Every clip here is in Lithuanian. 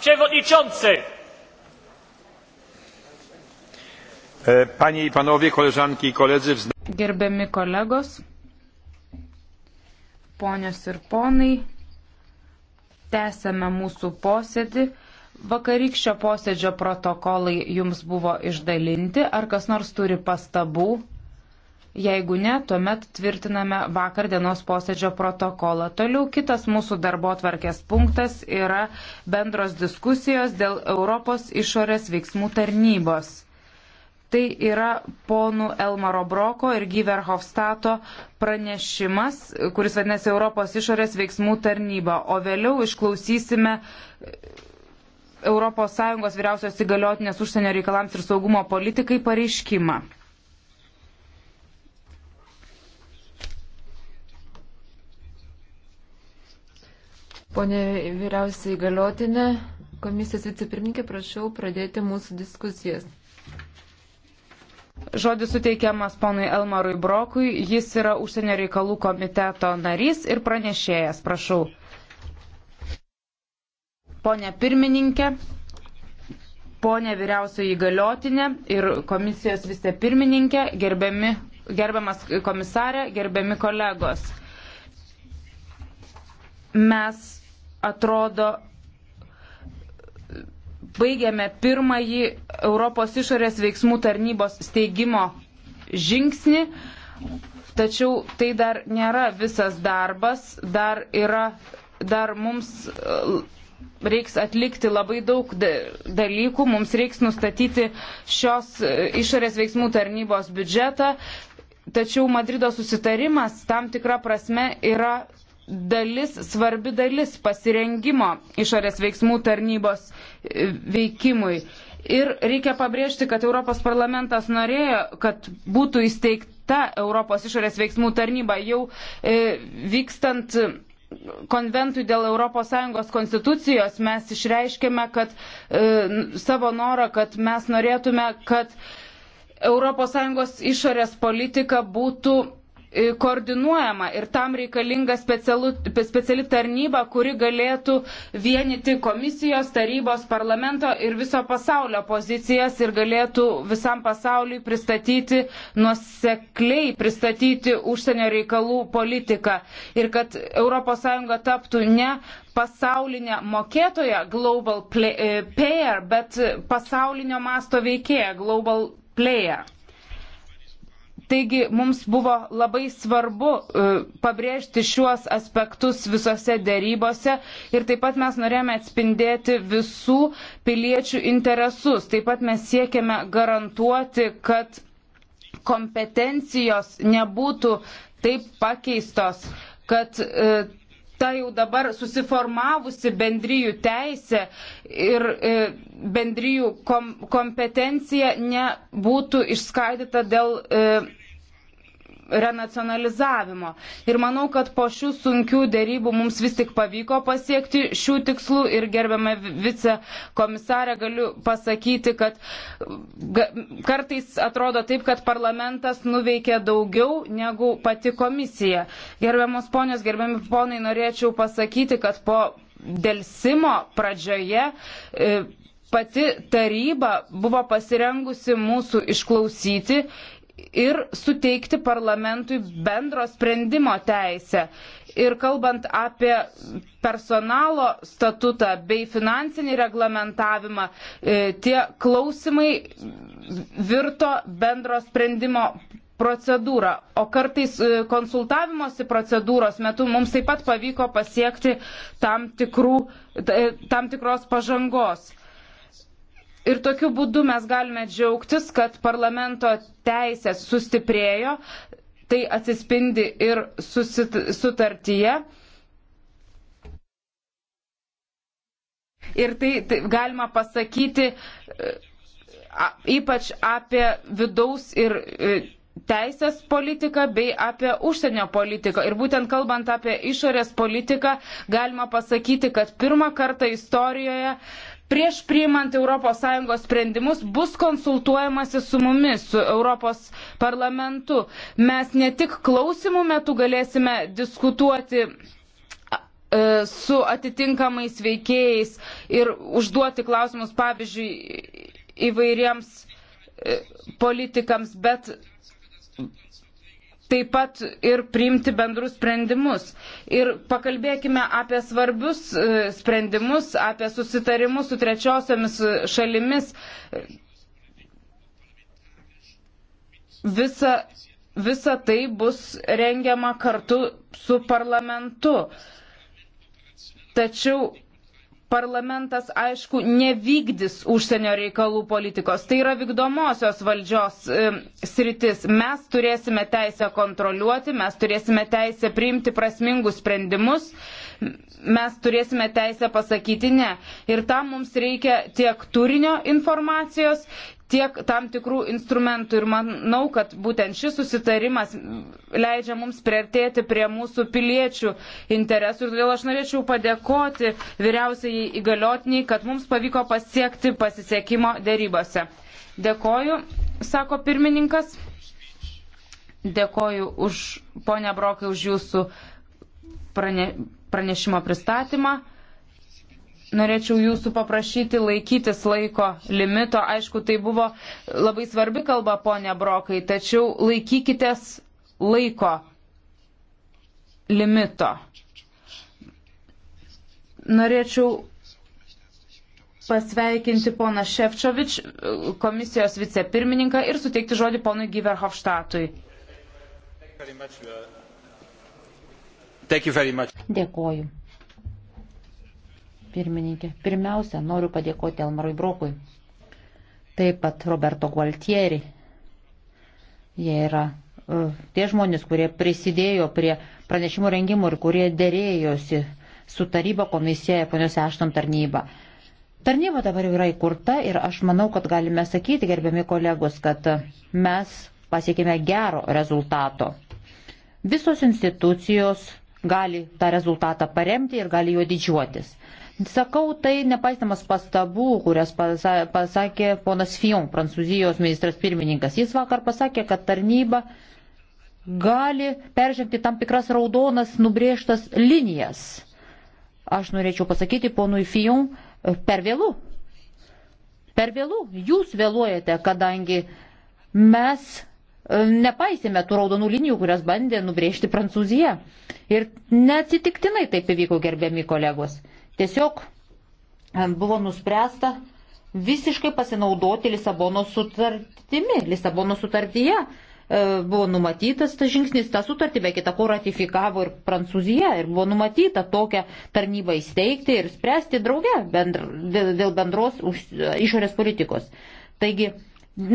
przewodniczący! E, panie i panowie, koleżanki i koledzy. Gerbiami kolegos, ponios ir ponai, tęsėme mūsų posėdį. Vakarykščio posėdžio protokolai jums buvo išdalinti. Ar kas nors turi pastabų? Jeigu ne, tuomet tvirtiname vakar dienos posėdžio protokolą. Toliau kitas mūsų darbo tvarkės punktas yra bendros diskusijos dėl Europos išorės veiksmų tarnybos. Tai yra ponų Elmaro Broko ir Giverhofstato pranešimas, kuris vadinasi Europos išorės veiksmų tarnyba. O vėliau išklausysime ES vyriausios įgaliotinės užsienio reikalams ir saugumo politikai pareiškimą. Pone vyriausiai galiotinė, komisijos vicepirmininkė, prašau pradėti mūsų diskusijas. Žodis suteikiamas ponui Elmarui Brokui, jis yra užsienio reikalų komiteto narys ir pranešėjas, prašau. Pone pirmininkė, ponė vyriausioji įgaliotinė ir komisijos vicepirmininkė, gerbiami, gerbiamas komisarė, gerbiami kolegos. Mes atrodo, baigėme pirmąjį Europos išorės veiksmų tarnybos steigimo žingsnį, tačiau tai dar nėra visas darbas, dar, yra, dar mums e, reiks atlikti labai daug dalykų, mums reiks nustatyti šios e, išorės veiksmų tarnybos biudžetą, tačiau Madrido susitarimas tam tikrą prasme yra dalis, svarbi dalis pasirengimo išorės veiksmų tarnybos e, veikimui. Ir reikia pabrėžti, kad Europos parlamentas norėjo, kad būtų įsteigta Europos išorės veiksmų tarnyba jau e, vykstant konventui dėl ES konstitucijos mes išreiškėme kad, e, savo norą, kad mes norėtume, kad ES išorės politika būtų E, koordinuojama ir tam reikalinga specialu, speciali tarnyba, kuri galėtų vienyti komisijos, tarybos, parlamento ir viso pasaulio pozicijas ir galėtų visam pasauliui pristatyti nusekliai, pristatyti užsienio reikalų politiką ir kad ES taptų ne pasaulinė mokėtoja global e, player, bet pasaulinio masto veikėja global player. Taigi mums buvo labai svarbu e, pabrėžti šiuos aspektus visose dėrybose ir taip pat mes norėjome atspindėti visų piliečių interesus. Taip pat mes siekėme garantuoti, kad kompetencijos nebūtų taip pakeistos, kad e, ta jau dabar susiformavusi bendryjų teisė ir e, bendryjų kom kompetencija nebūtų išskaidyta dėl renacionalizavimo. Ir manau, kad po šių sunkių dėrybų mums vis tik pavyko pasiekti šių tikslų ir gerbiame vicekomisarę galiu pasakyti, kad kartais atrodo taip, kad parlamentas nuveikė daugiau negu pati komisija. Gerbiamos ponios, gerbiami ponai, norėčiau pasakyti, kad po dėlsimo pradžioje e, pati taryba buvo pasirengusi mūsų išklausyti ir suteikti parlamentui bendro sprendimo teisę. Ir kalbant apie personalo statutą bei finansinį reglamentavimą, e, tie klausimai virto bendro sprendimo procedūrą. O kartais e, konsultavimosi procedūros metu mums taip pat pavyko pasiekti tam, tikrų, e, tam tikros pažangos. Ir tokiu būdu mes galime džiaugtis, kad parlamento teisės sustiprėjo, tai atsispindi ir susit, sutartyje. Ir tai, tai galima pasakyti a, ypač apie vidaus ir e, teisės politiką bei apie užsienio politiką. Ir būtent kalbant apie išorės politiką, galima pasakyti, kad pirmą kartą istorijoje uh, prieš priimant ES sprendimus bus konsultuojamasi su mumis, su Europos parlamentu. Mes ne tik klausimų metu galėsime diskutuoti e, su atitinkamais veikėjais ir užduoti klausimus, pavyzdžiui, įvairiems e, politikams, bet taip pat ir priimti bendrus sprendimus. Ir pakalbėkime apie svarbius e, sprendimus, apie susitarimus su trečiosiomis e, šalimis. Visa, visa tai bus rengiama kartu su parlamentu. Tačiau parlamentas, aišku, nevykdys užsienio reikalų politikos. Tai yra vykdomosios valdžios e, sritis. Mes turėsime teisę kontroliuoti, mes turėsime teisę priimti prasmingus sprendimus. E, mes turėsime teisę pasakyti ne. Ir tam mums reikia tiek turinio informacijos, tiek tam tikrų instrumentų. Ir manau, kad būtent šis susitarimas leidžia mums priartėti prie mūsų piliečių interesų. Ir todėl aš norėčiau padėkoti vyriausiai įgaliotiniai, kad mums pavyko pasiekti pasisekimo dėrybose. Dėkoju, sako pirmininkas. Dėkoju už, ponia Brokai, už jūsų prane, pranešimo pristatymą. Norėčiau jūsų paprašyti laikytis laiko limito. Aišku, tai buvo labai svarbi kalba, ponė Brokai, tačiau laikykitės laiko limito. Norėčiau pasveikinti poną Šefčovič, komisijos vicepirmininką ir suteikti žodį ponui Giverhofštatui. Very much, uh... Dėkoju. Pirmininkė, pirmiausia, noriu padėkoti Elmarui Brokui, taip pat Roberto Gualtieri. Jie yra uh, tie žmonės, kurie prisidėjo prie pranešimų rengimų ir kurie dėrėjosi su taryba komisija ir ponios Eštam tarnyba. Tarnyba dabar jau yra įkurta ir aš manau, kad galime sakyti, gerbiami kolegos, kad mes pasiekime gero rezultato. Visos institucijos gali tą rezultatą paremti ir gali juo didžiuotis. Sakau tai nepaistamas pastabų, kurias pasakė ponas Fion, prancūzijos ministras pirmininkas. Jis vakar pasakė, kad tarnyba gali peržengti tam tikras raudonas nubrėžtas linijas. Aš norėčiau pasakyti ponui Fion, per vėlų. Per vėlų, jūs vėluojate, kadangi mes nepaisėme tų raudonų linijų, kurias bandė nubrėžti Prancūzija. Ir neatsitiktinai taip įvyko, gerbiami kolegos. Tiesiog e, buvo nuspręsta visiškai pasinaudoti Lisabono sutartimi. Lisabono sutartyje e, buvo numatytas tas žingsnis, tą sutartį be kita ko ratifikavo ir Prancūzija ir buvo numatyta tokią tarnybą įsteigti ir spręsti drauge bendr, dėl bendros už, išorės politikos. Taigi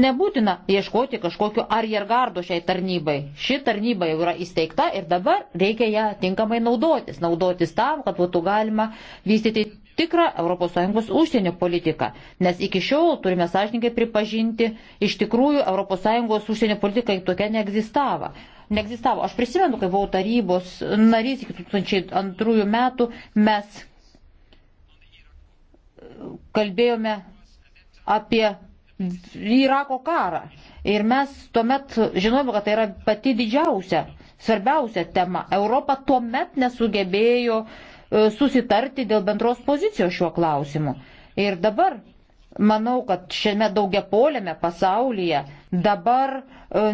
Nebūtina ieškoti kažkokio arjergardo šiai tarnybai. Ši tarnyba jau yra įsteigta ir dabar reikia ją tinkamai naudotis. Naudotis tam, kad būtų galima vystyti tikrą ES užsienio politiką. Nes iki šiol turime sąžininkai pripažinti, iš tikrųjų ES užsienio politika tokia neegzistavo. Neegzistavo. Aš prisimenu, kai buvau tarybos narys iki 2002 metų, mes kalbėjome apie Irako karą. Ir mes tuomet žinojome, kad tai yra pati didžiausia, svarbiausia tema. Europa tuomet nesugebėjo e, susitarti dėl bendros pozicijos šiuo klausimu. Ir dabar manau, kad šiame daugiapolėme pasaulyje dabar e,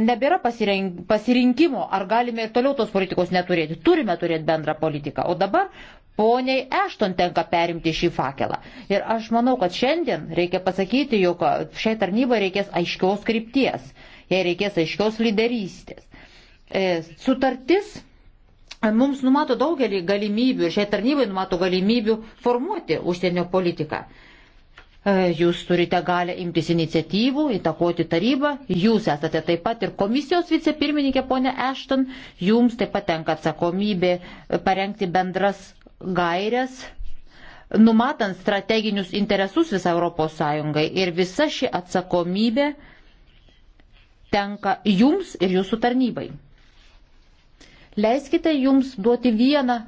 nebėra pasirinkimo, ar galime ir toliau tos politikos neturėti. Turime turėti bendrą politiką. O dabar poniai Ešton tenka perimti šį fakelą. Ir aš manau, kad šiandien reikia pasakyti, jog šiai tarnybai reikės aiškios krypties, jai reikės aiškios lyderystės. E, sutartis e, mums numato daugelį galimybių ir šiai tarnybai numato galimybių formuoti užsienio politiką. E, jūs turite galę imtis iniciatyvų, įtakoti tarybą, jūs esate taip pat ir komisijos vicepirmininkė ponė Ešton, jums taip pat tenka atsakomybė parengti bendras gairias numatant strateginius interesus visą Europos Sąjungai ir visa ši atsakomybė tenka jums ir jūsų tarnybai. Leiskite jums duoti vieną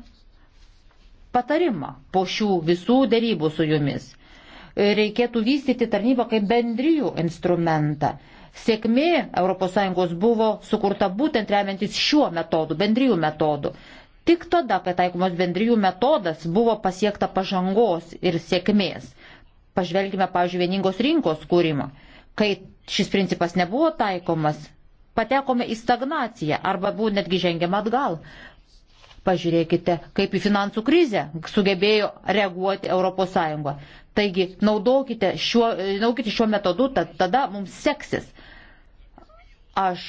patarimą po šių visų dėrybų su jumis. Reikėtų vystyti tarnybą kaip bendrijų instrumentą. Sėkmė ES buvo sukurta būtent remiantis šiuo metodu, bendrijų metodu. Tik tada, kai taikomos bendrijų metodas, buvo pasiekta pažangos ir sėkmės. Pažvelgime, pavyzdžiui, vieningos rinkos kūrimo. Kai šis principas nebuvo taikomas, patekome į stagnaciją arba buvo netgi žengiama atgal. Pažiūrėkite, kaip į finansų krizę sugebėjo reaguoti ES. Taigi, naudokite šiuo, naudokite šiuo metodu, tad tada mums seksis. Aš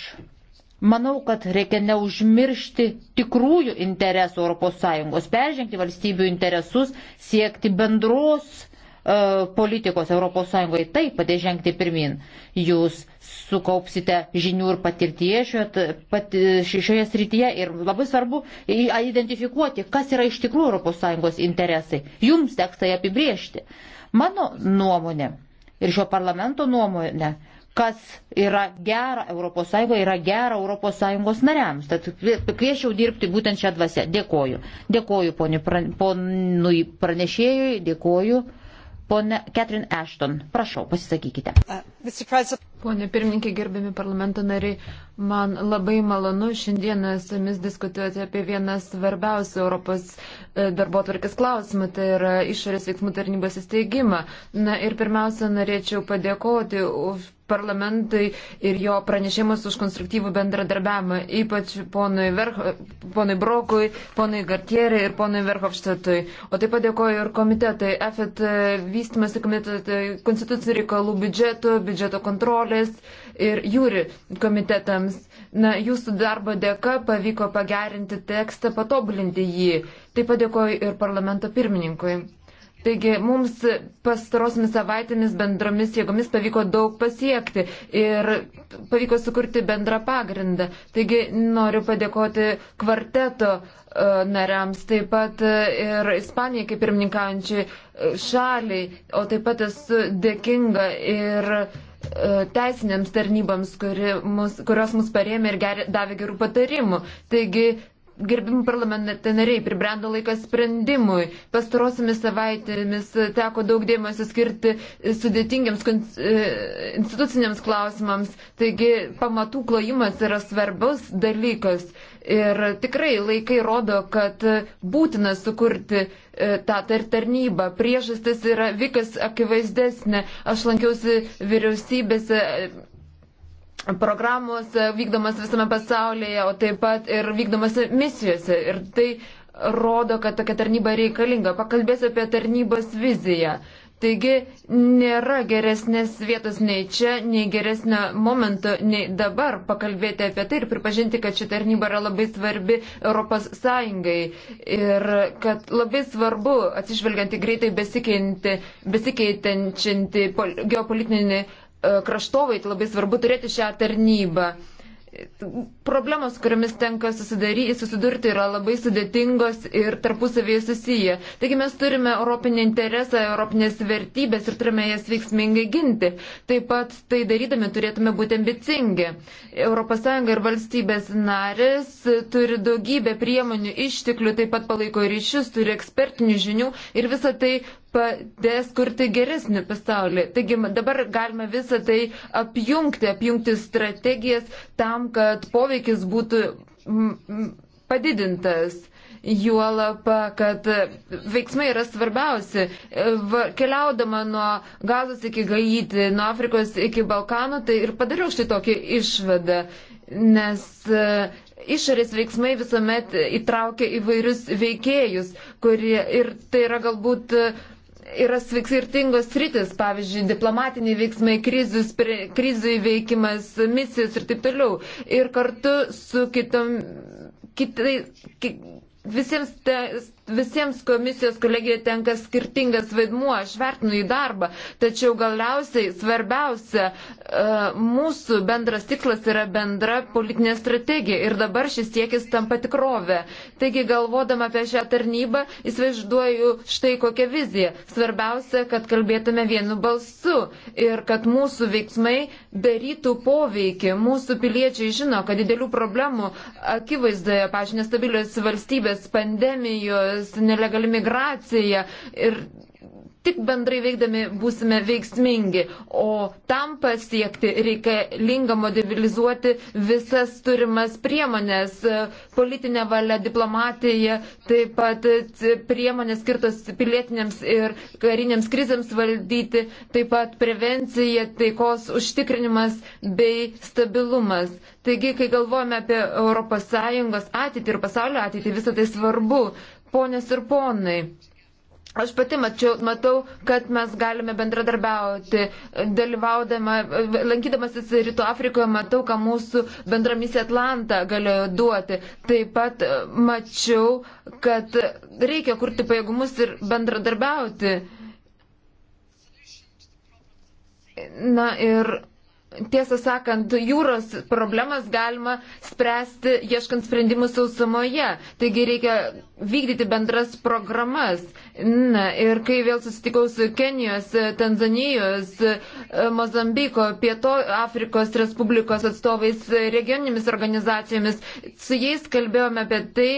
Manau, kad reikia neužmiršti tikrųjų interesų ES, peržengti valstybių interesus, siekti bendros e, politikos ES, taip padės žengti pirmin. Jūs sukaupsite žinių ir patirties šioje, pat, šioje srityje ir labai svarbu identifikuoti, kas yra iš tikrųjų ES interesai. Jums teks tai apibriežti. Mano nuomonė ir šio parlamento nuomonė kas yra gera ES, yra gera ES nariams. Tad kviečiau dirbti būtent šią dvasę. Dėkoju. Dėkoju ponui pranešėjui, dėkoju. Pone Catherine Ashton, prašau, pasisakykite. Uh, Pone pirmininkė, gerbiami parlamento nariai, man labai malonu šiandieną su jumis diskutuoti apie vieną svarbiausių Europos e, darbo tvarkės klausimų, tai yra išorės veiksmų tarnybos įsteigimą. Na ir pirmiausia, norėčiau padėkoti už parlamentui ir jo pranešimus už konstruktyvų bendradarbiavimą, ypač ponui, Verho, ponui Brokui, ponui Gartieriai ir ponui Verhofštatui. O taip pat dėkoju ir komitetui, EFET e, vystimasi komitetui, konstitucijų reikalų biudžeto, biudžeto kontrolė Kultūrės ir Jūri komitetams. Na, jūsų darbo dėka pavyko pagerinti tekstą, patobulinti jį. Taip padėkoju ir parlamento pirmininkui. Taigi mums pastarosiamis savaitėmis bendromis jėgomis pavyko daug pasiekti ir pavyko sukurti bendrą pagrindą. Taigi noriu padėkoti kvarteto e, nariams, taip pat e, ir Ispanijai kaip pirmininkaujančiai e, šaliai, o taip pat esu dėkinga ir E, teisinėms tarnybams, kuri mus, kurios mus parėmė ir ger, davė gerų patarimų. Taigi, gerbimų parlamentariai, pribrendo laikas sprendimui. Pastarosiamis savaitėmis teko daug dėmesio skirti sudėtingiams e, instituciniams klausimams. Taigi, pamatų klojimas yra svarbus dalykas. Ir tikrai laikai rodo, kad būtina sukurti e, tą tar tarnybą. Priežastis yra vikas akivaizdesnė. Aš lankiausi vyriausybėse e, programos vykdomas visame pasaulyje, o taip pat ir vykdomas misijose. Ir tai rodo, kad tokia tarnyba reikalinga. Pakalbėsiu apie tarnybos viziją. Uh, Taigi nėra geresnės vietos nei čia, nei geresnio momento, nei dabar pakalbėti apie tai ir pripažinti, kad ši tarnyba yra labai svarbi Europos Sąjungai ir kad labai svarbu, atsižvelgiant į greitai besikeitinčiantį geopolitinį e, kraštovaitį, labai svarbu turėti šią tarnybą problemos, kuriomis tenka susidurti, yra labai sudėtingos ir tarpusavėje susiję. Taigi mes turime europinį interesą, europinės vertybės ir turime jas veiksmingai ginti. Taip pat tai darydami turėtume būti ambicingi. ES ir valstybės narės turi daugybę priemonių, išteklių, taip pat palaiko ryšius, turi ekspertinių žinių ir visą tai padės kurti geresnį pasaulį. Taigi dabar galime visą tai apjungti, apjungti strategijas tam, kad poveikis būtų padidintas. Juolap, kad veiksmai yra svarbiausi. Keliaudama nuo gazos iki gaitį, nuo Afrikos iki Balkanų, tai ir padariau šitokį išvadą, nes e, išorės veiksmai visuomet įtraukia įvairius veikėjus, kurie ir tai yra galbūt yra skirtingos sritis, pavyzdžiui, diplomatiniai veiksmai, krizius, krizių įveikimas, misijos ir taip toliau. Ir kartu su kitom, kitai, ki, visiems te, visiems komisijos kolegijoje tenka skirtingas vaidmuo, aš vertinu jų darbą, tačiau galiausiai svarbiausia, e, mūsų bendras tikslas yra bendra politinė strategija ir dabar šis siekis tampa tikrovė. Taigi galvodama apie šią tarnybą, įsivaizduoju štai kokią viziją. Svarbiausia, kad kalbėtume vienu balsu ir kad mūsų veiksmai darytų poveikį. Mūsų piliečiai žino, kad didelių problemų akivaizdoje, pažiūrėjau, nestabilios valstybės, pandemijos, su nelegali migracija ir tik bendrai veikdami būsime veiksmingi, o tam pasiekti reikalinga mobilizuoti visas turimas priemonės - politinė valia, diplomatija, taip pat priemonės skirtos pilietinėms ir karinėms krizėms valdyti, taip pat prevencija, taikos užtikrinimas bei stabilumas. Taigi, kai galvojame apie ES ateitį ir pasaulio ateitį, visą tai svarbu. Ponės ir ponai, Aš pati mačiau, matau, kad mes galime bendradarbiauti, dalyvaudama, lankydamasis Rytų Afrikoje, matau, ką mūsų bendra misija Atlanta galėjo duoti. Taip pat e, mačiau, kad reikia kurti pajėgumus ir bendradarbiauti. Na ir tiesą sakant, jūros problemas galima spręsti ieškant sprendimų sausumoje. Taigi reikia vykdyti bendras programas. Na, ir kai vėl susitikau su Kenijos, Tanzanijos, Mozambiko, Pieto Afrikos Respublikos atstovais, regioninėmis organizacijomis, su jais kalbėjome apie tai,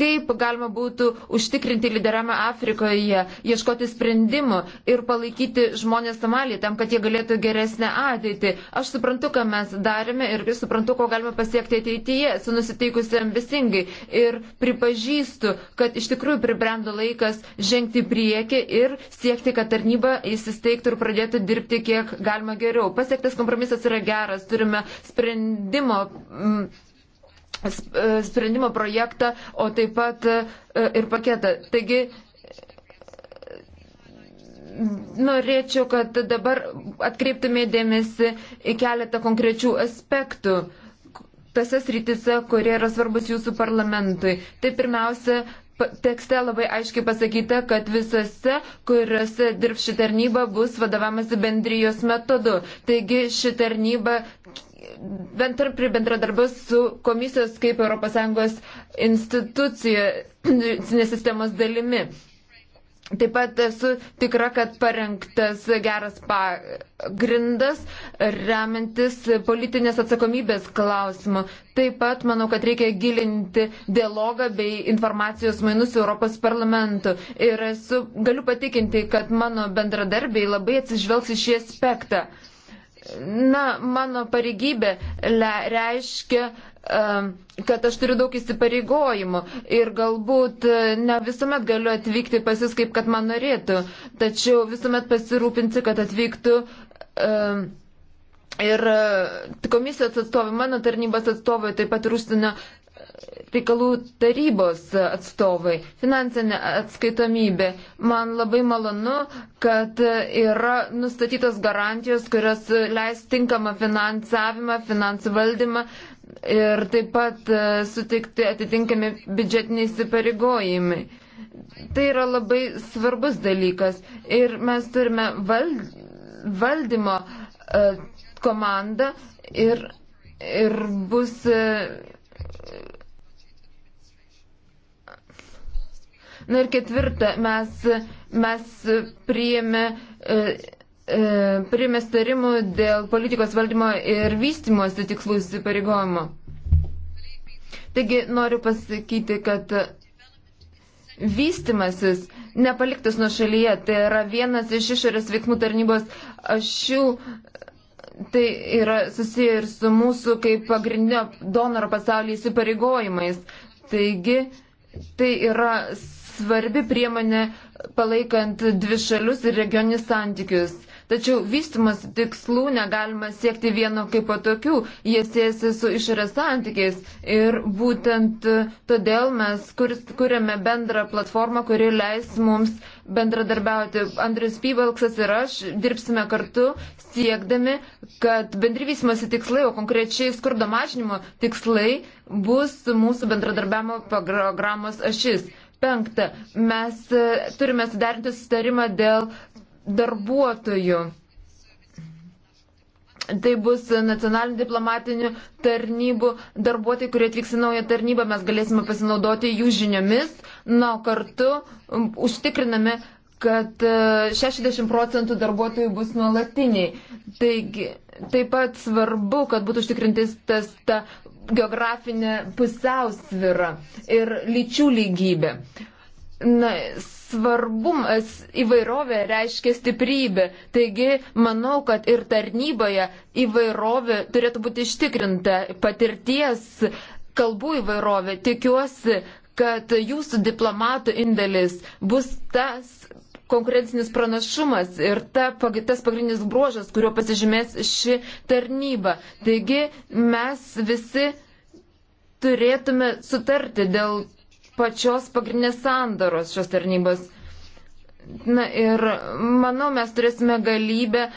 kaip galima būtų užtikrinti lyderiamą Afrikoje, ieškoti sprendimų ir palaikyti žmonės Somalį tam, kad jie galėtų geresnę ateitį. Aš suprantu, ką mes darėme ir suprantu, ko galime pasiekti ateityje, su nusiteikusi ambisingai ir pripažįstu, kad iš tikrųjų pribrendo laikas žengti į priekį ir siekti, kad tarnyba įsisteigtų ir pradėtų dirbti kiek galima geriau. Pasiektas kompromisas yra geras, turime sprendimo. Mm, sprendimo projektą, o taip pat e, ir paketą. Taigi, norėčiau, kad dabar atkreiptume dėmesį į keletą konkrečių aspektų tose srityse, kurie yra svarbus jūsų parlamentui. Tai pirmiausia, tekste labai aiškiai pasakyta, kad visose, kuriuose dirbs ši tarnyba, bus vadovamasi bendrijos metodu. Taigi ši tarnyba bent prie bendradarbiaus su komisijos kaip ES institucijos sistemos dalimi. Taip pat esu tikra, kad parengtas geras pagrindas remiantis politinės atsakomybės klausimu. Taip pat manau, kad reikia gilinti dialogą bei informacijos mainus Europos parlamentu. Ir esu, galiu patikinti, kad mano bendradarbiai labai atsižvelgs į šį aspektą. Na, mano pareigybė reiškia, um, kad aš turiu daug įsipareigojimų ir galbūt uh, ne visuomet galiu atvykti pas jūs kaip kad man norėtų, tačiau visuomet pasirūpinsiu, kad atvyktų um, ir uh, komisijos atstovai, mano tarnybos atstovai, taip pat ir užsienio reikalų tarybos atstovai, finansinė atskaitomybė. Man labai malonu, kad yra nustatytos garantijos, kurios leis tinkamą finansavimą, finansų valdymą ir taip pat e, sutikti atitinkami biudžetiniai įsipareigojimai. Tai yra labai svarbus dalykas ir mes turime val valdymo e, komandą ir, ir bus e, Na ir ketvirta, mes, mes priėmė. E, e Priėmė starimų dėl politikos valdymo ir vystimosi tikslų įsipareigojimo. Taigi noriu pasakyti, kad vystimasis nepaliktas nuo šalyje, tai yra vienas iš išorės veiksmų tarnybos ašių, tai yra susiję ir su mūsų kaip pagrindinio donoro pasaulyje įsipareigojimais. Taigi tai yra svarbi priemonė palaikant dvišalius ir regionius santykius. Tačiau vystimas tikslų negalima siekti vieno kaip po tokių, jie siejasi su išorės santykiais ir būtent e, todėl mes kuriame bendrą platformą, kuri leis mums bendradarbiauti. Andris Pybalksas ir aš dirbsime kartu siekdami, kad bendri vystimosi tikslai, o konkrečiai skurdo mažinimo tikslai bus mūsų bendradarbiavimo programos ašis. Penkta, mes e, turime sudarinti sustarimą dėl darbuotojų. Tai bus nacionalinių diplomatinių tarnybų darbuotojai, kurie atvyks į naują tarnybą, mes galėsime pasinaudoti jų žiniomis, na, kartu užtikriname, kad 60 e, procentų darbuotojų bus nuolatiniai. Taigi, taip pat svarbu, kad būtų užtikrintis tas ta geografinė pusiausvyra ir lyčių lygybė. Na, svarbumas įvairovė reiškia stiprybė. Taigi, manau, kad ir tarnyboje įvairovė turėtų būti ištikrinta patirties kalbų įvairovė. Tikiuosi, kad jūsų diplomatų indėlis bus tas konkurencinis pranašumas ir ta, tas pagrindinis bruožas, kuriuo pasižymės ši tarnyba. Taigi mes visi turėtume sutarti dėl pačios pagrindinės sandaros šios tarnybos. Na ir manau, mes turėsime galybę e,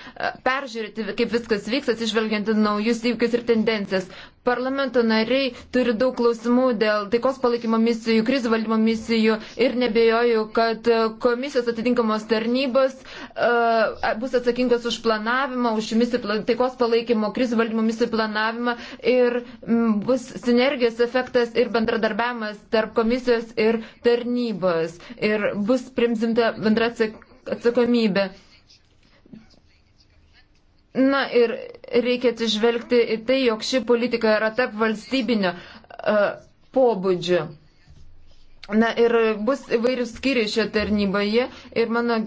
peržiūrėti, kaip viskas vyks, atsižvelgiant į naujus įvykius ir tendencijas. Parlamento nariai turi daug klausimų dėl taikos palaikymo misijų, krizų valdymo misijų ir nebejoju, kad e, komisijos atitinkamos tarnybos uh, bus atsakingos už planavimą, už misijų, taikos palaikymo, krizų valdymo misijų planavimą ir m, bus sinergijos efektas ir bendradarbiavimas tarp komisijos ir tarnybos ir bus primsimta bendra atsakomybė. Na ir reikia atsižvelgti į tai, jog ši politika yra tarp valstybinio uh, pobūdžio. Na ir bus įvairius skyriai šioje tarnyboje ir mano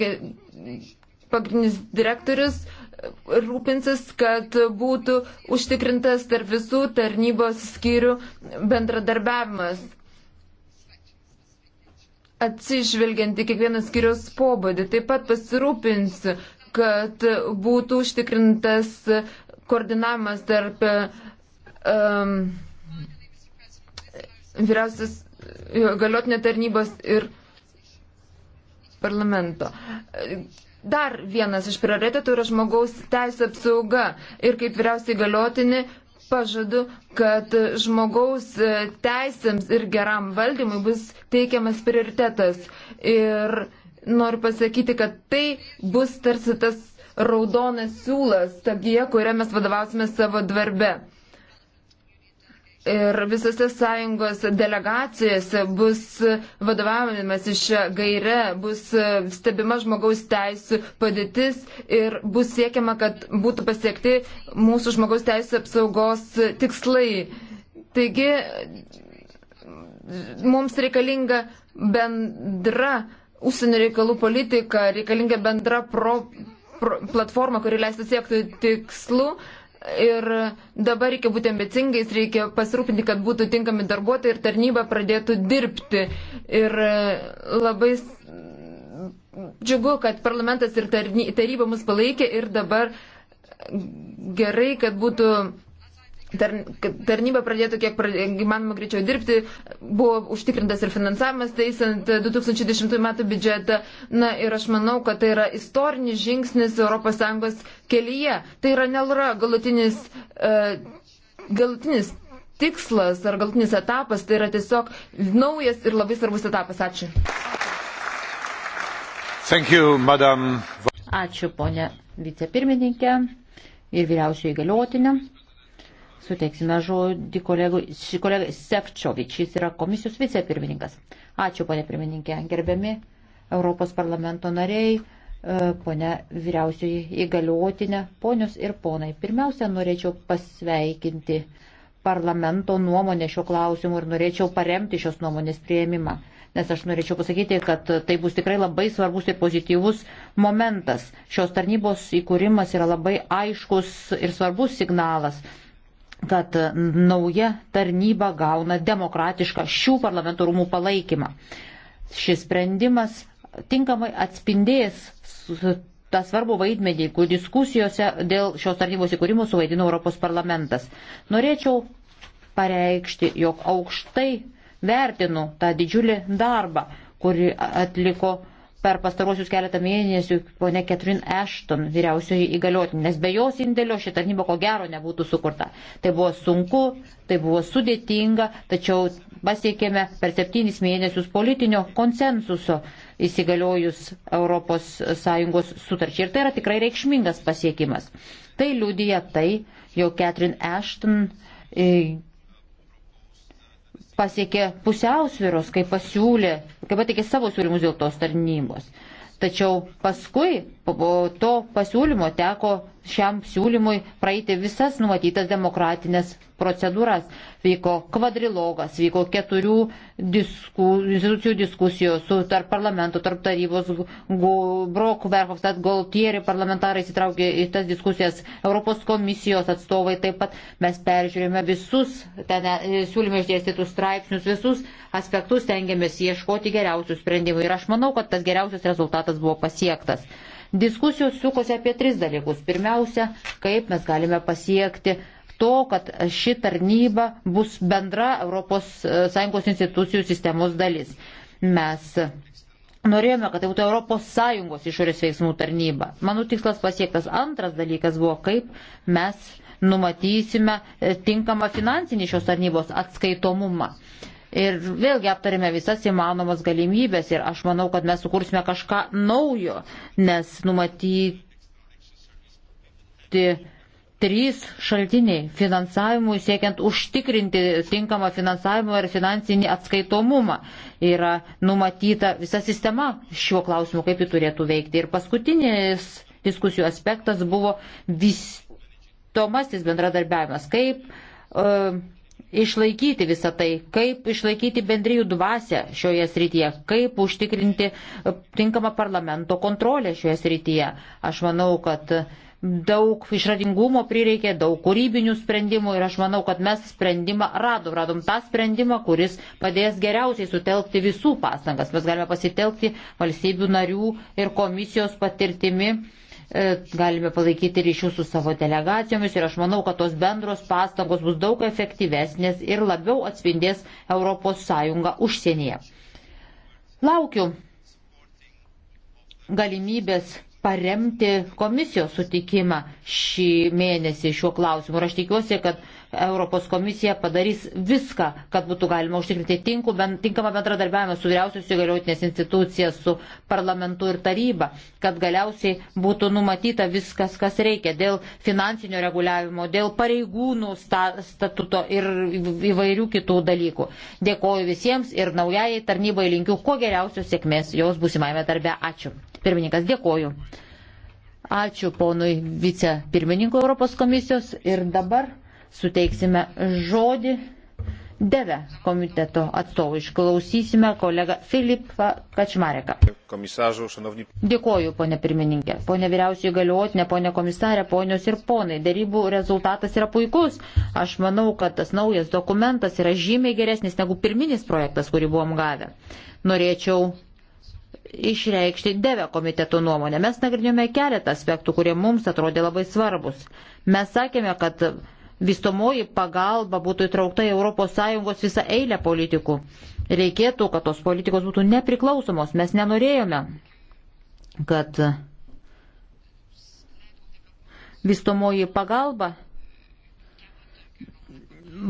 pagrindinis direktorius e, rūpinsis, kad būtų užtikrintas tarp visų tarnybos skyrių bendradarbiavimas. Atsižvelgiant į kiekvieną skyrius pobūdį, taip pat pasirūpinsiu, kad būtų užtikrintas koordinavimas tarp um, vyriausias galiotinė tarnybos ir parlamento. Dar vienas iš prioritetų tai yra žmogaus teisų apsauga ir kaip vyriausiai galiotinė pažadu, kad žmogaus teisėms ir geram valdymui bus teikiamas prioritetas. Ir noriu pasakyti, kad tai bus tarsi tas raudonas siūlas ta gyja, kurią mes vadovausime savo darbe. Ir visose sąjungos delegacijose bus vadovavimas iš gaire, bus stebima žmogaus teisų padėtis ir bus siekiama, kad būtų pasiekti mūsų žmogaus teisų apsaugos tikslai. Taigi mums reikalinga bendra užsienio reikalų politika, reikalinga bendra pro platformą, kuri leistų siekti tikslų. Ir dabar reikia būti ambicingais, reikia pasirūpinti, kad būtų tinkami darbuotojai ir tarnyba pradėtų dirbti. Ir labai džiugu, kad parlamentas ir taryba mus palaikė ir dabar gerai, kad būtų tarnyba pradėtų kiek įmanoma greičiau dirbti, buvo užtikrintas ir finansavimas teisant 2010 e, metų biudžetą. Na ir aš manau, kad tai yra istorinis žingsnis ES kelyje. Tai yra nelra galutinis, e, galutinis tikslas ar galutinis etapas, tai yra tiesiog naujas ir labai svarbus etapas. Ačiū. Thank you, madam. Ačiū, ponė vicepirmininkė ir vyriausioji galiotinė. Suteiksime žodį kolegai Sefčovič, jis yra komisijos vicepirmininkas. Ačiū, ponė pirmininkė, gerbiami Europos parlamento nariai, e, ponė vyriausioji įgaliotinė, ponius ir ponai. Pirmiausia, norėčiau pasveikinti parlamento nuomonę šio klausimu ir norėčiau paremti šios nuomonės prieimimą. Nes aš norėčiau pasakyti, kad tai bus tikrai labai svarbus ir pozityvus momentas. Šios tarnybos įkūrimas yra labai aiškus ir svarbus signalas kad nauja tarnyba gauna demokratišką šių parlamento rūmų palaikymą. Šis sprendimas tinkamai atspindės tą svarbų vaidmenį, kur diskusijose dėl šios tarnybos įkūrimo suvaidino Europos parlamentas. Norėčiau pareikšti, jog aukštai vertinu tą didžiulį darbą, kurį atliko per pastarosius keletą mėnesių ponė Ketrin Ashton, vyriausioji įgaliotinė, nes be jos indėlio ši tarnyba ko gero nebūtų sukurta. Tai buvo sunku, tai buvo sudėtinga, tačiau pasiekėme per septynis mėnesius politinio konsensuso įsigaliojus ES sutarčiai. Ir tai yra tikrai reikšmingas pasiekimas. Tai liudija tai, jog Ketrin Ashton e, pasiekė pusiausviros, kai pasiūlė, kai pateikė savo siūlymus dėl tos tarnybos. Tačiau paskui po to pasiūlymo teko šiam siūlymui praeiti visas numatytas demokratinės procedūras. Vyko kvadrilogas, vyko keturių disku, institucijų diskusijos su tarp parlamento, tarp tarybos, Brok, Verhofstadt, Goltieri parlamentarai įsitraukė į tas diskusijas, Europos komisijos atstovai taip pat. Mes peržiūrėjome visus, ten e, siūlyme išdėstytus straipsnius, visus aspektus, tengiamės ieškoti geriausių sprendimų ir aš manau, kad tas geriausias rezultatas buvo pasiektas. Diskusijos sukosi apie tris dalykus. Pirmiausia, kaip mes galime pasiekti to, kad ši tarnyba bus bendra ES e, institucijų sistemos dalis. Mes norėjome, kad tai būtų ES išorės veiksmų tarnyba. Mano tikslas pasiektas. Antras dalykas buvo, kaip mes numatysime e, tinkamą finansinį šios tarnybos atskaitomumą. Ir vėlgi aptarėme visas įmanomas galimybės ir aš manau, kad mes sukursime kažką naujo, nes numatyti trys šaltiniai finansavimui siekiant užtikrinti tinkamą finansavimą ir finansinį atskaitomumą. Yra numatyta visa sistema šiuo klausimu, kaip ji turėtų veikti. Ir paskutinis diskusijų aspektas buvo vystomasis bendradarbiavimas. Kaip uh, išlaikyti visą tai, kaip išlaikyti bendrijų dvasę šioje srityje, kaip užtikrinti e, tinkamą parlamento kontrolę šioje srityje. Aš manau, kad daug išradingumo prireikė, daug kūrybinių sprendimų ir aš manau, kad mes sprendimą radom. Radom tą sprendimą, kuris padės geriausiai sutelkti visų pastangas. Mes galime pasitelkti valstybių narių ir komisijos patirtimi E, galime palaikyti ryšių su savo delegacijomis ir aš manau, kad tos bendros pastangos bus daug efektyvesnės ir labiau atspindės ES užsienyje. Laukiu galimybės paremti komisijos sutikimą šį mėnesį šiuo klausimu ir aš tikiuosi, kad Europos komisija padarys viską, kad būtų galima užtikrinti tinku, ben, tinkamą bendradarbiavimą su vyriausios įgaliotinės institucijas, su parlamentu ir taryba, kad galiausiai būtų numatyta viskas, kas reikia dėl finansinio reguliavimo, dėl pareigūnų statuto ir įvairių kitų dalykų. Dėkoju visiems ir naujai tarnybai linkiu kuo geriausios sėkmės jos busimajame darbe. Ačiū. Pirmininkas, dėkoju. Ačiū ponui vicepirmininkui Europos komisijos ir dabar suteiksime žodį Deve komiteto atstovų. Išklausysime kolegą Filipą Kačmareką. Komisažu, šanovni... Dėkoju, ponė pirmininkė. Pone vyriausiai galiotinė, ponė komisarė, ponios ir ponai. Darybų rezultatas yra puikus. Aš manau, kad tas naujas dokumentas yra žymiai geresnis negu pirminis projektas, kurį buvom gavę. Norėčiau išreikšti devę komiteto nuomonę. Mes nagrinėjome keletą aspektų, kurie mums atrodė labai svarbus. Mes sakėme, kad vystomoji pagalba būtų įtraukta į ES visą eilę politikų. Reikėtų, kad tos politikos būtų nepriklausomos. Mes nenorėjome, kad vystomoji pagalba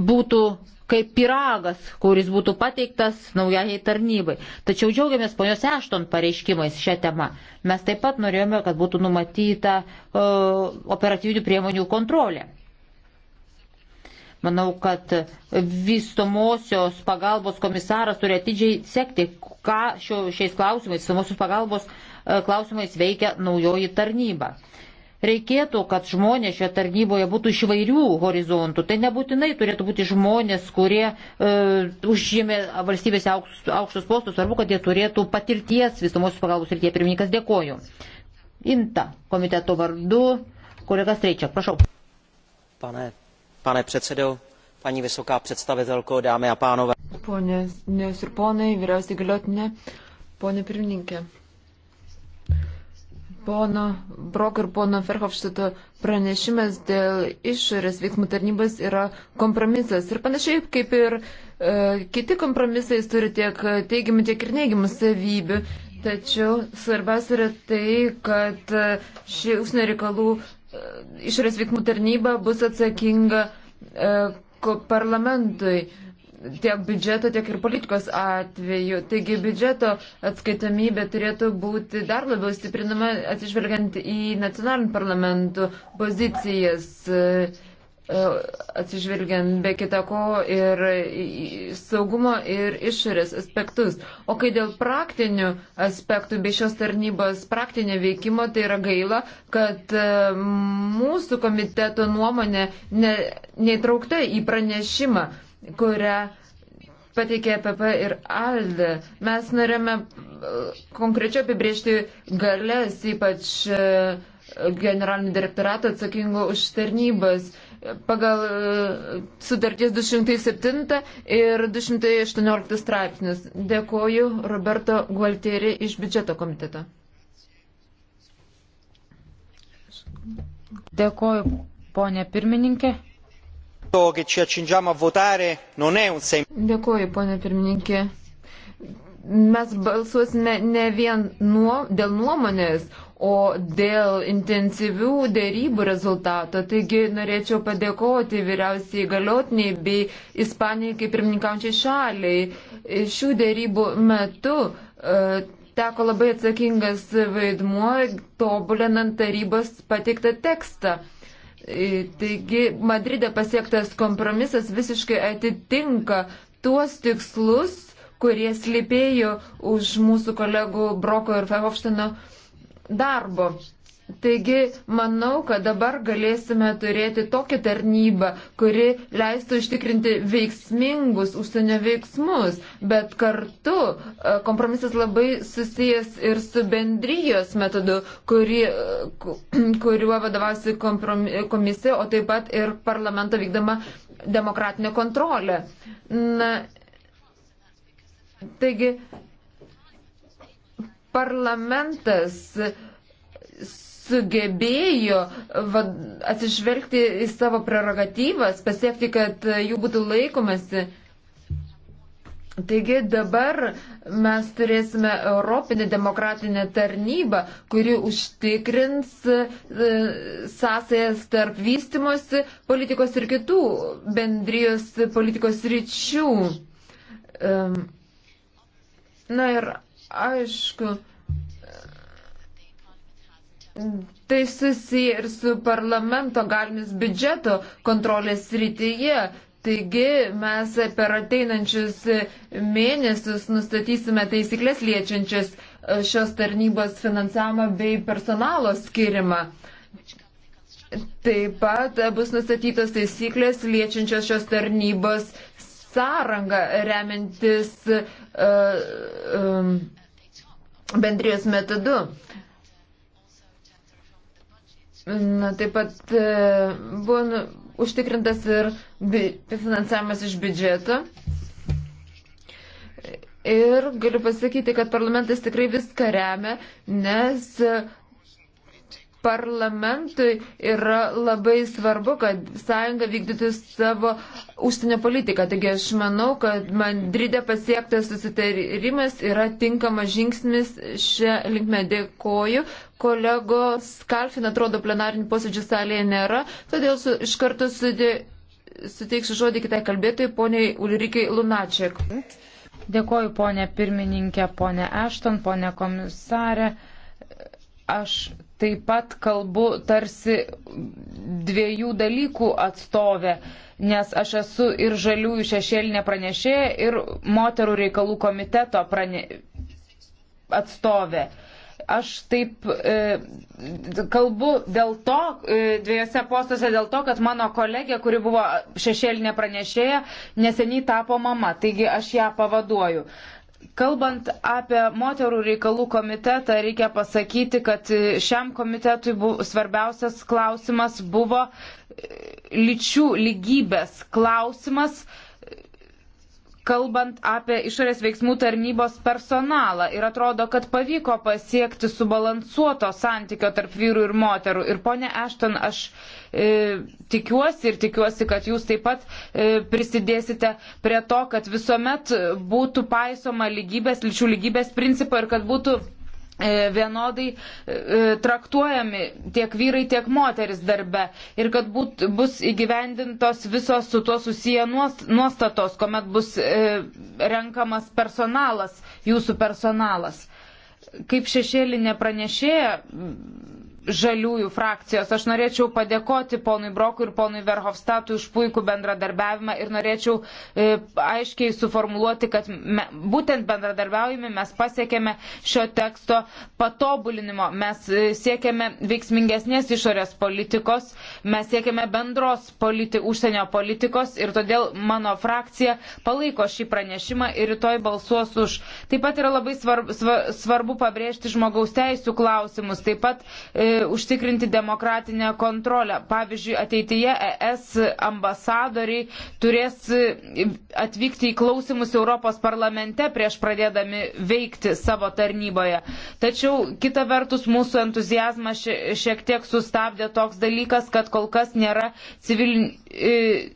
būtų kaip piragas, kuris būtų pateiktas naujajai tarnybai. Tačiau džiaugiamės ponios Ešton pareiškimais šią temą. Mes taip pat norėjome, kad būtų numatyta uh, operatyvinių priemonių kontrolė. Manau, kad vystomosios pagalbos komisaras turi atidžiai sekti, ką šio, šiais klausimais, vystomosios pagalbos e, klausimais veikia naujoji tarnyba. Reikėtų, kad žmonės šioje tarnyboje būtų iš vairių horizontų. Tai nebūtinai turėtų būti žmonės, kurie e, užžymė valstybės aukštus, aukštus postus. Svarbu, kad jie turėtų patirties visomosios pagalbos ir tie pirmininkas dėkoju. Inta komiteto vardu, kolegas Reičiak, prašau. Pane pane předsedo paní vysoká představitelko dámy a pánové ponios ir ponai vyriausioji įgaliotinė pone pirmininke pono brok ir pono verhofstadto pranešimas dėl išorės veiksmų tarnybos yra kompromisas ir panašiai kaip ir e, kiti kompromisai jis turi tiek teigiamų tiek ir neigiamų savybių Tačiau svarbiausia yra tai, kad e, ši užsienio reikalų išorės veikmų tarnyba bus atsakinga e, parlamentui tiek biudžeto, tiek ir politikos atveju. Taigi biudžeto atskaitomybė turėtų būti dar labiau stiprinama atsižvelgiant į nacionalinių parlamentų pozicijas. E, E, atsižvelgiant be kitako ir saugumo ir išorės aspektus. O kai dėl praktinių aspektų bei šios tarnybos praktinio veikimo, tai yra gaila, kad e, mūsų komiteto nuomonė ne, neįtraukta į pranešimą, kurią pateikė PP e ir ALDE. Mes norėjome konkrečiai apibriežti galės, ypač generalinį direktoratą atsakingų už tarnybas pagal e, sutarties 207 ir 218 straipsnius. Dėkoju Roberto Gualtieri iš biudžeto komiteto. Dėkoju, ponė pirmininkė. Nu Dėkoju, ponė pirmininkė mes balsuosime ne vien nuo, dėl nuomonės, O dėl intensyvių dėrybų rezultato, taigi norėčiau padėkoti vyriausiai galiotiniai bei Ispanijai kaip pirmininkaujančiai šaliai. Šių dėrybų metu e, teko labai atsakingas vaidmuo tobulinant tarybos pateiktą tekstą. E, taigi Madride pasiektas kompromisas visiškai atitinka tuos tikslus, kurie slėpėjo už mūsų kolegų Broko ir Fehofštino uh, darbo. Taigi, manau, kad dabar galėsime turėti tokią tarnybą, kuri leistų ištikrinti veiksmingus užsienio veiksmus, bet kartu e, kompromisas labai susijęs ir su bendrijos metodu, kuri, e, kuriuo vadovausi komisija, o taip pat ir parlamento vykdama demokratinė kontrolė. Na, taigi, parlamentas sugebėjo va, atsižvelgti į savo prerogatyvas, pasiekti, kad jų būtų laikomasi. Taigi dabar mes turėsime Europinę demokratinę tarnybą, kuri užtikrins e, sąsajas tarp vystimosi politikos ir kitų bendrijos politikos ryčių. Na ir Aišku, tai susiję ir su parlamento galimis biudžeto kontrolės rytyje. Taigi mes per ateinančius mėnesius nustatysime taisyklės liečiančias e, šios tarnybos finansavimą bei personalo skirimą. Taip pat bus nustatytos taisyklės liečiančios šios tarnybos sąrangą remiantis uh, um, bendrijos metodu. Na, taip pat uh, buvo nu, užtikrintas ir finansavimas iš biudžeto. Ir galiu pasakyti, kad parlamentas tikrai viską remia, nes uh, parlamentui yra labai svarbu, kad sąjunga vykdytų savo užsienio politiką. Taigi aš manau, kad Madride pasiektas susitarimas yra tinkamas žingsnis šią linkmę. Dėkoju. Kolegos Kalfin, atrodo, plenarinių posėdžių salėje nėra, todėl su, iš karto sudė, suteiksiu žodį kitai kalbėtojai, poniai Ulrikai Lunačiak. Dėkoju, ponė pirmininkė, ponė Ešton, ponė komisarė. Aš taip pat kalbu tarsi dviejų dalykų atstovė, nes aš esu ir žaliųjų šešėlinė pranešėja, ir moterų reikalų komiteto prane... atstovė. Aš taip e, kalbu dėl to, e, dviejose postuose dėl to, kad mano kolegė, kuri buvo šešėlinė pranešėja, neseniai tapo mama, taigi aš ją pavaduoju. E, Kalbant apie moterų reikalų komitetą, reikia pasakyti, kad šiam komitetui buvo, svarbiausias klausimas buvo e, lyčių lygybės klausimas. E, kalbant apie išorės veiksmų tarnybos personalą. Ir atrodo, kad pavyko pasiekti subalansuoto santykio tarp vyrų ir moterų. Ir ponė Ešton, aš e, tikiuosi ir tikiuosi, kad jūs taip pat e, prisidėsite prie to, kad visuomet būtų paisoma lygybės, lyčių lygybės principo ir kad būtų E, vienodai e, e, traktuojami tiek vyrai, tiek moteris darbe ir kad būt, bus įgyvendintos visos su tuo susiję nuostatos, kuomet bus renkamas personalas, jūsų personalas. Kaip šešėlinė pranešėja, žaliųjų frakcijos. Aš norėčiau padėkoti ponui Brokui ir ponui Verhofstatui už puikų bendradarbiavimą ir norėčiau e, aiškiai suformuluoti, kad me, būtent bendradarbiaujami mes pasiekėme šio teksto patobulinimo. Mes e, siekėme veiksmingesnės išorės politikos, mes siekėme bendros politi, užsienio politikos ir todėl mano frakcija palaiko šį pranešimą ir rytoj balsuos už. Taip pat yra labai svarbu, svarbu pabrėžti žmogaus teisų klausimus. Taip pat e, užtikrinti demokratinę kontrolę. Pavyzdžiui, ateityje ES ambasadoriai turės e, atvykti į klausimus Europos parlamente prieš pradėdami veikti savo tarnyboje. Tačiau kita vertus mūsų entuzijazmą šiek tiek sustabdė toks dalykas, kad kol kas nėra civilin e,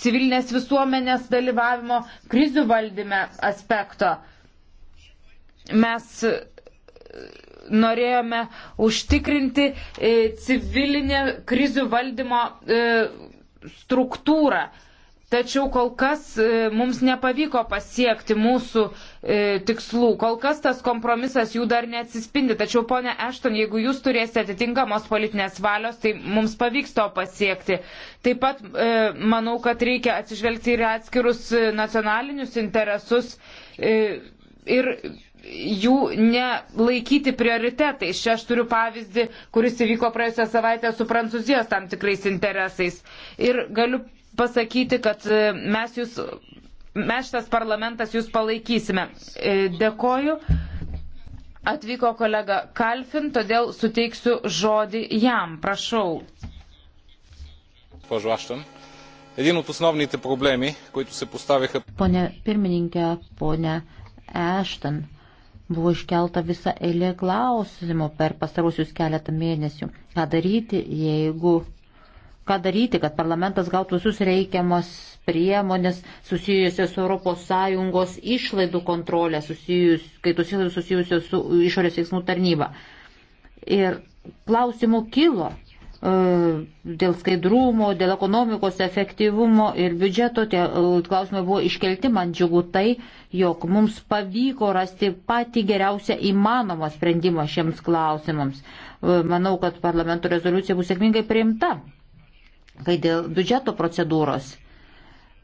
civilinės visuomenės dalyvavimo krizių valdyme aspekto. Mes norėjome užtikrinti e, civilinę krizių valdymo e, struktūrą. Tačiau kol kas e, mums nepavyko pasiekti mūsų e, tikslų. Kol kas tas kompromisas jų dar neatsispindi. Tačiau, ponė Ešton, jeigu jūs turėsite atitinkamos politinės valios, tai mums pavyks to pasiekti. Taip pat e, manau, kad reikia atsižvelgti ir atskirus nacionalinius interesus. E, ir jų nelaikyti prioritetais. Čia aš turiu pavyzdį, kuris įvyko praėjusią savaitę su Prancūzijos tam tikrais interesais. Ir galiu pasakyti, kad e, mes jūs. Mes šitas parlamentas jūs palaikysime. E, dėkoju. Atvyko kolega Kalfin, todėl suteiksiu žodį jam. Prašau. Pažu Ašton. Един от основните проблеми, които се поставяха. Поне пирмининке, поне Ештън Buvo iškelta visa eilė klausimų per pastarusius keletą mėnesių. Ką daryti, jeigu. Ką daryti, kad parlamentas gautų visus reikiamas priemonės susijusios su ES išlaidų kontrolė, susijus, kai susijusios su išorės veiksmų tarnyba. Ir klausimų kilo, E, dėl skaidrumo, dėl ekonomikos efektyvumo ir biudžeto tie e, klausimai buvo iškelti. Man džiugu tai, jog mums pavyko rasti patį geriausią įmanomą sprendimą šiems klausimams. E, manau, kad parlamento rezoliucija bus sėkmingai priimta. Kai dėl biudžeto procedūros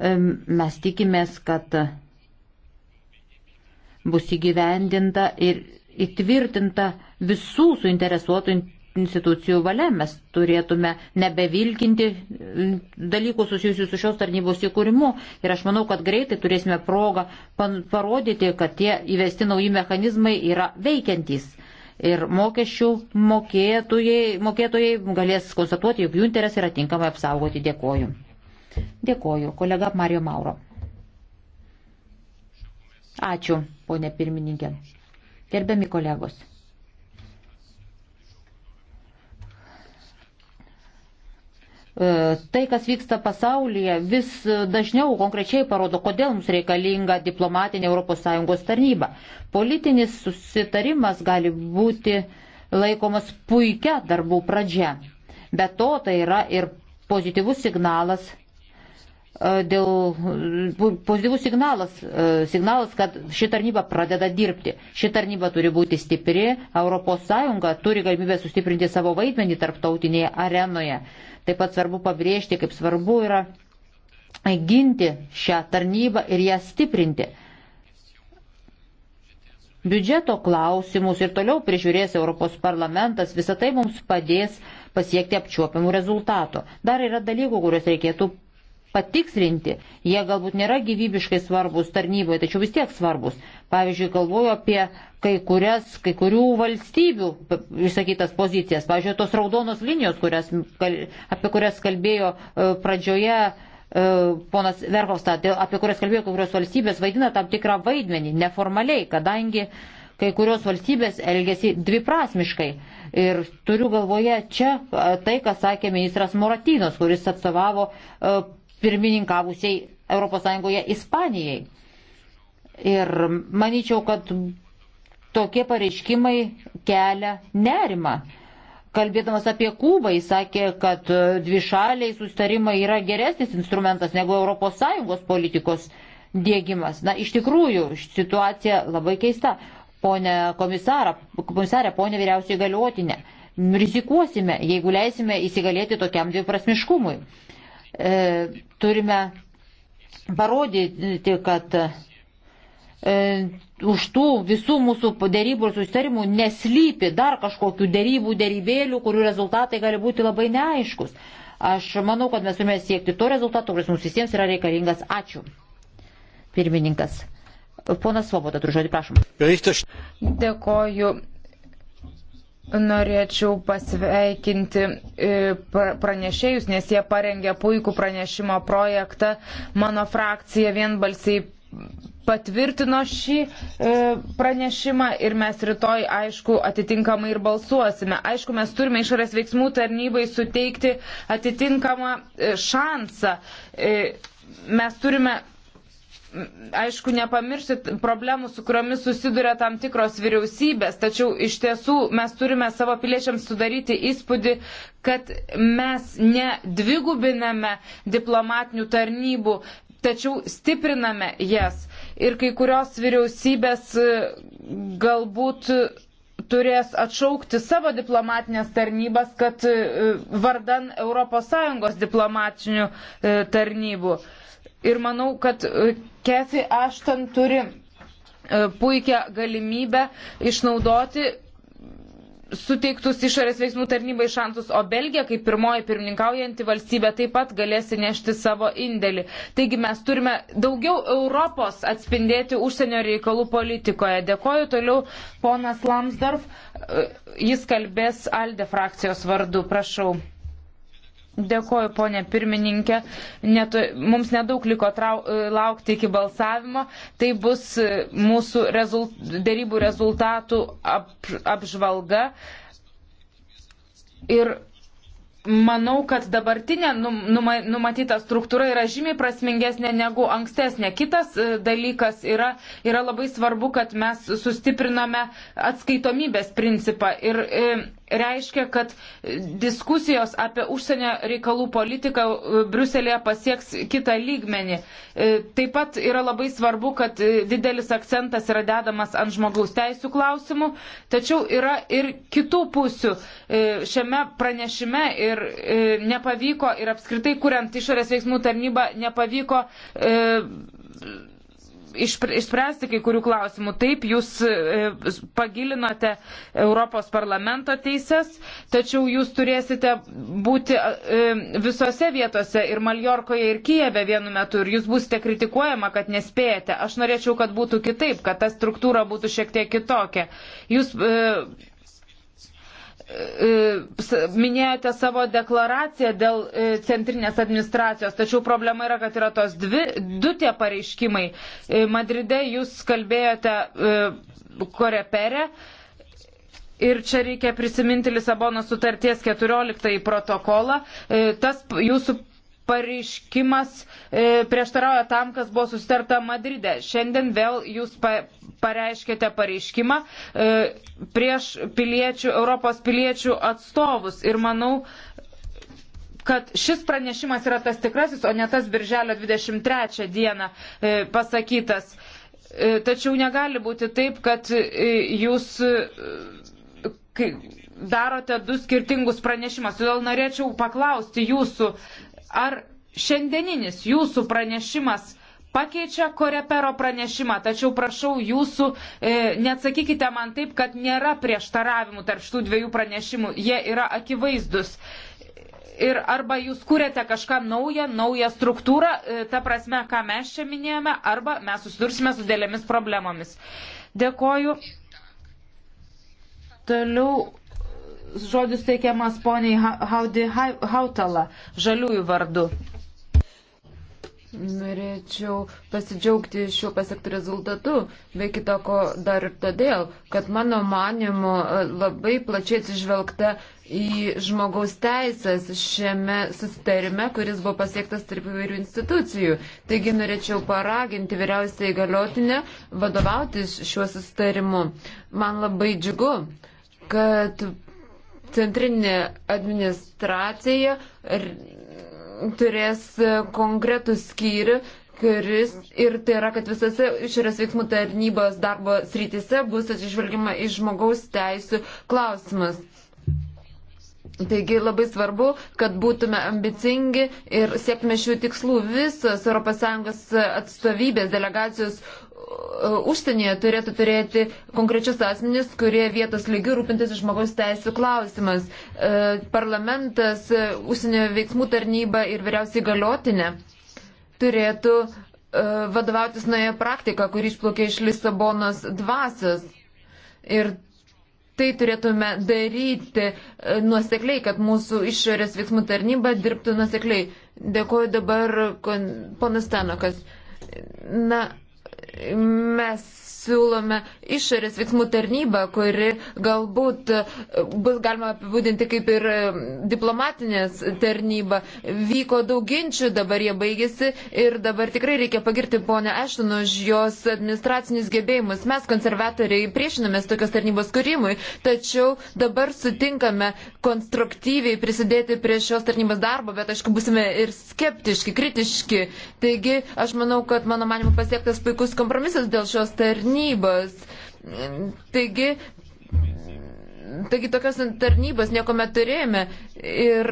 mes tikimės, kad bus įgyvendinta ir įtvirtinta visų suinteresuotų institucijų valia. Mes turėtume nebevilkinti dalykų susijusių su šios tarnybos įkūrimu. Ir aš manau, kad greitai turėsime progą parodyti, kad tie įvesti nauji mechanizmai yra veikiantys. Ir mokesčių mokėtojai, mokėtojai galės konstatuoti, jog jų interesai yra tinkamai apsaugoti. Dėkoju. Dėkoju. Kolega Mario Mauro. Ačiū, ponė pirmininkė. Gerbiami kolegos. E, tai, kas vyksta pasaulyje, vis dažniau konkrečiai parodo, kodėl mums reikalinga diplomatinė ES tarnyba. Politinis susitarimas gali būti laikomas puikia darbų pradžia. Be to, tai yra ir pozityvus signalas E, dėl pozityvus signalas, e, signalas, kad ši tarnyba pradeda dirbti. Ši tarnyba turi būti stipri, ES turi galimybę sustiprinti savo vaidmenį tarptautinėje arenoje. Taip pat svarbu pabrėžti, kaip svarbu yra ginti šią tarnybą ir ją stiprinti. Biudžeto klausimus ir toliau prižiūrės Europos parlamentas, visą tai mums padės pasiekti apčiuopiamų rezultatų. Dar yra dalykų, kuriuos reikėtų patikslinti. Jie galbūt nėra gyvybiškai svarbus tarnyboje, tačiau vis tiek svarbus. Pavyzdžiui, galvoju apie kai, kurias, kai kurių valstybių išsakytas pozicijas. Pavyzdžiui, tos raudonos linijos, kurias, apie kurias kalbėjo e, pradžioje e, ponas Verhofstad, apie kurias kalbėjo kai kurios valstybės, vaidina tam tikrą vaidmenį neformaliai, kadangi kai kurios valstybės elgesi dviprasmiškai. Ir turiu galvoje čia e, tai, ką sakė ministras Moratinos, kuris atstovavo pirmininkavusiai ES Ispanijai. Ir manyčiau, kad tokie pareiškimai kelia nerimą. Kalbėdamas apie Kubą, jis sakė, kad dvišaliai sustarimai yra geresnis instrumentas negu ES politikos dėgymas. Na, iš tikrųjų, situacija labai keista. Pone komisarą, komisarė, pone vyriausiai galiuotinė, rizikuosime, jeigu leisime įsigalėti tokiam dviprasmiškumui. E, turime parodyti, kad e, už tų visų mūsų dėrybų ir susitarimų neslypi dar kažkokių dėrybų, dėrybėlių, kurių rezultatai gali būti labai neaiškus. Aš manau, kad mes turime siekti to rezultato, kuris mums visiems yra reikalingas. Ačiū. Pirmininkas. Ponas Svoboda, turiu žodį, prašom. Dėkoju. Norėčiau pasveikinti e, pranešėjus, nes jie parengė puikų pranešimo projektą. Mano frakcija vienbalsiai patvirtino šį e, pranešimą ir mes rytoj, aišku, atitinkamai ir balsuosime. Aišku, mes turime išorės veiksmų tarnybai suteikti atitinkamą e, šansą. E, mes turime aišku, nepamiršti problemų, su kuriomis susiduria tam tikros vyriausybės, tačiau iš tiesų mes turime savo piliečiams sudaryti įspūdį, kad mes ne dvigubiname diplomatinių tarnybų, tačiau stipriname jas. Ir kai kurios vyriausybės e, galbūt turės atšaukti savo diplomatinės tarnybas, kad e, vardan ES diplomatinių e, tarnybų. Ir manau, kad e, Kefi Ašton turi e, puikią galimybę išnaudoti suteiktus išorės veiksmų tarnybai šansus, o Belgija, kaip pirmoji pirmininkaujanti valstybė, taip pat galės įnešti savo indėlį. Taigi mes turime daugiau Europos atspindėti užsienio reikalų politikoje. Dėkoju toliau ponas Lamsdorf, e, jis kalbės Alde frakcijos vardu, prašau. Dėkoju, ponė pirmininkė. Net, mums nedaug liko trau, e, laukti iki balsavimo. Tai bus e, mūsų rezult, dėrybų rezultatų ap, apžvalga. Ir manau, kad dabartinė numatyta struktūra yra žymiai prasmingesnė negu ankstesnė. Kitas e, dalykas yra, yra labai svarbu, kad mes sustiprinome atskaitomybės principą. Ir, ir reiškia, kad diskusijos apie užsienio reikalų politiką e, Bruselėje pasieks kitą lygmenį. E, taip pat yra labai svarbu, kad e, didelis akcentas yra dedamas ant žmogaus teisų klausimų, tačiau yra ir kitų pusių. Šiame pranešime ir nepavyko ir apskritai, kuriant išorės veiksmų tarnybą, nepavyko išspręsti kai kurių klausimų. Taip, jūs e, pagilinote Europos parlamento teises, tačiau jūs turėsite būti e, visose vietose ir Maljorkoje, ir Kijeve vienu metu ir jūs būsite kritikuojama, kad nespėjate. Aš norėčiau, kad būtų kitaip, kad ta struktūra būtų šiek tiek kitokia. Jūs e, E, minėjote savo deklaraciją dėl e, centrinės administracijos, tačiau problema yra, kad yra tos dvi, du tie pareiškimai. E, Madride jūs kalbėjote korepere. Ir čia reikia prisiminti Lisabono sutarties 14 protokolą. Tas jūsų pareiškimas e, prieštarauja tam, kas buvo susitarta Madride. Šiandien vėl jūs pa, pareiškėte pareiškimą e, prieš piliečių, Europos piliečių atstovus. Ir manau, kad šis pranešimas yra tas tikrasis, o ne tas birželio 23 dieną e, pasakytas. E, tačiau negali būti taip, kad e, jūs. E, kai, darote du skirtingus pranešimus. Todėl norėčiau paklausti jūsų, ar šiandieninis jūsų pranešimas pakeičia korepero pranešimą, tačiau prašau jūsų, e, neatsakykite man taip, kad nėra prieštaravimų tarp šitų dviejų pranešimų, jie yra akivaizdus. Ir arba jūs kūrėte kažką naują, naują struktūrą, e, ta prasme, ką mes čia minėjome, arba mes susidursime su dėlėmis problemomis. Dėkoju. Toliau žodis teikiamas poniai Haudi Hautala, žaliųjų vardu. Norėčiau pasidžiaugti šiuo pasiektų rezultatu, be kita ko dar ir todėl, kad mano manimu e, labai plačiai atsižvelgta į žmogaus teisės šiame susitarime, kuris buvo pasiektas tarp įvairių institucijų. Taigi norėčiau paraginti vyriausiai galiotinę vadovautis šiuo susitarimu. Man labai džiugu, kad centrinė administracija turės konkretų skyrių, kuris ir tai yra, kad visose išorės veiksmų tarnybos darbo srityse bus atsižvelgiama į žmogaus teisų klausimas. Taigi labai svarbu, kad būtume ambicingi ir siekme šių tikslų. Visos ES atstovybės delegacijos užsienyje turėtų turėti konkrečius asmenys, kurie vietos lygių rūpintis žmogaus teisų klausimas. E, parlamentas, e, užsienio veiksmų tarnyba ir vyriausiai galiotinė turėtų e, vadovautis nuoje praktika, kuri išplokė iš Lisabonos dvasios. Ir tai turėtume daryti nuosekliai, kad mūsų išorės veiksmų tarnyba dirbtų nuosekliai. Dėkuoju dabar ponas Tenokas. Na, mes siūlome išorės veiksmų tarnybą, kuri galbūt e, bus galima apibūdinti kaip ir e, diplomatinės tarnyba. Vyko daug ginčių, dabar jie baigėsi ir dabar tikrai reikia pagirti ponę Ešton už jos administracinius gebėjimus. Mes, konservatoriai, priešinamės tokios tarnybos kūrimui, tačiau dabar sutinkame konstruktyviai prisidėti prie šios tarnybos darbo, bet aišku, busime ir skeptiški, kritiški. Taigi, aš manau, kad mano manimu pasiektas puikus kompromisas dėl šios tarnybos tarnybos. Taigi, Taigi tokios tarnybos nieko neturėjome ir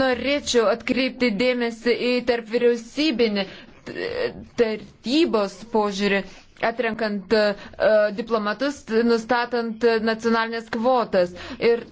norėčiau atkreipti dėmesį į tarp vyriausybinį tartybos požiūrį, atrenkant uh, diplomatus, nustatant nacionalinės kvotas. Ir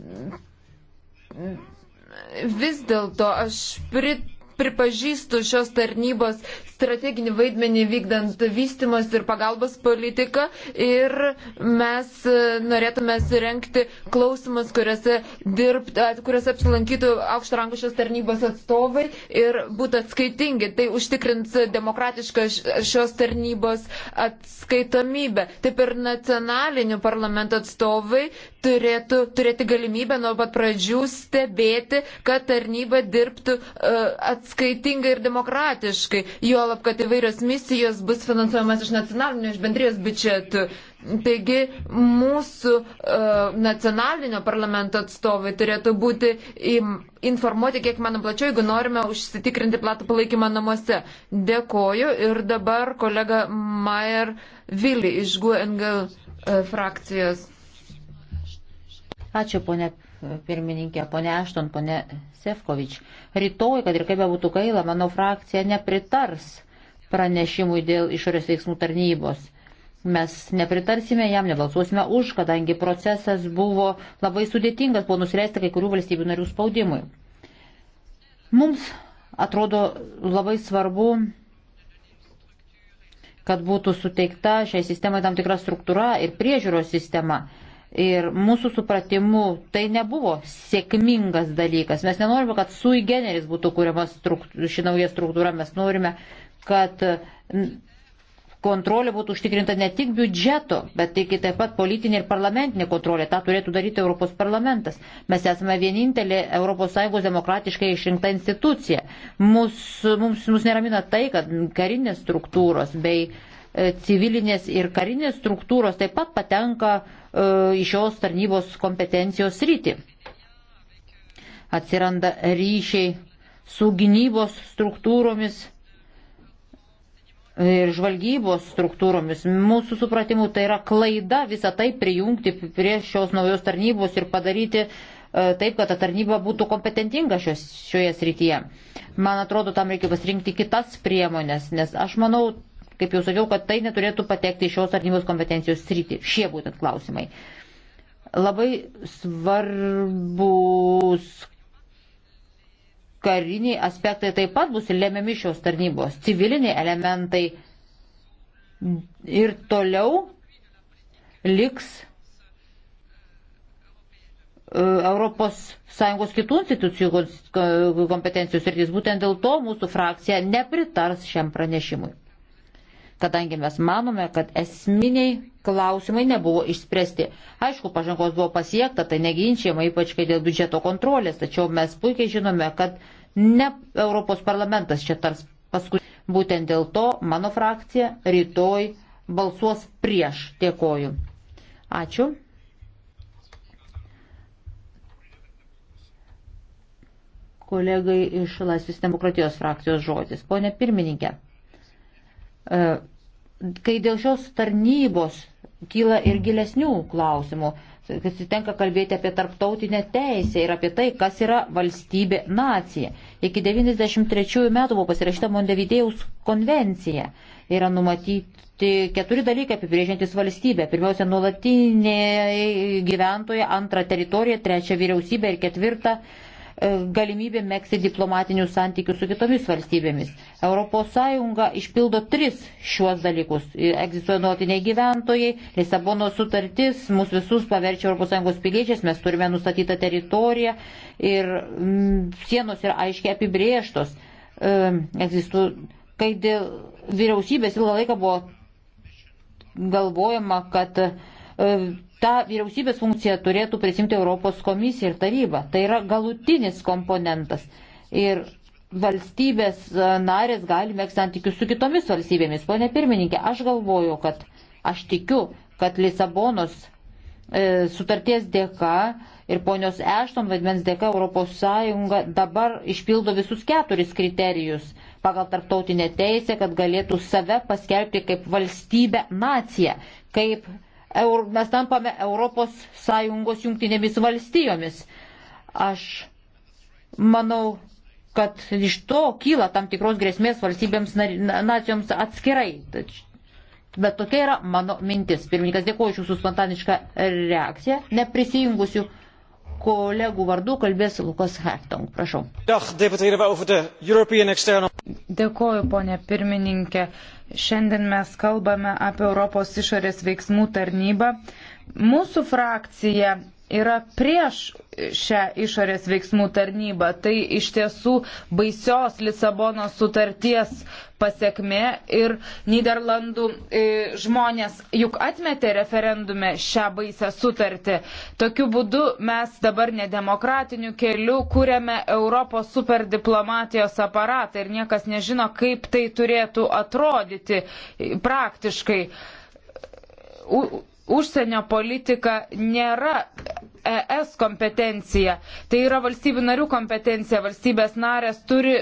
vis dėlto aš prit pripažįstu šios tarnybos strateginį vaidmenį vykdant vystimas ir pagalbos politiką ir mes e, norėtume surenkti klausimus, kuriuose, dirbt, kuriuose apsilankytų aukšto rankų šios tarnybos atstovai ir būtų atskaitingi. Tai užtikrins demokratišką šios tarnybos atskaitomybę. Taip ir nacionalinių parlamento atstovai turėtų turėti galimybę nuo pat pradžių stebėti, kad tarnyba dirbtų uh, atskaitingai ir demokratiškai, juolab, kad įvairios misijos bus finansuojamas iš nacionalinio, iš bendrijos biudžetų. Taigi mūsų uh, nacionalinio parlamento atstovai turėtų būti informuoti, kiek man plačiau, jeigu norime užsitikrinti platų palaikymą namuose. Dėkoju ir dabar kolega Mayer Vili iš GUNGL uh, e, frakcijos. Ačiū, ponė pirmininkė, ponė Ašton, ponė Sefkovič. Rytoj, kad ir kaip bebūtų gaila, mano frakcija nepritars pranešimui dėl išorės veiksmų tarnybos. Mes nepritarsime jam, nebalsuosime už, kadangi procesas buvo labai sudėtingas, buvo nusileista kai kurių valstybių narių spaudimui. Mums atrodo labai svarbu kad būtų suteikta šiai sistemai tam tikra struktūra ir priežiūros sistema. Ir mūsų supratimu tai nebuvo sėkmingas dalykas. Mes nenorime, kad sui generis būtų kuriama ši nauja struktūra. Mes norime, kad kontrolė būtų užtikrinta ne tik biudžeto, bet tai iki taip pat politinė ir parlamentinė kontrolė. Ta turėtų daryti Europos parlamentas. Mes esame vienintelė ES demokratiškai išrinkta institucija. Mus, mums, mums neramina tai, kad karinės struktūros bei e, civilinės ir karinės struktūros taip pat patenka uh, E, į šios tarnybos kompetencijos rytį. Atsiranda ryšiai su gynybos struktūromis ir žvalgybos struktūromis. Mūsų supratimu tai yra klaida visą tai prijungti prie šios naujos tarnybos ir padaryti e, taip, kad ta tarnyba būtų kompetentinga šios, šioje srityje. Man atrodo, tam reikia pasirinkti kitas priemonės, nes aš manau, Kaip jau sakiau, kad tai neturėtų patekti šios tarnybos kompetencijos sritį. Šie būtent klausimai. Labai svarbus kariniai aspektai taip pat bus lemiami šios tarnybos. Civiliniai elementai ir toliau liks ES kitų institucijų kompetencijos ir jis būtent dėl to mūsų frakcija nepritars šiam pranešimui kadangi mes manome, kad esminiai klausimai nebuvo išspręsti. Aišku, pažangos buvo pasiekta, tai neginčiama, ypač kai dėl biudžeto kontrolės, tačiau mes puikiai žinome, kad ne Europos parlamentas čia tars paskui. Būtent dėl to mano frakcija rytoj balsuos prieš. Dėkoju. Ačiū. Kolegai iš Laisvės demokratijos frakcijos žodis. Pone pirmininkė, e, kai dėl šios tarnybos kyla ir gilesnių klausimų, kad tenka kalbėti apie tarptautinę teisę ir apie tai, kas yra valstybė nacija. Iki 93 metų buvo pasirašyta Montevidėjaus konvencija. Yra numatyti keturi dalykai apibrėžiantis valstybę. Pirmiausia, nuolatinė gyventoja, antra teritorija, trečia vyriausybė ir ketvirta E, galimybė mėgti diplomatinių santykių su kitomis valstybėmis. ES išpildo tris šiuos dalykus. E, egzistuoja nuotiniai gyventojai, Lisabono sutartis mus visus paverčia ES piliečiais, mes turime nustatytą teritoriją ir mm, sienos yra aiškiai apibrieštos. E, egzistu, kai dėl vyriausybės ilgą laiką buvo galvojama, kad e, Ta vyriausybės funkcija turėtų prisimti Europos komisija ir taryba. Tai yra galutinis komponentas. Ir valstybės e, narės gali mėgti santykius su kitomis valstybėmis. Pone pirmininkė, aš galvoju, kad aš tikiu, kad Lisabonos e, sutarties dėka ir ponios Ešton vaidmens dėka ES dabar išpildo visus keturis kriterijus pagal tarptautinę teisę, kad galėtų save paskelbti kaip valstybę naciją, kaip mes tampame ES jungtinėmis valstijomis. Aš manau, kad iš to kyla tam tikros grėsmės valstybėms nacijoms atskirai. Bet tokia yra mano mintis. Pirmininkas, dėkuoju iš jūsų spontanišką reakciją. Neprisijungusių kolegų vardu kalbės Lukas Hartong. Prašau. Dėkoju, ponė pirmininkė. Šiandien mes kalbame apie Europos išorės veiksmų tarnybą. Mūsų frakcija yra prieš šią išorės veiksmų tarnybą. Tai iš tiesų baisios Lisabono sutarties pasiekmė ir Niderlandų e, žmonės juk atmetė referendume šią baisę sutartį. Tokiu būdu mes dabar nedemokratiniu keliu kūrėme Europos superdiplomatijos aparatą ir niekas nežino, kaip tai turėtų atrodyti praktiškai. U užsienio politika nėra ES kompetencija, tai yra valstybių narių kompetencija, valstybės narės turi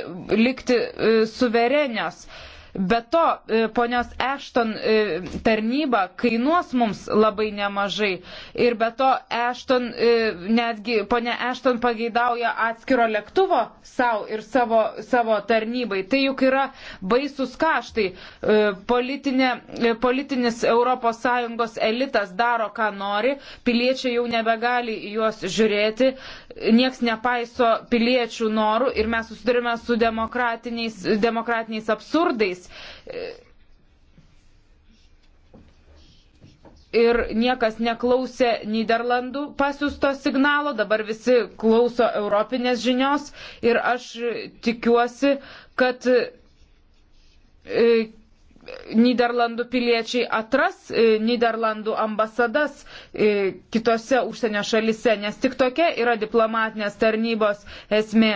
likti e, suverenios. E, Be to, e, ponios Ešton e, tarnyba kainuos mums labai nemažai. Ir be to, Ešton, e, netgi ponia Ešton pageidauja atskiro lėktuvo savo ir savo, savo tarnybai. Tai juk yra baisus kaštai. Politinė, politinis ES elitas daro, ką nori. Piliečiai jau nebegali į juos žiūrėti. Niekas nepaiso piliečių norų ir mes susidurime su demokratiniais, demokratiniais absurdais metais. Ir niekas neklausė Niderlandų pasiusto signalo, dabar visi klauso europinės žinios ir aš tikiuosi, kad e, Niderlandų piliečiai atras e, Niderlandų ambasadas e, kitose užsienio šalise, nes tik tokia yra diplomatinės tarnybos esmė.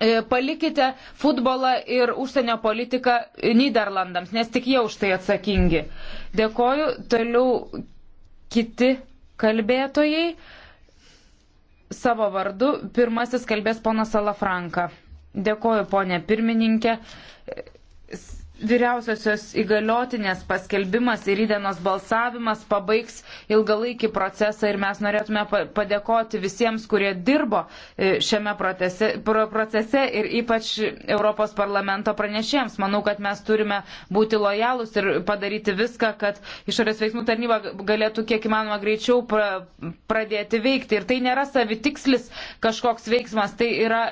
E, palikite futbolą ir užsienio politiką Niderlandams, nes tik jie už tai atsakingi. Dėkoju. Toliau kiti kalbėtojai savo vardu. Pirmasis kalbės ponas Salafranka. Dėkoju, ponė pirmininkė vyriausiosios įgaliotinės paskelbimas ir įdienos balsavimas pabaigs ilgalaikį procesą ir mes norėtume padėkoti visiems, kurie dirbo e, šiame procese, procese ir ypač Europos parlamento pranešėjams. Manau, kad mes turime būti lojalūs ir padaryti viską, kad išorės veiksmų tarnyba galėtų kiek įmanoma greičiau pra, pradėti veikti. Ir tai nėra savitikslis kažkoks veiksmas, tai yra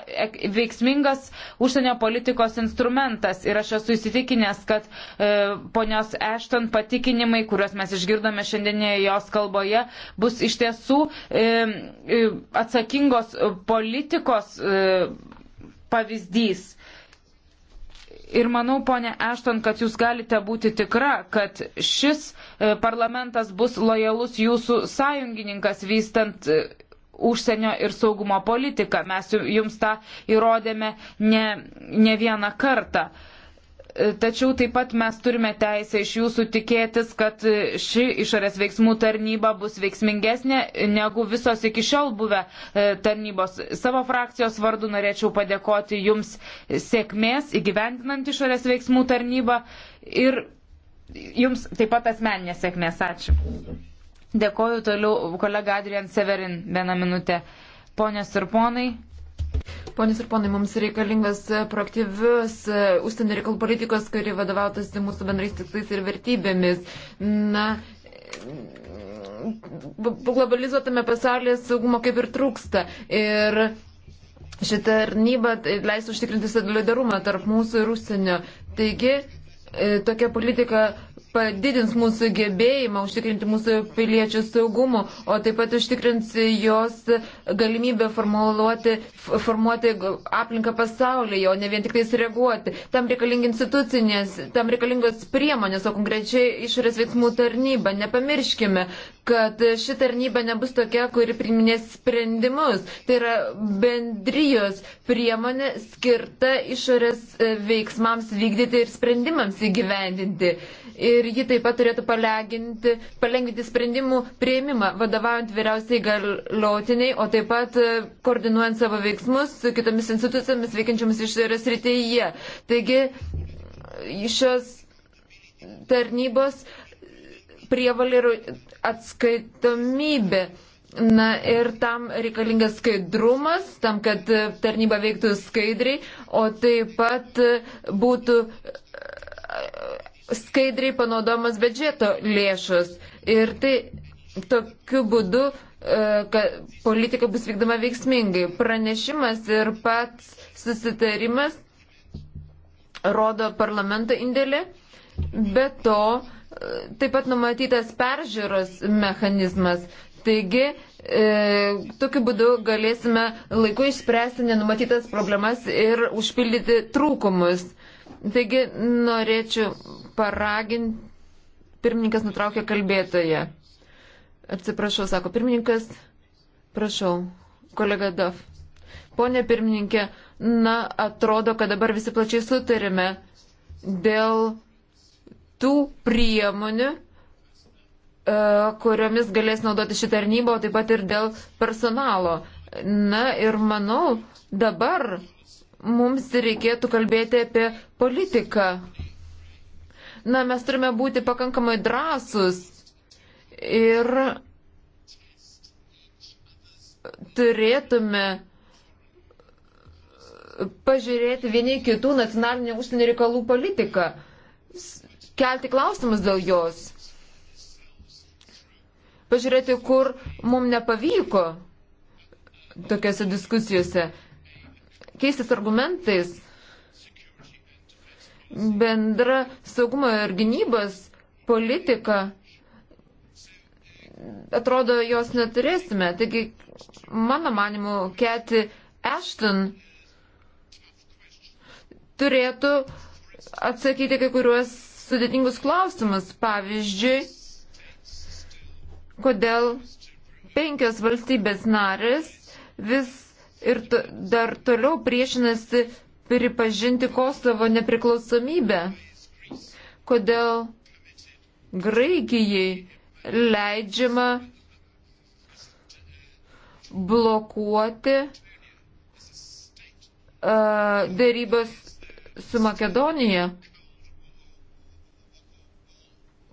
veiksmingas užsienio politikos instrumentas. Ir aš esu įsitikinęs, įsitikinęs, kad e, ponios Ešton patikinimai, kuriuos mes išgirdome šiandienėje jos kalboje, bus iš tiesų e, e atsakingos politikos e, pavyzdys. Ir manau, ponė Ešton, kad jūs galite būti tikra, kad šis e, parlamentas bus lojalus jūsų sąjungininkas vystant e, užsienio ir saugumo politiką. Mes jums tą įrodėme ne, ne vieną kartą. Uh, Tačiau taip pat mes turime teisę iš jūsų tikėtis, kad ši išorės veiksmų tarnyba bus veiksmingesnė negu visos iki šiol buvę e, tarnybos. Savo frakcijos vardu norėčiau padėkoti Jums sėkmės įgyvendinant išorės veiksmų tarnybą ir Jums taip pat asmeninės sėkmės. Ačiū. Dėkoju toliau kolega Adrian Severin vieną minutę. Ponios ir ponai. Ponis ir ponai, mums reikalingas e, proaktyvius e, užsienio reikalų politikos, kuri vadovautasi mūsų bendrais tikslais ir vertybėmis. Na, e, globalizuotame pasaulyje saugumo kaip ir trūksta. Ir šitą tarnybą tai leis užtikrinti solidarumą tarp mūsų ir užsienio. Taigi, tokia politika padidins mūsų gebėjimą užtikrinti mūsų piliečių saugumą, o taip pat užtikrins jos galimybę formuoti aplinką pasaulyje, o ne vien tik tai sureaguoti. Tam reikalingi institucinės, tam reikalingos priemonės, o konkrečiai išorės veiksmų tarnyba. Nepamirškime, kad ši tarnyba nebus tokia, kuri priminės sprendimus. Tai yra bendrijos priemonė skirta išorės e, veiksmams vykdyti ir sprendimams įgyvendinti. Ir ji taip pat turėtų palengvinti sprendimų prieimimą, vadovaujant vyriausiai galiotiniai, o taip pat e, koordinuojant savo veiksmus su kitomis institucijomis veikiančiomis išorės rytyje. Taigi, šios tarnybos prievalė atskaitomybė. Na ir tam reikalingas skaidrumas, tam, kad tarnyba veiktų skaidriai, o taip pat būtų e, skaidriai panaudomas biudžeto lėšos. Ir tai tokiu būdu e, kad politika bus vykdoma veiksmingai. Pranešimas ir pats susitarimas rodo parlamento indėlį, bet to taip pat numatytas peržiūros mechanizmas. Taigi, e, tokiu būdu galėsime laiku išspręsti nenumatytas problemas ir užpildyti trūkumus. Taigi, norėčiau paraginti. Pirmininkas nutraukė kalbėtoje. Atsiprašau, sako pirmininkas. Prašau, kolega Dov. Pone pirmininkė, na, atrodo, kad dabar visi plačiai sutarime dėl tų priemonių, e, kuriomis galės naudoti šį tarnybą, o taip pat ir dėl personalo. Na ir manau, dabar mums reikėtų kalbėti apie politiką. Na, mes turime būti pakankamai drąsus ir turėtume pažiūrėti vieni kitų nacionalinio užsienio reikalų politiką kelti klausimus dėl jos. Pažiūrėti, kur mums nepavyko tokiuose diskusijose. Keistis argumentais. Bendra saugumo ir gynybos politika. Atrodo, jos neturėsime. Taigi, mano manimu, Keti Ashton turėtų atsakyti kai kuriuos sudėtingus klausimus. Pavyzdžiui, kodėl penkios valstybės narės vis ir to, dar toliau priešinasi pripažinti Kosovo nepriklausomybę. Kodėl Graikijai leidžiama blokuoti uh, dėrybas su Makedonija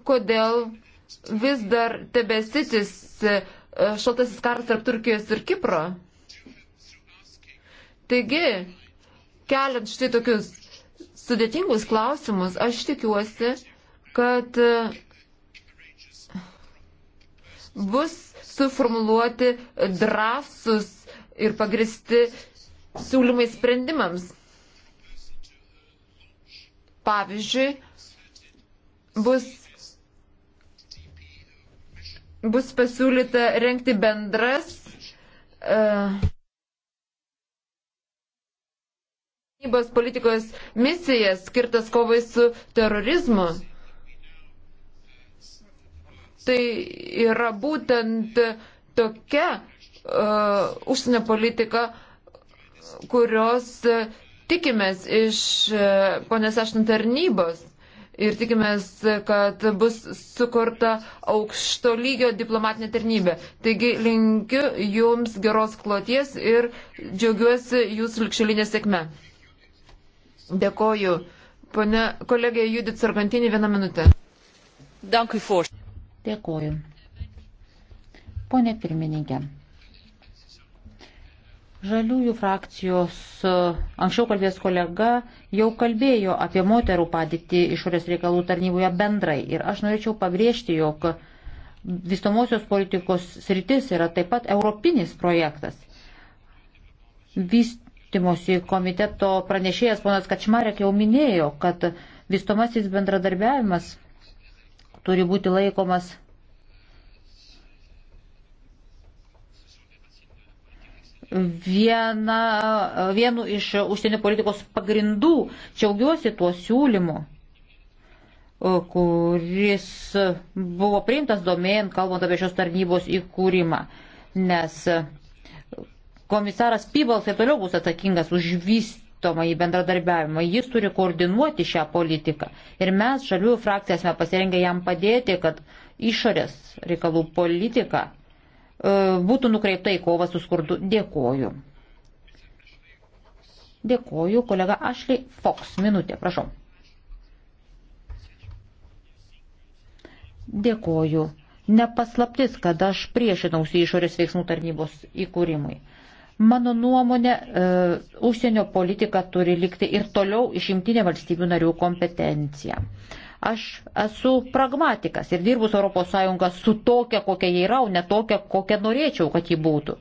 kodėl vis dar tebesitis e, šaltasis karas tarp Turkijos ir Kipro. Taigi, keliant štai tokius sudėtingus klausimus, aš tikiuosi, kad e, bus suformuluoti drąsus ir pagristi siūlymai sprendimams. Pavyzdžiui, bus bus pasiūlyta renkti bendras e, gynybos uh, politikos misijas skirtas kovai su terorizmu. Tai yra būtent tokia uh, užsienio politika, kurios uh, tikimės iš uh, ponės ašnų tarnybos ir tikimės, kad bus sukurta aukšto lygio diplomatinė tarnybė. Taigi linkiu Jums geros kloties ir džiaugiuosi Jūsų likšelinė sėkme. Dėkoju. Pane kolegė Judit Sargantinį, vieną minutę. Dėkoju. Dėkoju. Pone pirmininkė. Žaliųjų frakcijos e, anksčiau kalbės kolega jau kalbėjo apie moterų padėtį išorės reikalų tarnyboje bendrai. Ir aš norėčiau pabrėžti, jog vystomosios politikos sritis yra taip pat europinis projektas. Vystimosi komiteto pranešėjas ponas Kačmarek jau minėjo, kad vystomasis bendradarbiavimas turi būti laikomas viena, vienu iš užsienio politikos pagrindų. Čiaugiuosi tuo siūlymu, kuris buvo priimtas domėjant, kalbant apie šios tarnybos įkūrimą, nes komisaras Pybals ir toliau bus atsakingas už vystomą į bendradarbiavimą. Jis turi koordinuoti šią politiką. Ir mes, žaliųjų frakcija, esame pasirengę jam padėti, kad išorės reikalų politika būtų nukreipta į kovą su skurdu. Dėkoju. Dėkoju, kolega Ashley Fox. Minutė, prašau. Dėkoju. Nepaslaptis, kad aš priešinausi išorės veiksmų tarnybos įkūrimui. Mano nuomonė, e, užsienio politika turi likti ir toliau išimtinė valstybių narių kompetencija. E, Aš esu pragmatikas ir dirbus ES su tokia, kokia jie yra, o ne tokia, kokia norėčiau, kad ji būtų.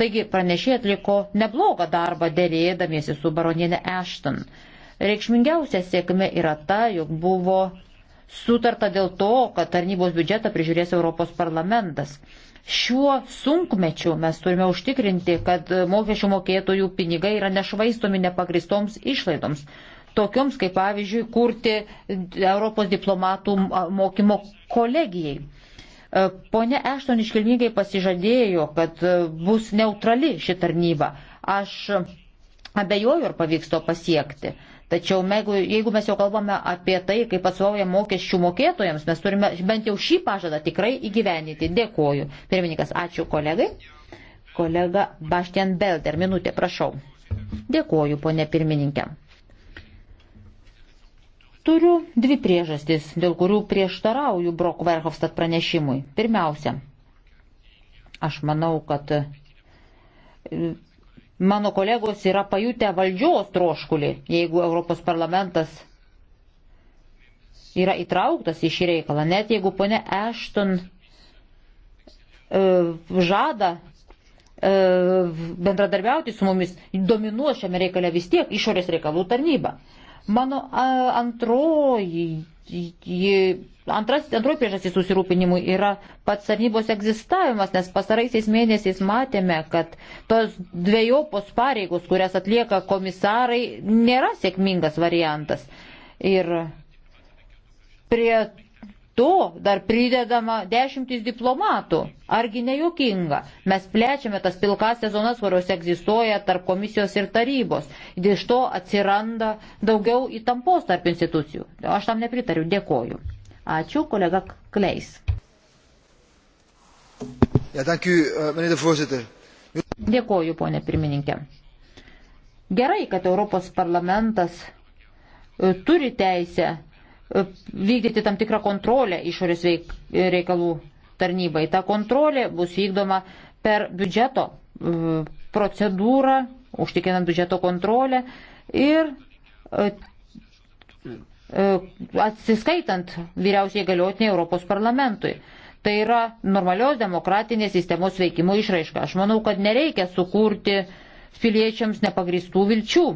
Taigi pranešėjai atliko neblogą darbą dėrėdamiesi su baronienė Ashton. Reikšmingiausia sėkmė yra ta, jog buvo sutarta dėl to, kad tarnybos biudžetą prižiūrės Europos parlamentas. Šiuo sunkmečiu mes turime užtikrinti, kad mokesčių mokėtojų pinigai yra nešvaistomi nepagristoms išlaidoms tokioms kaip pavyzdžiui kurti Europos diplomatų mokymo kolegijai. E, pone Ešton iškilmingai pasižadėjo, kad e, bus neutrali ši tarnyba. Aš abejoju, ar pavyks to pasiekti. Tačiau jeigu, jeigu mes jau kalbame apie tai, kaip atsvauja mokesčių mokėtojams, mes turime bent jau šį pažadą tikrai įgyveninti. Dėkoju. Pirmininkas, ačiū kolegai. Kolega Baštien Belder, minutė, prašau. Dėkoju, ponė pirmininkė. Turiu dvi priežastis, dėl kurių prieštarauju Brok Verhofstadt pranešimui. Pirmiausia, aš manau, kad e, mano kolegos yra pajutę valdžios troškulį, jeigu Europos parlamentas yra įtrauktas į šį reikalą, net jeigu ponė Ešton e, žada e, bendradarbiauti su mumis, dominuos šiame reikale vis tiek išorės reikalų tarnyba. Mano antroji, antras, antroji priežastis susirūpinimui yra pats tarnybos egzistavimas, nes pasaraisiais mėnesiais matėme, kad tos dviejopos pareigos, kurias atlieka komisarai, nėra sėkmingas variantas. Ir prie to dar pridedama dešimtis diplomatų. Argi ne jokinga? Mes plečiame tas pilkasias zonas, kurios egzistuoja tarp komisijos ir tarybos. Iš to atsiranda daugiau įtampos tarp institucijų. Aš tam nepritariu. Dėkoju. Ačiū, kolega Kleis. Ja, dank u, eh, meneer de voorzitter. Dėkoju, ponė pirmininkė. Gerai, kad Europos parlamentas eh, turi teisę vykdyti tam tikrą kontrolę išorės veik, reikalų tarnybai. Ta kontrolė bus vykdoma per biudžeto procedūrą, užtikrinant biudžeto kontrolę ir e, e, atsiskaitant vyriausiai galiotinį Europos parlamentui. Tai yra normalios demokratinės sistemos veikimo išraiška. Aš manau, kad nereikia sukurti piliečiams nepagristų vilčių.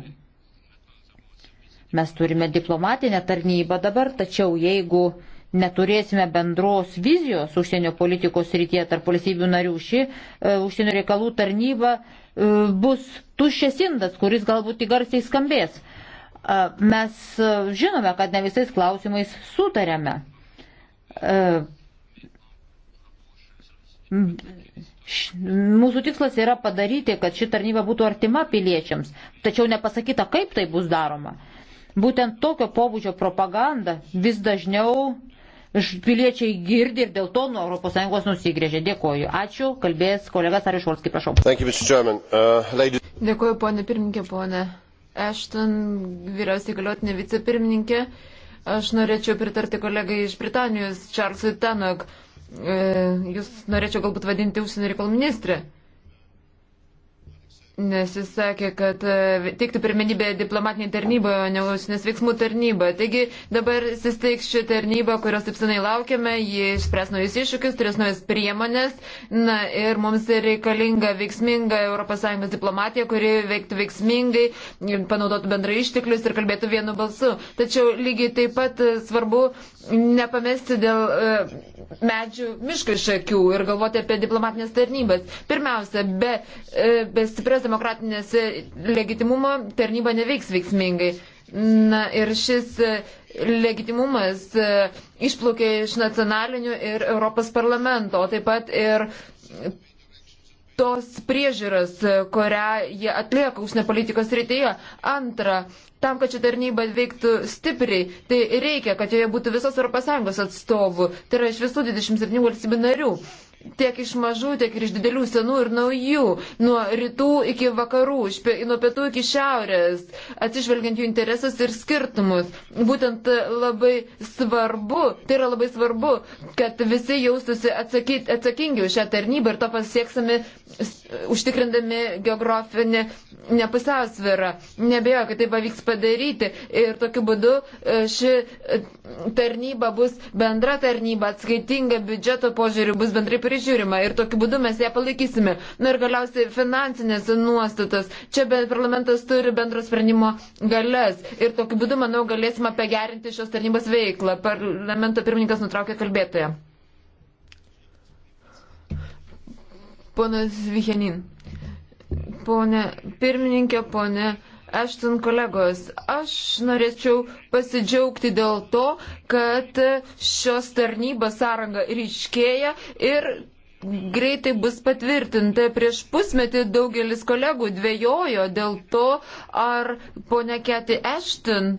Mes turime diplomatinę tarnybą dabar, tačiau jeigu neturėsime bendros vizijos užsienio politikos rytyje tarp valstybių narių, ši e, užsienio reikalų tarnyba e, bus tuščias indas, kuris galbūt tik garsiai skambės. E, mes e, žinome, kad ne visais klausimais sutarėme. E, Mūsų tikslas yra padaryti, kad ši tarnyba būtų artima piliečiams, tačiau nepasakyta, kaip tai bus daroma. Būtent tokio pobūdžio propaganda vis dažniau piliečiai girdi ir dėl to nuo ES nusigrėžė. Dėkoju. Ačiū. Kalbės kolegas Arius Volski, prašau. You, uh, ladies... Dėkoju, ponė pirmininkė, ponė Ešton, vyriausiai galiotinė vicepirmininkė. Aš norėčiau pritarti kolegai iš Britanijos, Čarlzui Tenok. E, jūs norėčiau galbūt vadinti užsienio reikalų ministrė. Nes jis sakė, kad e, teiktų pirmenybę diplomatinė tarnyba, o ne užsienės veiksmų tarnyba. Taigi dabar sisteiks ši tarnyba, kurios taip senai laukiame, ji išspręs naujus iššūkius, turės naujas priemonės. Na ir mums reikalinga veiksminga ES diplomatija, kuri veiktų veiksmingai, panaudotų bendrai išteklius ir kalbėtų vienu balsu. Tačiau lygiai taip pat e, svarbu nepamesti dėl e, medžių miškai šakių ir galvoti apie diplomatinės tarnybas. Pirmiausia, be, be stiprios šios demokratinės e, legitimumo tarnyba neveiks veiksmingai. Na ir šis e, legitimumas e, išplaukė iš nacionalinių ir Europos parlamento, o taip pat ir tos priežiūros, kurią jie atlieka užsienio politikos rytyje. Antra, tam, kad ši tarnyba veiktų stipriai, tai reikia, kad joje būtų visos ES atstovų, tai yra iš visų 27 valstybių narių tiek iš mažų, tiek ir iš didelių, senų ir naujų, nuo rytų iki vakarų, pe, nuo pietų iki šiaurės, atsižvelgiant jų interesus ir skirtumus. Būtent labai svarbu, tai yra labai svarbu, kad visi jaustųsi atsakingi už šią tarnybą ir to pasieksime užtikrindami geografinį nepusiausvyrą. Nebejoju, kad tai pavyks padaryti ir tokiu būdu e, ši e, tarnyba bus bendra tarnyba, atskaitinga biudžeto požiūriu, bus bendrai prižiūrima ir tokiu būdu mes ją palaikysime. Na ir galiausiai finansinės nuostatas. Čia parlamentas turi bendro sprendimo galės ir tokiu būdu, manau, galėsime pagerinti šios tarnybos veiklą. Parlamento pirmininkas nutraukė kalbėtoją. Ponas Vihenin. Pone pirmininkė, pone Ešton kolegos, aš norėčiau pasidžiaugti dėl to, kad šios tarnybos sąranga ryškėja ir greitai bus patvirtinta. Prieš pusmetį daugelis kolegų dvėjojo dėl to, ar ponia Keti Ešton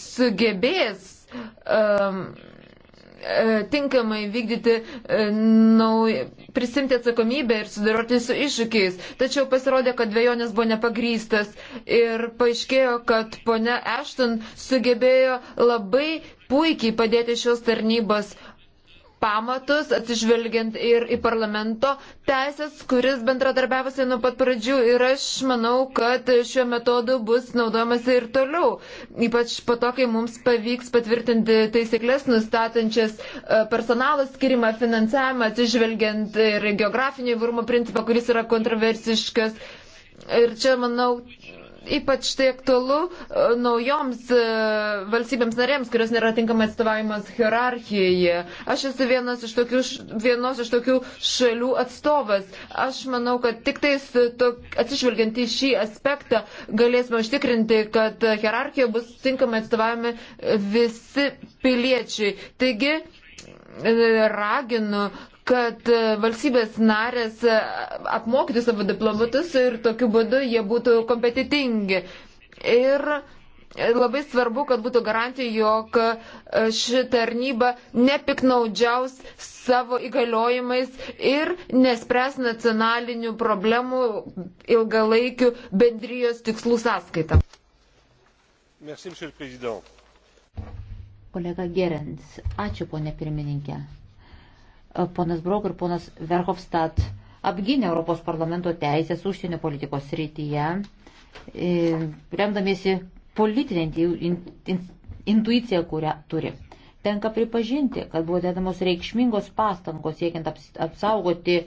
sugebės um, E, tinkamai vykdyti, e, nauj, prisimti atsakomybę ir sudaroti su iššūkiais. Tačiau pasirodė, kad dviejonės buvo nepagrystas ir paaiškėjo, kad ponia Ashton sugebėjo labai puikiai padėti šios tarnybos pamatus, atsižvelgiant ir į parlamento teisės, kuris bendradarbiavusi nuo pat pradžių ir aš manau, kad šiuo metodu bus naudojamasi ir toliau. Ypač po to, kai mums pavyks patvirtinti taisyklės nustatančias e, personalo skirimą, finansavimą, atsižvelgiant ir geografinį įvarumo principą, kuris yra kontroversiškas. Ir čia, manau, ypač tai aktualu e, naujoms e, valstybėms narėms, kurios nėra tinkamai atstovavimas hierarchijoje. Aš esu vienas iš tokių, vienos iš tokių šalių atstovas. Aš manau, kad tik tais atsižvelgiant į šį aspektą galėsime užtikrinti, kad hierarchijoje bus tinkamai atstovavimi visi piliečiai. Taigi, e, raginu kad e, valstybės narės e, apmokytų savo diplomatus ir tokiu būdu jie būtų kompetitingi. Ir e, labai svarbu, kad būtų garantija, jog ši tarnyba nepiknaudžiaus savo įgaliojimais ir nespręs nacionalinių problemų ilgalaikių bendrijos tikslų sąskaitą. Merci, Kolega Gerens, ačiū ponė pirmininkė. Ponas Brok ir ponas Verhofstadt apginė Europos parlamento teisės užsienio politikos srityje, e, remdamiesi politinė intuicija, kurią turi. Tenka pripažinti, kad buvo dedamos reikšmingos pastangos siekiant apsaugoti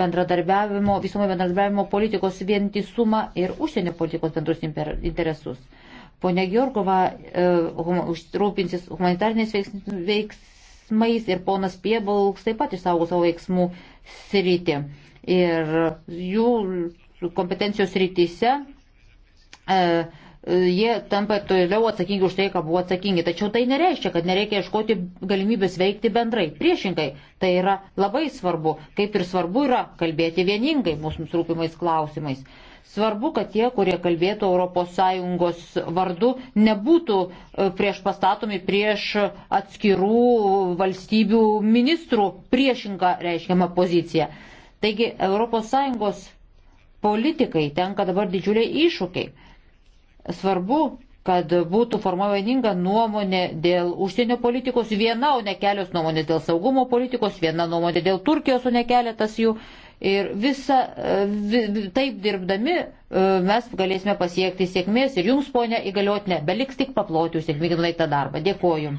bendradarbiavimo, visumo bendradarbiavimo politikos vientisumą ir užsienio politikos bendrus interesus. Pone Georgova e, hum, rūpinsis humanitarniais veiks, veiks, veiksmais ir ponas Piebalks taip pat išsaugo savo veiksmų sritį. Ir jų kompetencijos rytise e, e, jie tampa toliau atsakingi už tai, ką buvo atsakingi. Tačiau tai nereiškia, kad nereikia ieškoti galimybės veikti bendrai. Priešingai, tai yra labai svarbu, kaip ir svarbu yra kalbėti vieningai mūsų rūpimais klausimais. E, Svarbu, kad tie, kurie kalbėtų ES vardu, nebūtų e, prieš pastatomi prieš atskirų valstybių ministrų priešinką reiškiamą poziciją. Taigi ES politikai tenka dabar didžiuliai iššūkiai. Svarbu, kad būtų formuojama vieninga nuomonė dėl užsienio politikos viena, o ne kelios nuomonės dėl saugumo politikos, viena nuomonė dėl Turkijos, o ne keletas jų. Ir visa, taip dirbdami e, mes galėsime pasiekti sėkmės ir jums, ponia įgaliotinė, beliks tik paploti jūs sėkmingai nuveiktą darbą. Dėkoju.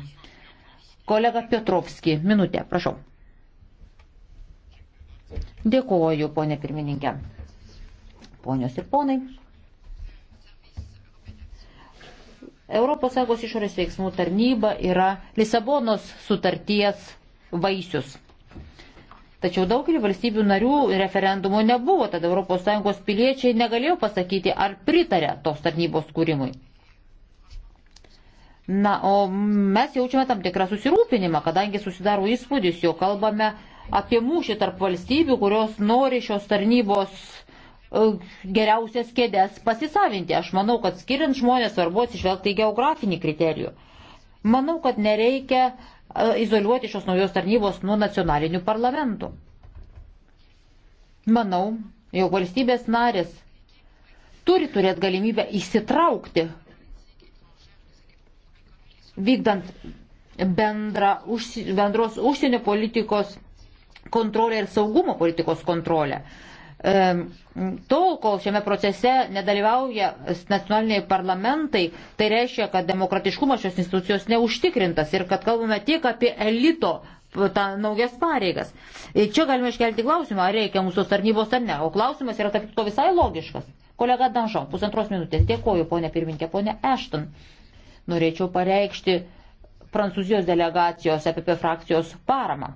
Kolega Piotrovski, minutė, prašau. Dėkoju, ponė pirmininkė. Ponios ir ponai. ES išorės veiksmų tarnyba yra Lisabonos sutarties vaisius. Tačiau daugelį valstybių narių referendumo nebuvo, tad ES piliečiai negalėjo pasakyti, ar pritarė tos tarnybos kūrimui. Na, o mes jaučiame tam tikrą susirūpinimą, kadangi susidaro įspūdis, jo kalbame apie mūšį tarp valstybių, kurios nori šios tarnybos e, geriausias kėdės pasisavinti. Aš manau, kad skiriant žmonės svarbu atsižvelgti į geografinį kriterijų. Manau, kad nereikia izoliuoti šios naujos tarnybos nuo nacionalinių parlamentų. Manau, jau valstybės narės turi turėti galimybę įsitraukti, vykdant bendra, bendros užsienio politikos kontrolę ir saugumo politikos kontrolę. Uh, tol, kol šiame procese nedalyvauja nacionaliniai parlamentai, tai reiškia, kad demokratiškumas šios institucijos neužtikrintas ir kad kalbame tik apie elito tą naujas pareigas. Čia galime iškelti klausimą, ar reikia mūsų tarnybos ar ne. O klausimas yra tarp to visai logiškas. Kolega Danšo, pusantros minutės. Dėkoju, ponė pirminkė, ponė Ešton. Norėčiau pareikšti Prancūzijos delegacijos apie frakcijos paramą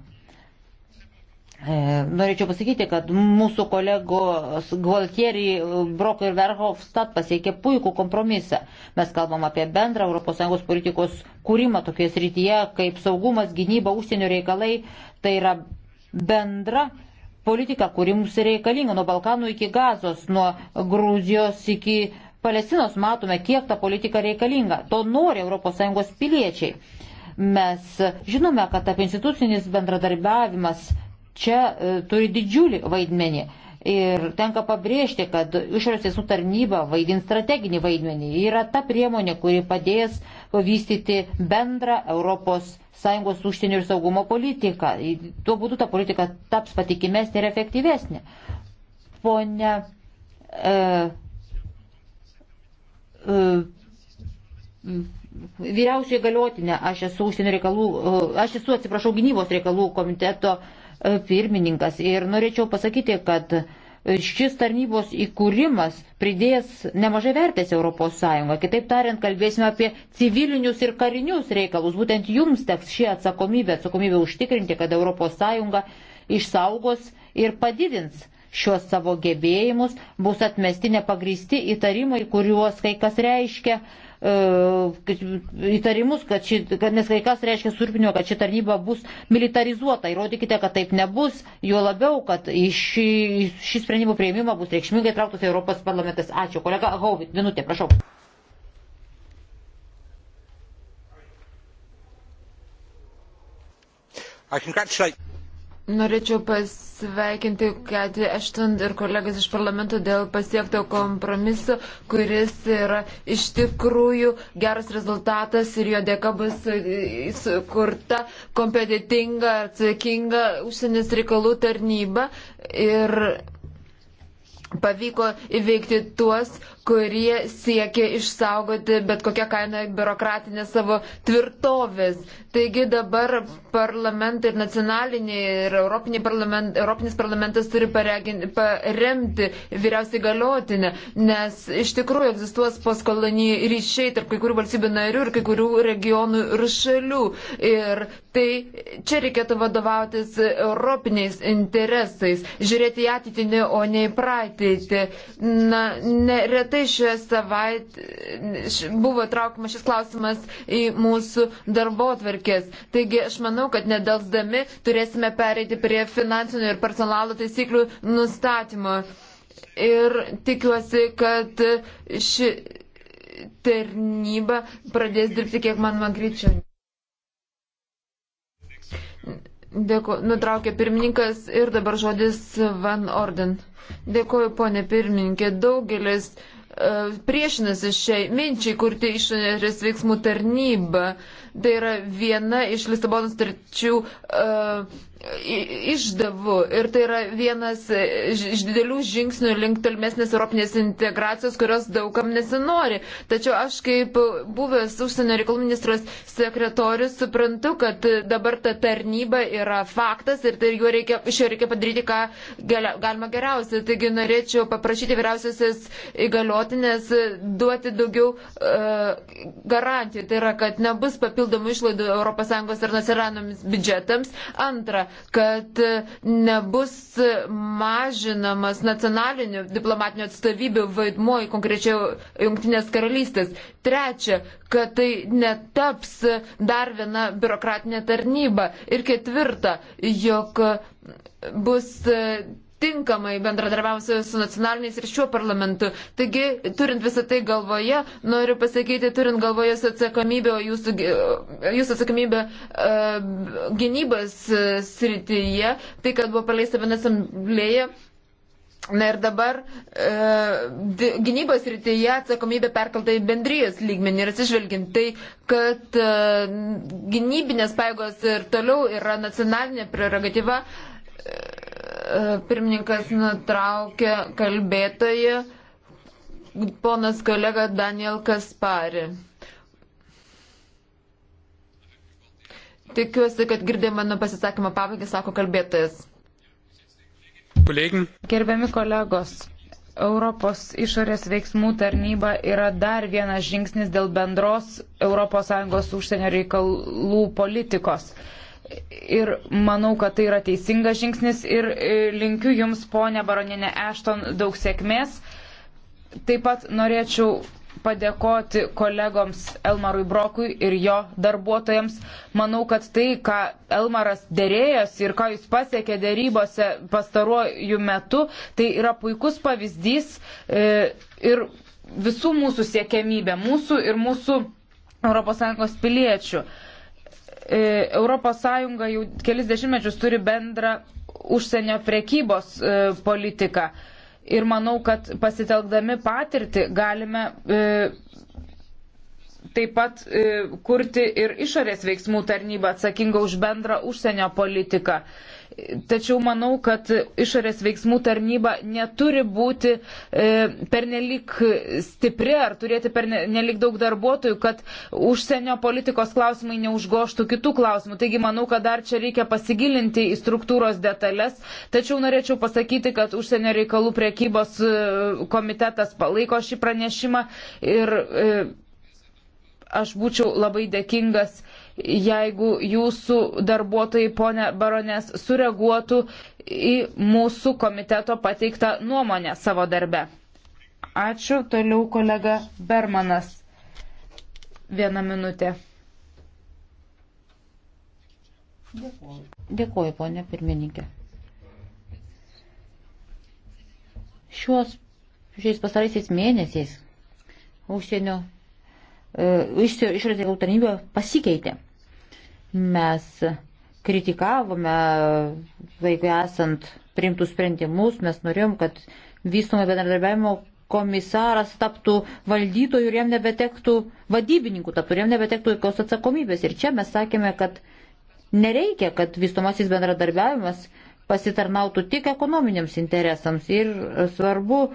E, norėčiau pasakyti, kad mūsų kolegos Gualtieri, Broko ir Verhofstadt pasiekė puikų kompromisą. Mes kalbam apie bendrą ES politikos kūrimą tokioje srityje, kaip saugumas, gynyba, užsienio reikalai. Tai yra bendra politika, kuri mums reikalinga nuo Balkanų iki Gazos, nuo Gruzijos iki Palestinos. Matome, kiek ta politika reikalinga. To nori ES piliečiai. Mes žinome, kad apie institucinis bendradarbiavimas čia e, turi didžiulį vaidmenį. Ir tenka pabrėžti, kad išorės tiesų tarnyba vaidins strateginį vaidmenį. Ji yra ta priemonė, kuri padės vystyti bendrą ES užsienio ir saugumo politiką. Tuo būdu ta politika taps patikimesnė ir efektyvesnė. Pone. E, e, Vyriausiai galiotinė, aš esu užsienio reikalų, e, aš esu atsiprašau gynybos reikalų komiteto uh, pirmininkas. Ir norėčiau pasakyti, kad šis tarnybos įkūrimas pridės nemažai vertės ES. Kitaip tariant, kalbėsime apie civilinius ir karinius reikalus. Būtent jums teks šį atsakomybę, atsakomybę užtikrinti, kad ES išsaugos ir padidins šios savo gebėjimus, bus atmesti nepagristi įtarimai, kuriuos kai kas reiškia E, įtarimus, kad ši, kad, nes kai kas reiškia surpinio, kad ši tarnyba bus militarizuota. Įrodykite, kad taip nebus, juo labiau, kad į šį, šį sprendimų prieimimą bus reikšmingai trauktas Europos parlamentas. Ačiū. Kolega Hauvit, minutė, prašau. Norėčiau pas pasveikinti Keti Ešton ir kolegas iš parlamento dėl pasiekto kompromiso, kuris yra iš tikrųjų geras rezultatas ir jo dėka bus e, e, sukurta kompetitinga, atsakinga užsienės reikalų tarnyba. Ir pavyko įveikti tuos kurie siekia išsaugoti bet kokią kainą biurokratinę savo tvirtovės. Taigi dabar parlamentai ir nacionaliniai ir parlament, Europinis parlamentas turi paregin, paremti vyriausiai galiotinę, nes iš tikrųjų egzistuos paskoloniai ryšiai tarp kai kurių valstybių narių ir kai kurių regionų ir šalių. Ir tai čia reikėtų vadovautis europiniais interesais, žiūrėti į ateitį, o ne į praeitį. Na, neretai Neretai šioje savaitėje buvo traukimas šis klausimas į mūsų darbo atverkės. Taigi aš manau, kad nedelsdami turėsime pereiti prie finansinių ir personalo taisyklių nustatymo. Ir tikiuosi, kad ši tarnyba pradės dirbti kiek man man greičiau. Dėkuoju, nutraukė pirmininkas ir dabar žodis Van Orden. Dėkuoju, ponė pirmininkė, daugelis E, priešinasi šiai minčiai kurti išorės veiksmų tarnybą. Tai yra viena iš Lisabonos tarčių uh, e, išdavų ir tai yra vienas iš didelių žingsnių link tolmesnės Europinės integracijos, kurios daugam nesinori. Tačiau aš kaip buvęs užsienio reikalų ministras sekretorius suprantu, kad dabar ta tarnyba yra faktas ir tai reikia, iš jo reikia padaryti, ką galima geriausia. Taigi norėčiau paprašyti vyriausiasis įgaliotinės duoti daugiau uh, garantijų. Tai yra, kad nebus papildomų išlaidų ES ir nacionaliniams biudžetams. Antra, kad nebus mažinamas nacionalinių diplomatinių atstovybių vaidmuo į konkrečiai Junktinės karalystės. Trečia, kad tai netaps dar viena biurokratinė tarnyba. Ir ketvirta, jog bus tinkamai bendradarbiausiu su nacionaliniais ir šiuo parlamentu. Taigi, turint visą tai galvoje, noriu pasakyti, turint galvoje jūsų atsakomybę, jūsų, jūsų atsakomybę uh, e, gynybos uh, srityje, tai, kad buvo paleista viena asamblėje. Na ir dabar e, gynybos rytyje atsakomybė perkelta į bendrijos lygmenį ir atsižvelgiant tai, kad e, gynybinės paėgos ir toliau yra nacionalinė prerogatyva. E, Pirmininkas nutraukė kalbėtoją ponas kolega Daniel Kaspari. Tikiuosi, kad girdė mano pasisakymą pabaigą, sako kalbėtojas. Kolegin. Gerbiami kolegos, Europos išorės veiksmų tarnyba yra dar vienas žingsnis dėl bendros ES užsienio reikalų politikos. Ir manau, kad tai yra teisingas žingsnis ir e, linkiu Jums, ponė baroninė Ešton, daug sėkmės. Taip pat norėčiau padėkoti kolegoms Elmarui Brokui ir jo darbuotojams. Manau, kad tai, ką Elmaras dėrėjosi ir ką jis pasiekė dėrybose pastaruoju metu, tai yra puikus pavyzdys e, ir visų mūsų siekėmybė, mūsų ir mūsų ES piliečių. ES jau kelis dešimtmečius turi bendrą užsienio prekybos e, politiką. Ir manau, kad pasitelkdami patirtį galime e, taip pat e, kurti ir išorės veiksmų tarnybą atsakingą už bendrą užsienio politiką. Tačiau manau, kad išorės veiksmų tarnyba neturi būti e, pernelik stipri ar turėti pernelik daug darbuotojų, kad užsienio politikos klausimai neužgoštų kitų klausimų. Taigi manau, kad dar čia reikia pasigilinti į struktūros detalės. Tačiau norėčiau pasakyti, kad užsienio reikalų priekybos e, komitetas palaiko šį pranešimą ir e, aš būčiau labai dėkingas. E, jeigu jūsų darbuotojai, ponė Baronės, sureaguotų į mūsų komiteto pateiktą nuomonę savo darbe. Ačiū, toliau kolega Bermanas. Vieną minutę. Dėkuoju, Dėkuoju ponė pirmininkė. Šiuos, šiais pasaraisiais mėnesiais užsienio E, išorės reikalų tarnybė pasikeitė. Mes kritikavome vaikui esant priimtų sprendimus, mes norėjom, kad vystomo bendradarbiavimo komisaras taptų valdytojų ir jam nebetektų vadybininkų, taptų ir jam nebetektų jokios atsakomybės. Ir čia mes sakėme, kad nereikia, kad vystomasis bendradarbiavimas pasitarnautų tik ekonominiams interesams ir svarbu e,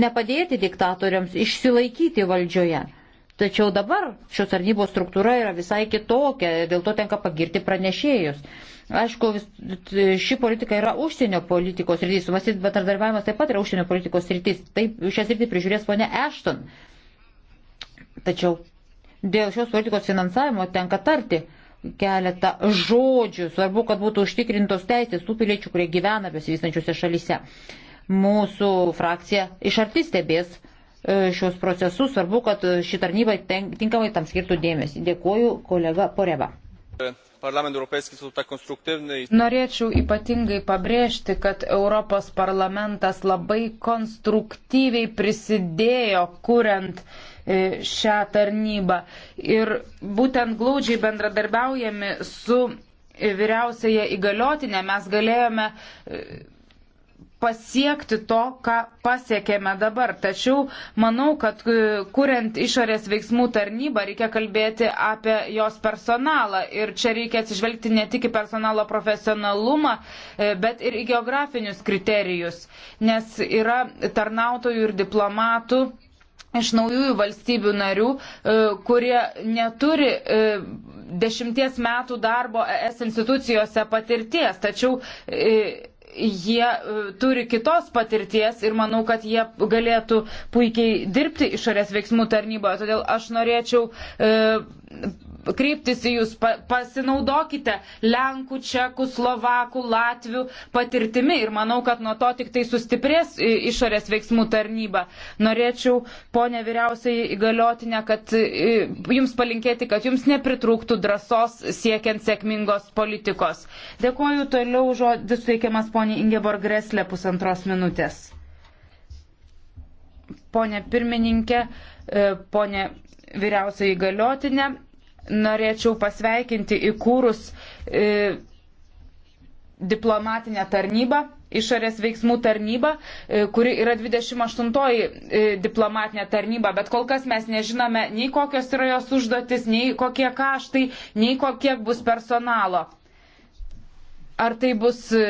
nepadėti diktatoriams išsilaikyti valdžioje. Tačiau dabar šios tarnybos struktūra yra visai kitokia, dėl to tenka pagirti pranešėjus. Aišku, ši politika yra užsienio politikos rytis, matyt, bet darbiavimas taip pat yra užsienio politikos rytis. Taip, šią sritį prižiūrės ponė Ashton. Tačiau dėl šios politikos finansavimo tenka tarti keletą žodžių. Svarbu, kad būtų užtikrintos teisės tų piliečių, kurie gyvena besivystančiuose šalyse. Mūsų frakcija iš arti stebės E, šios procesus, svarbu, kad e, ši tarnyba tinkamai tam skirtų dėmesį. Dėkuoju kolega Poreba. Norėčiau ypatingai pabrėžti, kad Europos parlamentas labai konstruktyviai prisidėjo kuriant e, šią tarnybą ir būtent glaudžiai bendradarbiaujami su vyriausiaje įgaliotinė mes galėjome pasiekti to, ką pasiekėme dabar. Tačiau manau, kad e, kuriant išorės veiksmų tarnybą reikia kalbėti apie jos personalą ir čia reikia atsižvelgti ne tik į personalo profesionalumą, e, bet ir į geografinius kriterijus, nes yra tarnautojų ir diplomatų iš naujųjų valstybių narių, e, kurie neturi dešimties metų darbo ES institucijose patirties. Tačiau jie e, turi kitos patirties ir manau, kad jie galėtų puikiai dirbti išorės veiksmų tarnyboje. Todėl aš norėčiau e, kreiptis į jūs, pa, pasinaudokite Lenkų, Čekų, Slovakų, Latvių patirtimi ir manau, kad nuo to tik tai sustiprės išorės veiksmų tarnyba. Norėčiau, ponė vyriausiai įgaliotinė, kad jums palinkėti, kad jums nepritrūktų drąsos siekiant sėkmingos politikos. Dėkoju toliau žodis suteikiamas ponė Ingeborg Greslė pusantros minutės. Pone pirmininkė, e, ponė vyriausiai įgaliotinė, norėčiau pasveikinti įkūrus e, diplomatinę tarnybą, išorės veiksmų tarnybą, e, kuri yra 28-oji e, diplomatinė tarnyba, bet kol kas mes nežinome nei kokios yra jos užduotis, nei kokie kaštai, nei kokie bus personalo. Ar tai bus e,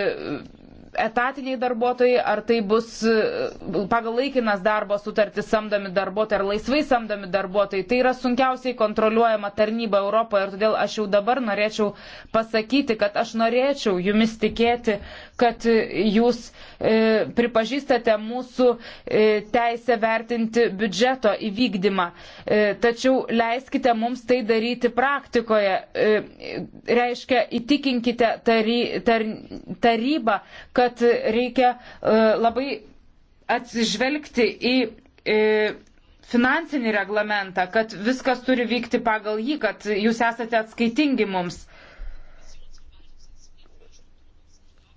etatiniai darbuotojai, ar tai bus e, pagal laikinas darbo sutartį samdomi darbuotojai, ar laisvai samdomi darbuotojai. Tai yra sunkiausiai kontroliuojama tarnyba Europoje ir todėl aš jau dabar norėčiau pasakyti, kad aš norėčiau jumis tikėti, kad jūs e, pripažįstate mūsų e, teisę vertinti biudžeto įvykdymą. E, tačiau leiskite mums tai daryti praktikoje. E, reiškia, įtikinkite tary, tar, tarybą, kad kad reikia e, labai atsižvelgti į e, finansinį reglamentą, kad viskas turi vykti pagal jį, kad jūs esate atskaitingi mums.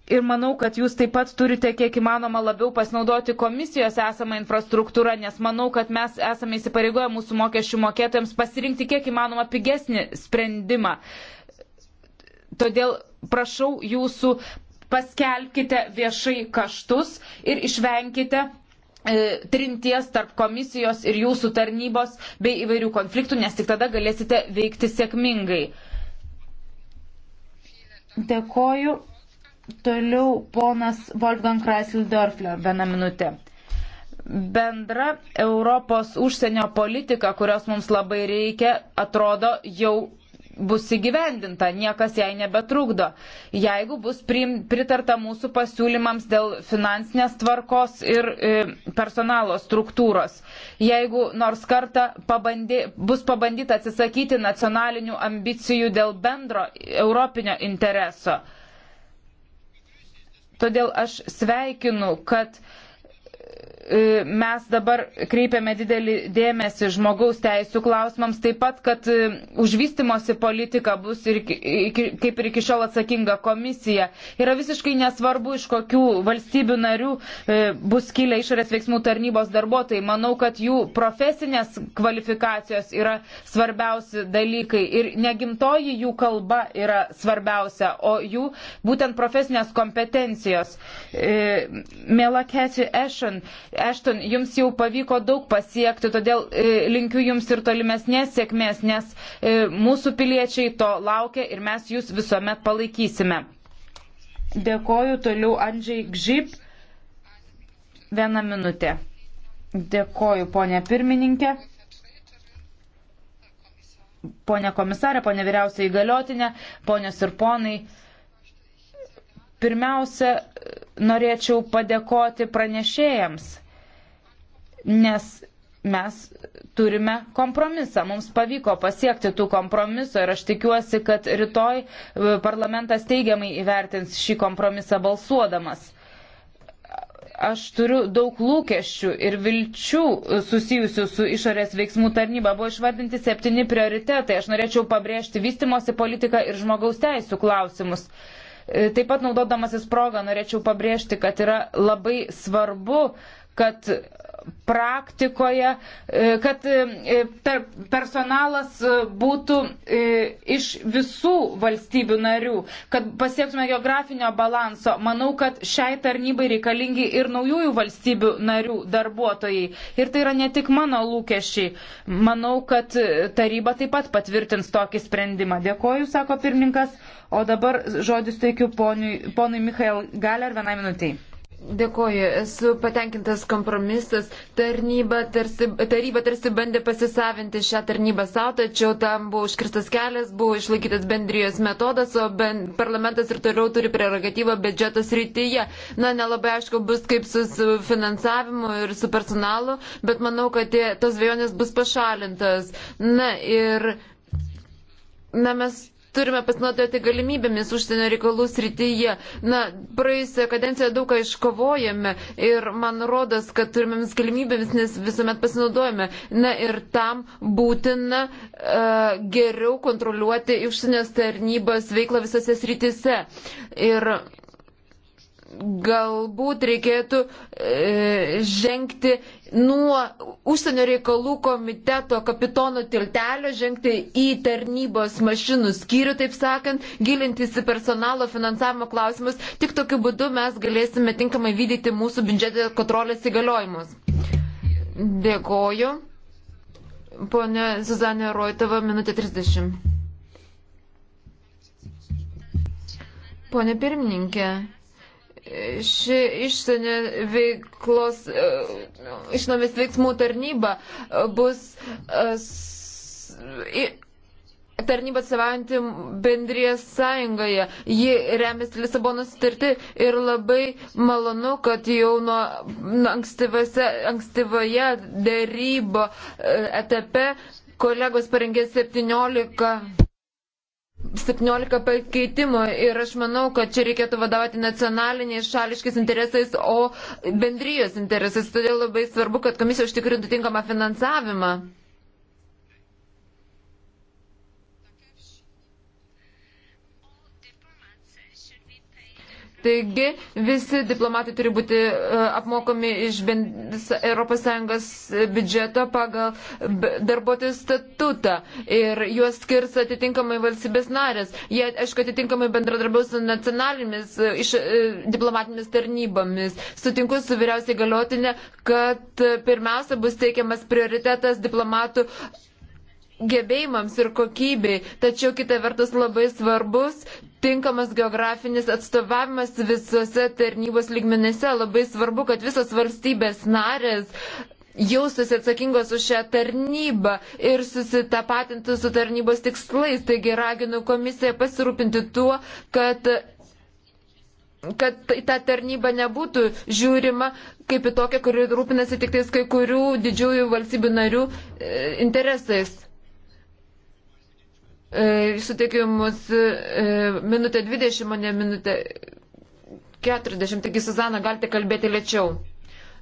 Ir manau, kad jūs taip pat turite kiek įmanoma labiau pasinaudoti komisijos esamą infrastruktūrą, nes manau, kad mes esame įsipareigoję mūsų mokesčių mokėtojams pasirinkti kiek įmanoma pigesnį sprendimą. Todėl prašau jūsų paskelbkite viešai kaštus ir išvenkite e, trinties tarp komisijos ir jūsų tarnybos bei įvairių konfliktų, nes tik tada galėsite veikti sėkmingai. Dėkoju. Toliau ponas Wolfgang Kreisel Dörfler, vieną minutę. Bendra Europos užsienio politika, kurios mums labai reikia, atrodo jau bus įgyvendinta, niekas jai nebetrukdo. Jeigu bus pritarta mūsų pasiūlymams dėl finansinės tvarkos ir e, personalo struktūros, jeigu nors kartą pabandy, bus pabandyta atsisakyti nacionalinių ambicijų dėl bendro europinio intereso. Todėl aš sveikinu, kad E, mes dabar kreipiame didelį dėmesį žmogaus teisų klausimams, taip pat, kad e, už vystimosi politiką bus ir, kaip ir iki šiol atsakinga komisija. Yra visiškai nesvarbu, iš kokių valstybių narių e, bus kilę išorės veiksmų tarnybos darbuotojai. Manau, kad jų profesinės kvalifikacijos yra svarbiausi dalykai ir negimtoji jų kalba yra svarbiausia, o jų būtent profesinės kompetencijos. Mėla Cathy Ashen Ešton, jums jau pavyko daug pasiekti, todėl e, linkiu jums ir tolimesnės sėkmės, nes e, mūsų piliečiai to laukia ir mes jūs visuomet palaikysime. Dėkoju toliau Andžiai Gžyp. Vieną minutę. Dėkoju, ponė pirmininkė. Pone komisarė, ponė vyriausiai įgaliotinė, ponios ir ponai. Pirmiausia, norėčiau padėkoti pranešėjams nes mes turime kompromisą. Mums pavyko pasiekti tų kompromiso ir aš tikiuosi, kad rytoj e, parlamentas teigiamai įvertins šį kompromisą balsuodamas. Aš turiu daug lūkesčių ir vilčių susijusių su išorės veiksmų tarnyba. Buvo išvardinti septyni prioritetai. Aš norėčiau pabrėžti vystimosi politiką ir žmogaus teisų klausimus. E, taip pat naudodamasis progą norėčiau pabrėžti, kad yra labai svarbu, kad praktikoje, e, kad e, personalas e, būtų iš visų valstybių narių, kad pasiektume geografinio balanso. Manau, kad šiai tarnybai reikalingi ir naujųjų valstybių narių darbuotojai. Ir tai yra ne tik mano lūkesčiai. Manau, kad taryba taip pat patvirtins tokį sprendimą. Dėkoju, sako pirmininkas. O dabar žodis teikiu ponui, ponui Michael Galer vienai minutiai. Dėkoju, esu patenkintas kompromisas. Tarnyba tarsi, taryba tarsi bandė pasisavinti šią tarnybą savo, tačiau tam buvo užkirstas kelias, buvo išlaikytas bendrijos metodas, o ben, parlamentas ir toliau turi prerogatyvą biudžetos rytyje. Na, nelabai aišku bus kaip su, su finansavimu ir su personalu, bet manau, kad tie, tos vėjonės bus pašalintas. Na ir. Na, mes turime pasinaudoti galimybėmis užsienio reikalų srityje. Na, praėjusią kadenciją daug ką iškovojame ir man rodas, kad turimėmis galimybėmis, nes visuomet pasinaudojame. Na ir tam būtina uh, geriau kontroliuoti užsienio tarnybos veiklą visose srityse. Ir galbūt reikėtų e, žengti nuo užsienio reikalų komiteto kapitono tiltelio, žengti į tarnybos mašinų skyrių, taip sakant, gilintis į personalo finansavimo klausimus. Tik tokiu būdu mes galėsime tinkamai vykdyti mūsų biudžeto kontrolės įgaliojimus. Dėkoju. Pone Zuzanė Roitova, minutė 30. Pone pirmininkė, ši išsienio veiklos, e, išnomis veiksmų tarnyba e, bus e, tarnybą atsivanti bendrėje sąjungoje. Ji remiasi Lisabono sutartį ir labai malonu, kad jau nuo ankstyvoje darybo etape kolegos parengė 17 17 pakeitimų ir aš manau, kad čia reikėtų vadovauti nacionaliniais šališkis interesais, o bendrijos interesais. Todėl labai svarbu, kad komisija užtikrintų tinkamą finansavimą. Taigi visi diplomatai turi būti e, apmokomi iš ES biudžeto pagal darbuotojų statutą ir juos skirs atitinkamai valstybės narės. Jie, aišku, atitinkamai bendradarbiaus su nacionalinėmis e, iš, e, diplomatinėmis tarnybomis. Sutinku su vyriausiai galiotinė, kad pirmiausia bus teikiamas prioritetas diplomatų gebėjimams ir kokybei, tačiau kita vertus labai svarbus tinkamas geografinis atstovavimas visose tarnybos lygmenėse. Labai svarbu, kad visos valstybės narės jaustųsi atsakingos už šią tarnybą ir susitapatintų su tarnybos tikslais. Taigi raginu komisiją pasirūpinti tuo, kad kad tai ta tarnyba nebūtų žiūrima kaip į tokią, kuri rūpinasi tik tais kai kurių didžiųjų valstybių narių e, interesais. E, suteikimus e, minutę 20, o ne minutę 40. Taigi, Suzana, galite kalbėti lėčiau.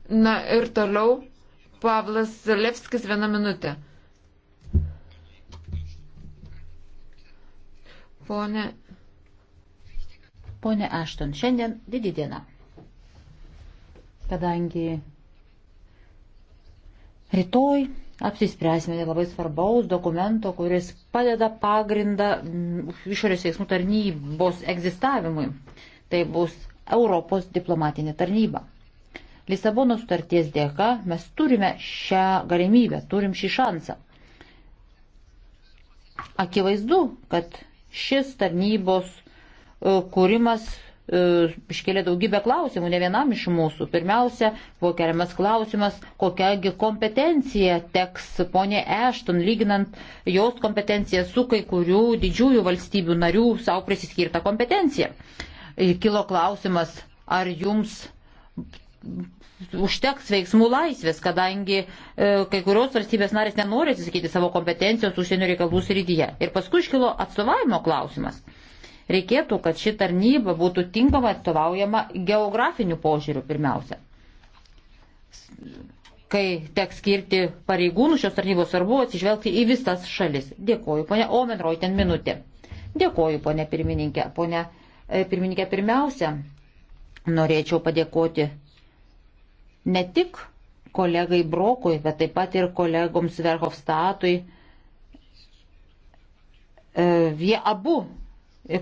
Na ir toliau Pavlas Levskis vieną minutę. Pone. Pone Ašton, šiandien didį dieną. Kadangi rytoj apsispręsime dėl labai svarbaus dokumento, kuris padeda pagrindą mm, išorės veiksmų tarnybos egzistavimui. Tai bus Europos diplomatinė tarnyba. Lisabono sutarties dėka mes turime šią galimybę, turim šį šansą. Akivaizdu, kad šis tarnybos e, kūrimas E, iškėlė daugybę klausimų, ne vienam iš mūsų. Pirmiausia, buvo keliamas klausimas, kokiagi kompetencija teks ponė Ešton, lyginant jos kompetenciją su kai kurių didžiųjų valstybių narių savo prisiskirtą kompetenciją. E, kilo klausimas, ar jums užteks veiksmų laisvės, kadangi e, kai kurios valstybės narės nenori atsisakyti savo kompetencijos užsienio reikalų srityje. Ir paskui iškilo atstovavimo klausimas. Reikėtų, kad ši tarnyba būtų tinkamai atstovaujama geografiniu požiūriu pirmiausia. Kai teks skirti pareigūnų šios tarnybos, svarbu atsižvelgti į visas šalis. Dėkoju, ponia Omenroj, ten minutė. Dėkoju, ponia pirmininkė. Ponia e, pirmininkė, pirmiausia, norėčiau padėkoti ne tik kolegai Brokui, bet taip pat ir kolegoms Verhofstatui. E, jie abu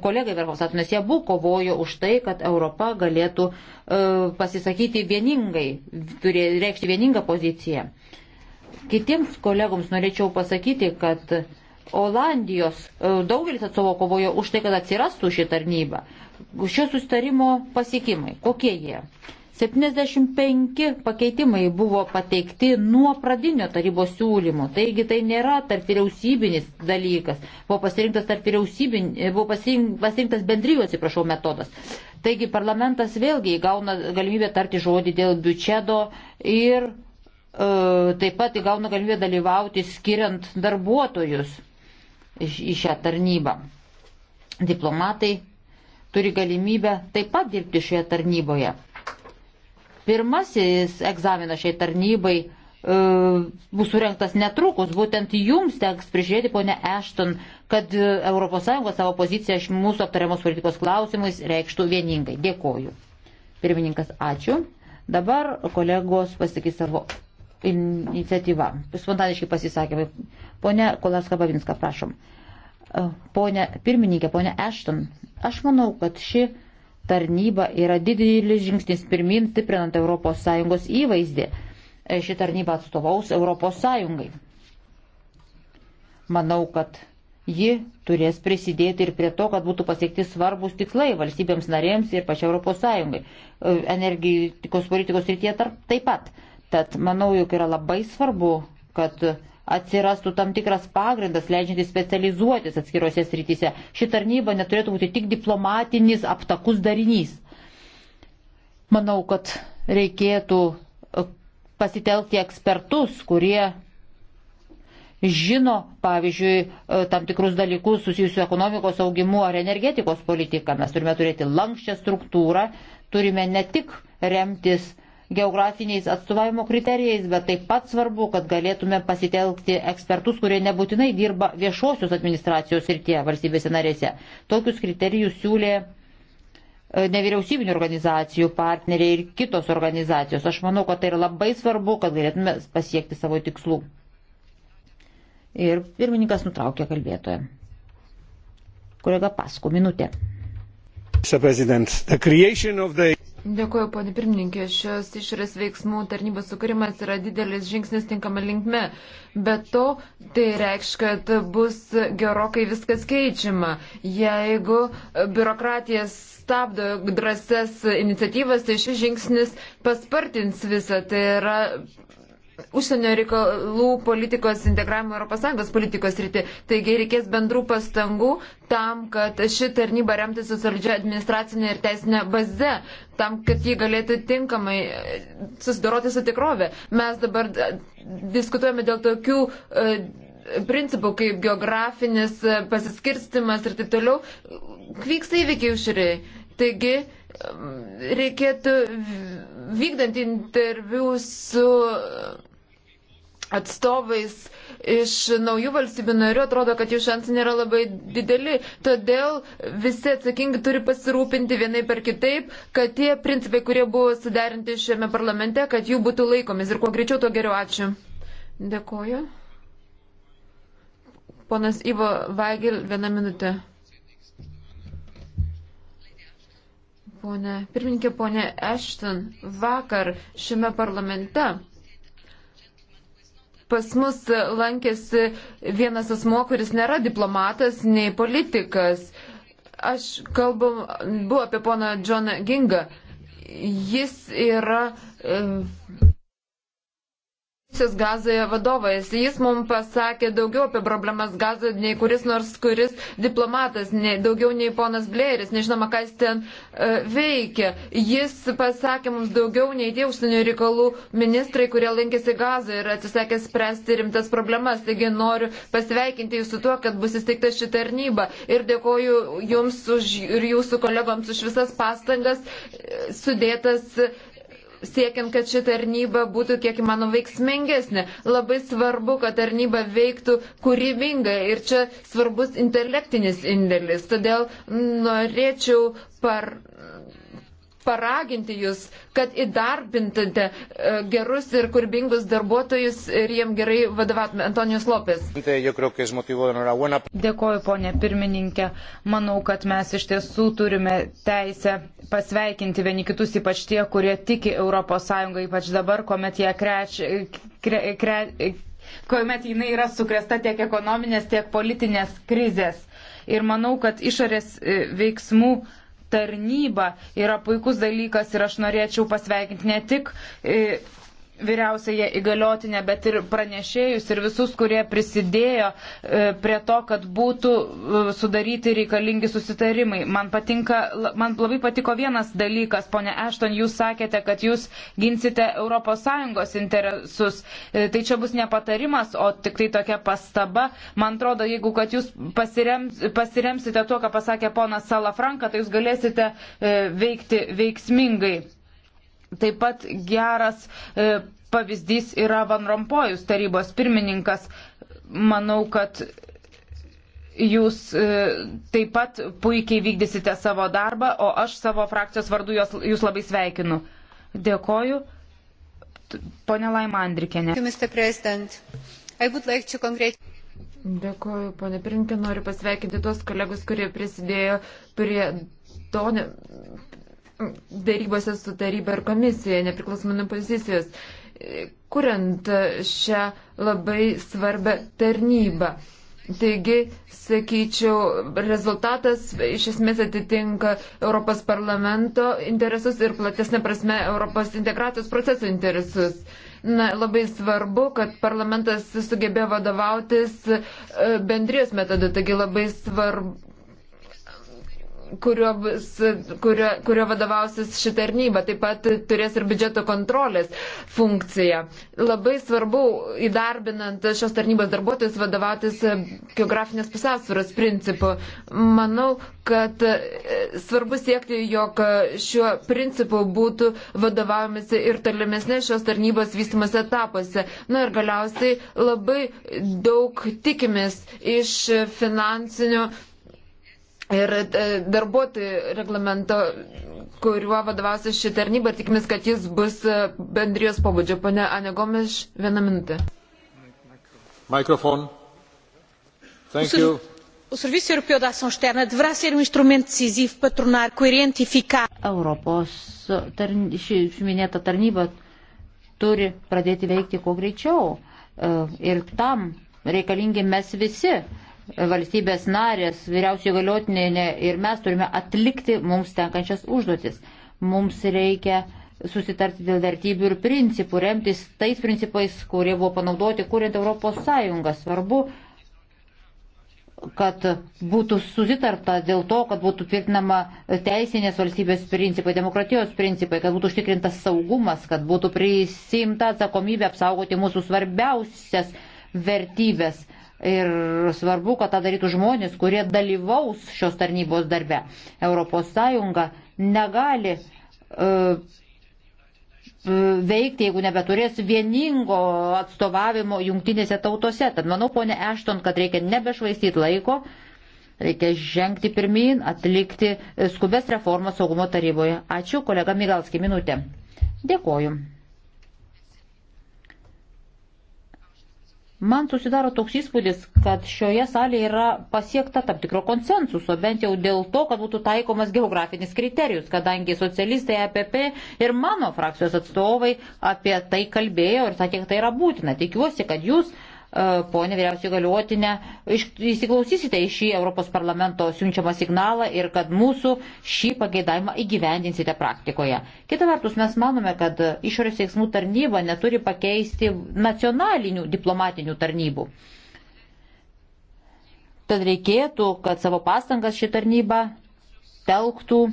kolegai Verhofstadt, nes jie abu kovojo už tai, kad Europa galėtų e, pasisakyti vieningai, turė, reikšti vieningą poziciją. Kitiems kolegoms norėčiau pasakyti, kad Olandijos e, daugelis atsovo kovojo už tai, kad atsirastų ši tarnyba. Šio sustarimo pasiekimai, kokie jie? 75 pakeitimai buvo pateikti nuo pradinio tarybos siūlymo, taigi tai nėra tarp vyriausybinis dalykas, buvo pasirinktas, tarp buvo pasirinktas bendrijų, atsiprašau, metodas. Taigi parlamentas vėlgi įgauna galimybę tarti žodį dėl biudžeto ir e, taip pat įgauna galimybę dalyvauti skiriant darbuotojus į šią tarnybą. Diplomatai turi galimybę taip pat dirbti šioje tarnyboje. Pirmasis egzaminas šiai tarnybai e, bus surinktas netrukus, būtent jums teks prižiūrėti, ponė Ešton, kad ES savo poziciją mūsų aptariamos politikos klausimais reikštų vieningai. Dėkoju. Pirmininkas, ačiū. Dabar kolegos pasakys savo iniciatyvą. Spontaniškai pasisakė. Pone Kolaska Bavinska, prašom. E, pone pirmininkė, pone Ešton, aš manau, kad ši tarnyba yra didelis žingsnis pirmin, stiprinant ES įvaizdį. E, ši tarnyba atstovaus ES. Manau, kad ji turės prisidėti ir prie to, kad būtų pasiekti svarbus tikslai valstybėms narėms ir pačia ES. E, energetikos politikos rytyje taip pat. Tad manau, jog yra labai svarbu, kad atsirastų tam tikras pagrindas, leidžiantis specializuotis atskirose srityse. Ši tarnyba neturėtų būti tik diplomatinis aptakus darinys. Manau, kad reikėtų e, pasitelkti ekspertus, kurie žino, pavyzdžiui, e, tam tikrus dalykus susijusiu ekonomikos augimu ar energetikos politika. Mes turime turėti lankščią struktūrą, turime ne tik remtis geografiniais atstovavimo kriterijais, bet taip pat svarbu, kad galėtume pasitelkti ekspertus, kurie nebūtinai dirba viešosios administracijos srityje valstybėse narėse. Tokius kriterijus siūlė e, nevyriausybinių organizacijų partneriai ir kitos organizacijos. Aš manau, kad tai yra labai svarbu, kad galėtume pasiekti savo tikslų. Ir pirmininkas nutraukė kalbėtoją. Kolega Pasko, minutė. Mr. President, the creation of the Dėkuoju, ponė pirmininkė. Šios išorės veiksmų tarnybos sukūrimas yra didelis žingsnis tinkama linkme. Bet to tai reikš, kad bus gerokai viskas keičiama. Jeigu biurokratijas stabdo drąses iniciatyvas, tai šis žingsnis paspartins visą. Tai yra užsienio reikalų politikos integravimo ES politikos rytį. Taigi reikės bendrų pastangų tam, kad ši tarnyba remtųsi solidžia administracinė ir teisinė baze, tam, kad ji galėtų tinkamai e, susidoroti su tikrovė. Mes dabar e, diskutuojame dėl tokių e, principų kaip geografinis pasiskirstimas ir taip toliau. Vyksta įvykiai užriai. Taigi reikėtų vykdant interviu su atstovais iš naujų valstybių narių, atrodo, kad jų šansai nėra labai dideli. Todėl visi atsakingi turi pasirūpinti vienai per kitaip, kad tie principai, kurie buvo suderinti šiame parlamente, kad jų būtų laikomis. Ir kuo greičiau, tuo geriau. Ačiū. Dėkoju. Ponas Ivo Vagil, vieną minutę. ponė. Pirmininkė ponė Ashton, vakar šiame parlamente pas mus lankėsi vienas asmo, kuris nėra diplomatas, nei politikas. Aš kalbu, buvo apie poną Johną Gingą. Jis yra. E, Komisijos gazoje vadovas. Jis mums pasakė daugiau apie problemas gazoje nei kuris nors kuris diplomatas, nei, daugiau nei ponas Blėris, nežinoma, kas ten uh, veikia. Jis pasakė mums daugiau nei tie užsienio reikalų ministrai, kurie lankėsi gazoje ir atsisakė spręsti rimtas problemas. Taigi noriu pasveikinti jūsų tuo, kad bus įsteigta ši tarnyba ir dėkoju jums už, ir jūsų kolegoms už visas pastangas e, sudėtas siekiant, kad ši tarnyba būtų kiek įmanoma veiksmingesnė. Labai svarbu, kad tarnyba veiktų kūrybingai ir čia svarbus intelektinis indėlis. Todėl norėčiau par, paraginti jūs, kad įdarbintate e, gerus ir kurbingus darbuotojus ir jiem gerai vadovatume. Antonijus Lopės. Dėkoju, ponė pirmininkė. Manau, kad mes iš tiesų turime teisę pasveikinti vieni kitus, ypač tie, kurie tiki ES, ypač dabar, kuomet jie kreč, kre, kre, kuomet jinai yra sukresta tiek ekonominės, tiek politinės krizės. Ir manau, kad išorės e, veiksmų tarnyba yra puikus dalykas ir aš norėčiau pasveikinti ne tik e, vyriausiąją įgaliotinę, bet ir pranešėjus ir visus, kurie prisidėjo e, prie to, kad būtų e, sudaryti reikalingi susitarimai. Man, patinka, man labai patiko vienas dalykas, ponė Ešton, jūs sakėte, kad jūs ginsite ES interesus. E, tai čia bus ne patarimas, o tik tai tokia pastaba. Man atrodo, jeigu kad jūs pasirems, pasiremsite tuo, ką pasakė ponas Salafranka, tai jūs galėsite veikti veiksmingai. Taip pat geras e, pavyzdys yra Van Rompojus tarybos pirmininkas. Manau, kad jūs e, taip pat puikiai vykdysite savo darbą, o aš savo frakcijos vardu jos, jūs labai sveikinu. Dėkoju. Pone Laimandrikenė. Dėkoju, ponė Pirinkė, noriu pasveikinti tuos kolegus, kurie prisidėjo prie to, darybose su taryba ir komisija, nepriklausomai nuo pozicijos, kuriant šią labai svarbę tarnybą. Taigi, sakyčiau, rezultatas iš esmės atitinka Europos parlamento interesus ir platesnė prasme Europos integracijos proceso interesus. Na, labai svarbu, kad parlamentas sugebėjo vadovautis e, bendrijos metodu, taigi labai svarbu kurio, kurio, kurio vadovausis ši tarnyba, taip pat turės ir biudžeto kontrolės funkciją. Labai svarbu įdarbinant šios tarnybos darbuotojus vadovautis geografinės pusiausvėros principu. Manau, kad e, svarbu siekti, jog šiuo principu būtų vadovavimasi ir tolimesnė šios tarnybos vystimas etapuose. Na ir galiausiai labai daug tikimės iš finansinių ir e, darbuotojų reglamento, kuriuo vadovausia ši tarnyba, tikimės, kad jis bus e, bendrijos pobūdžio. Pane Anegomiš, vieną minutę. Mikrofon. O Serviço Europeu de Ação Externa deverá ser um instrumento decisivo para tornar coerente e eficaz. Europos tarn... ši minėta tarnyba turi pradėti veikti kuo greičiau e, ir tam reikalingi mes visi valstybės narės, vyriausiai galiotinė ir mes turime atlikti mums tenkančias užduotis. Mums reikia susitarti dėl vertybių ir principų, remtis tais principais, kurie buvo panaudoti kuriant Europos Sąjungą. Svarbu, kad būtų susitarta dėl to, kad būtų tvirtinama teisinės valstybės principai, demokratijos principai, kad būtų užtikrintas saugumas, kad būtų prisimta atsakomybė apsaugoti mūsų svarbiausias vertybės Ir svarbu, kad tą darytų žmonės, kurie dalyvaus šios tarnybos darbe. ES negali uh, veikti, jeigu nebeturės vieningo atstovavimo jungtinėse tautose. Tad manau, ponė Ešton, kad reikia nebešvaistyti laiko, reikia žengti pirmin, atlikti skubės reformą saugumo taryboje. Ačiū, kolega Migalski, minutė. Dėkoju. Man susidaro toks įspūdis, kad šioje salėje yra pasiekta tam tikro konsensuso, bent jau dėl to, kad būtų taikomas geografinis kriterijus, kadangi socialistai APP ir mano frakcijos atstovai apie tai kalbėjo ir sakė, kad tai yra būtina. Tikiuosi, kad jūs ponė vyriausiai galiotinė, įsiklausysite į šį Europos parlamento siunčiamą signalą ir kad mūsų šį pageidavimą įgyvendinsite praktikoje. Kita vertus, mes manome, kad išorės veiksmų tarnyba neturi pakeisti nacionalinių diplomatinių tarnybų. Tad reikėtų, kad savo pastangas ši tarnyba telktų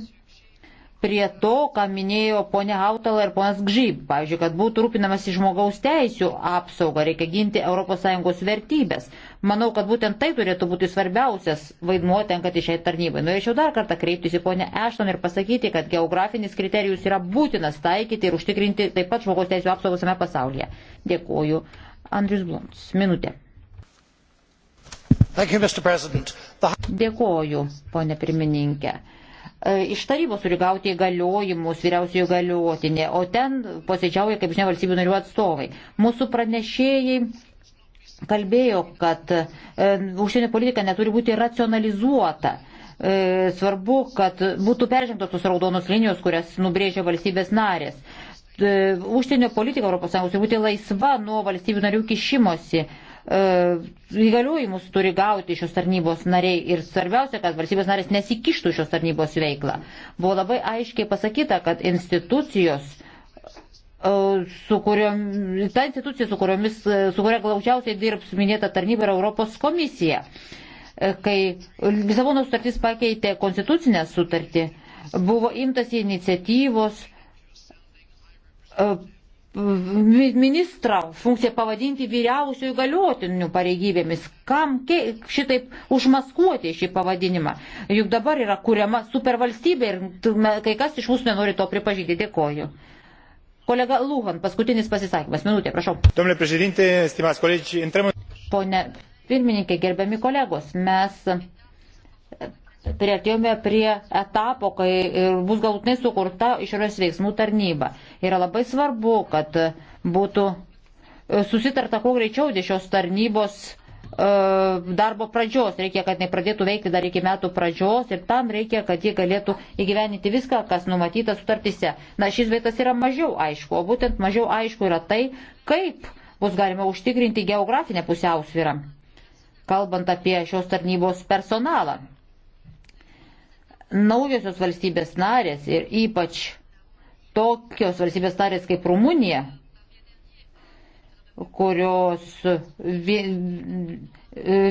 prie to, ką minėjo ponia Hautala ir ponas Gžyb, pavyzdžiui, kad būtų rūpinamas į žmogaus teisų apsaugą, reikia ginti ES vertybės. Manau, kad būtent tai turėtų būti svarbiausias vaidmuo tenkant šiai tarnybai. Norėčiau dar kartą kreiptis į ponę Ešton ir pasakyti, kad geografinis kriterijus yra būtinas taikyti ir užtikrinti taip pat žmogaus teisų apsaugą visame pasaulyje. Dėkuoju. Andrius Blunts. Minutė. You, The... Dėkuoju, ponė pirmininkė. E, iš tarybos turi gauti įgaliojimus vyriausiųjų galiotinė, o ten posėdžiauja, kaip žinia, valstybių narių atstovai. Mūsų pranešėjai kalbėjo, kad e, užsienio politika neturi būti racionalizuota. E, svarbu, kad būtų peržengtos tos raudonos linijos, kurias nubrėžia valstybės narės. E, užsienio politika ES turi būti laisva nuo valstybių narių kišimosi. E, E, įgaliojimus turi gauti šios tarnybos nariai ir svarbiausia, kad valstybės narės nesikištų šios tarnybos veiklą. Buvo labai aiškiai pasakyta, kad institucijos e, su kuriom, ta institucija, su, kuriomis, e, su kuria glaučiausiai dirbs minėta tarnyba yra Europos komisija. Kai Lisabono sutartis pakeitė konstitucinę sutartį, buvo imtas iniciatyvos ministrą funkciją pavadinti vyriausiųjų galiotinių pareigybėmis. Kam šitaip užmaskuoti šį pavadinimą? Juk dabar yra kuriama supervalstybė ir kai kas iš mūsų nenori to pripažinti. Dėkoju. Kolega Luhan, paskutinis pasisakymas. Minutė, prašau. Domnule prezidentė, stimas kolegi, intramo. Pone pirmininkė, gerbiami kolegos, mes Prietėjome prie etapo, kai e, bus galutinai sukurta išorės veiksmų tarnyba. Yra labai svarbu, kad būtų e, susitarta kuo greičiau dėl šios tarnybos e, darbo pradžios. Reikia, kad jie pradėtų veikti dar iki metų pradžios ir tam reikia, kad jie galėtų įgyveninti viską, kas numatyta sutartise. Na, šis veitas yra mažiau aišku, o būtent mažiau aišku yra tai, kaip bus galima užtikrinti geografinę pusiausvyrą, kalbant apie šios tarnybos personalą naujosios valstybės narės ir ypač tokios valstybės narės kaip Rumunija, kurios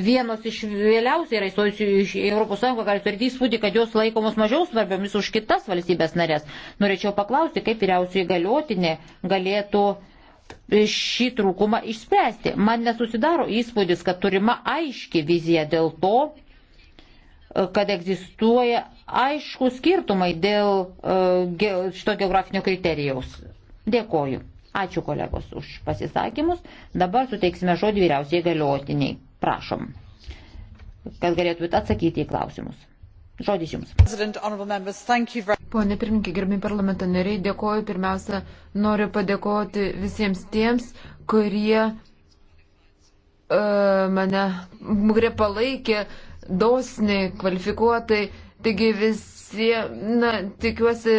vienos iš vėliausiai yra įstojusių iš ES, gali turėti įspūdį, kad jos laikomos mažiau svarbiomis už kitas valstybės narės. Norėčiau paklausti, kaip vyriausiai galiotinė galėtų šį trūkumą išspręsti. Man nesusidaro įspūdis, kad turima aiški vizija dėl to, kad egzistuoja aišku skirtumai dėl e, šito geografinio kriterijaus. Dėkoju. Ačiū kolegos už pasisakymus. Dabar suteiksime žodį vyriausiai galiotiniai. Prašom, kad galėtumėte atsakyti į klausimus. Žodis Jums. Pone pirmininkė, gerbimi parlamento nariai, dėkoju. Pirmiausia, noriu padėkoti visiems tiems, kurie uh, mane, kurie palaikė uh, dosniai, kvalifikuotai. Taigi visi, na, tikiuosi,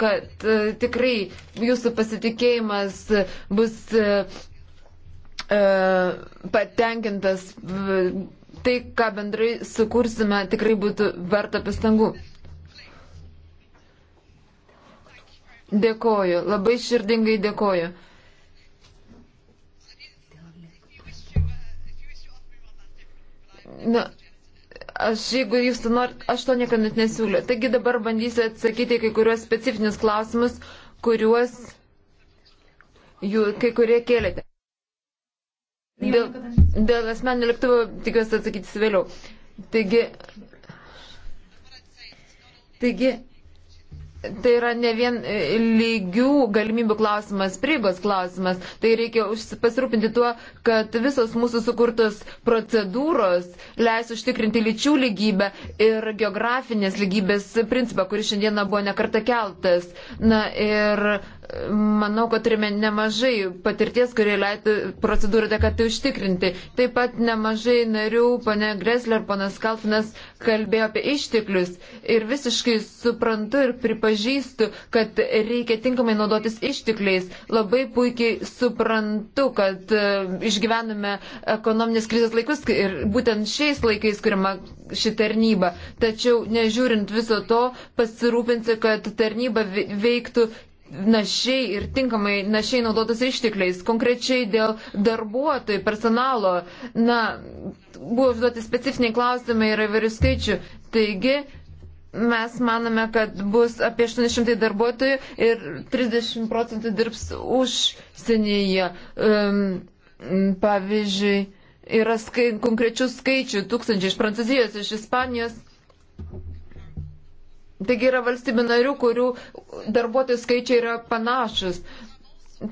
kad uh, tikrai jūsų pasitikėjimas bus uh, patenkintas. Tai, ką bendrai sukursime, tikrai būtų verta pastangų. Dėkoju, labai širdingai dėkoju. Na, Aš, jeigu jūs to norit, aš to niekada net nesiūliu. Taigi dabar bandysiu atsakyti kai kuriuos specifinius klausimus, kuriuos jų, kai kurie kėlėte. Dėl, dėl asmeninio lėktuvo tikiuosi atsakyti vėliau. Taigi, taigi Tai yra ne vien e, lygių galimybių klausimas, prieigos klausimas. Tai reikia pasirūpinti tuo, kad visos mūsų sukurtos procedūros leis užtikrinti lyčių lygybę ir geografinės lygybės principą, kuris šiandieną buvo nekarta keltas. Na ir Manau, kad turime nemažai patirties, kurie leidų procedūrą dėka tai užtikrinti. Taip pat nemažai narių, pane Gresler, panas Kaltinas, kalbėjo apie išteklius. Ir visiškai suprantu ir pripažįstu, kad reikia tinkamai naudotis ištekliais. Labai puikiai suprantu, kad e, išgyvename ekonominės krizės laikus ir būtent šiais laikais kuriama ši tarnyba. Tačiau nežiūrint viso to, pasirūpinti, kad tarnyba veiktų našiai ir tinkamai našiai naudotas ištekliais, konkrečiai dėl darbuotojų, personalo. Na, buvo užduoti specifiniai klausimai ir įvairių skaičių. Taigi, Mes manome, kad bus apie 800 darbuotojų ir 30 procentų dirbs užsienyje. Um, pavyzdžiui, yra skai, konkrečių skaičių, tūkstančiai iš Prancūzijos, iš Ispanijos. Taigi yra valstybių narių, kurių darbuotojų skaičiai yra panašus.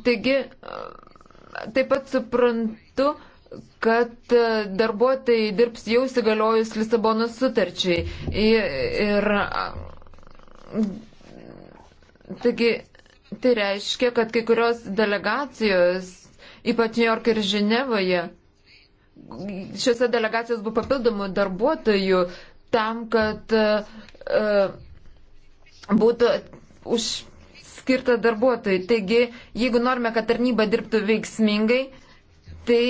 Taigi taip pat suprantu, kad darbuotojai dirbs jau įsigaliojus Lisabonos sutarčiai. Ir taigi tai reiškia, kad kai kurios delegacijos, ypač New York ir Ženevoje, šiuose delegacijos buvo papildomų darbuotojų tam, kad uh, būtų už skirta darbuotojai. Taigi, jeigu norime, kad tarnyba dirbtų veiksmingai, tai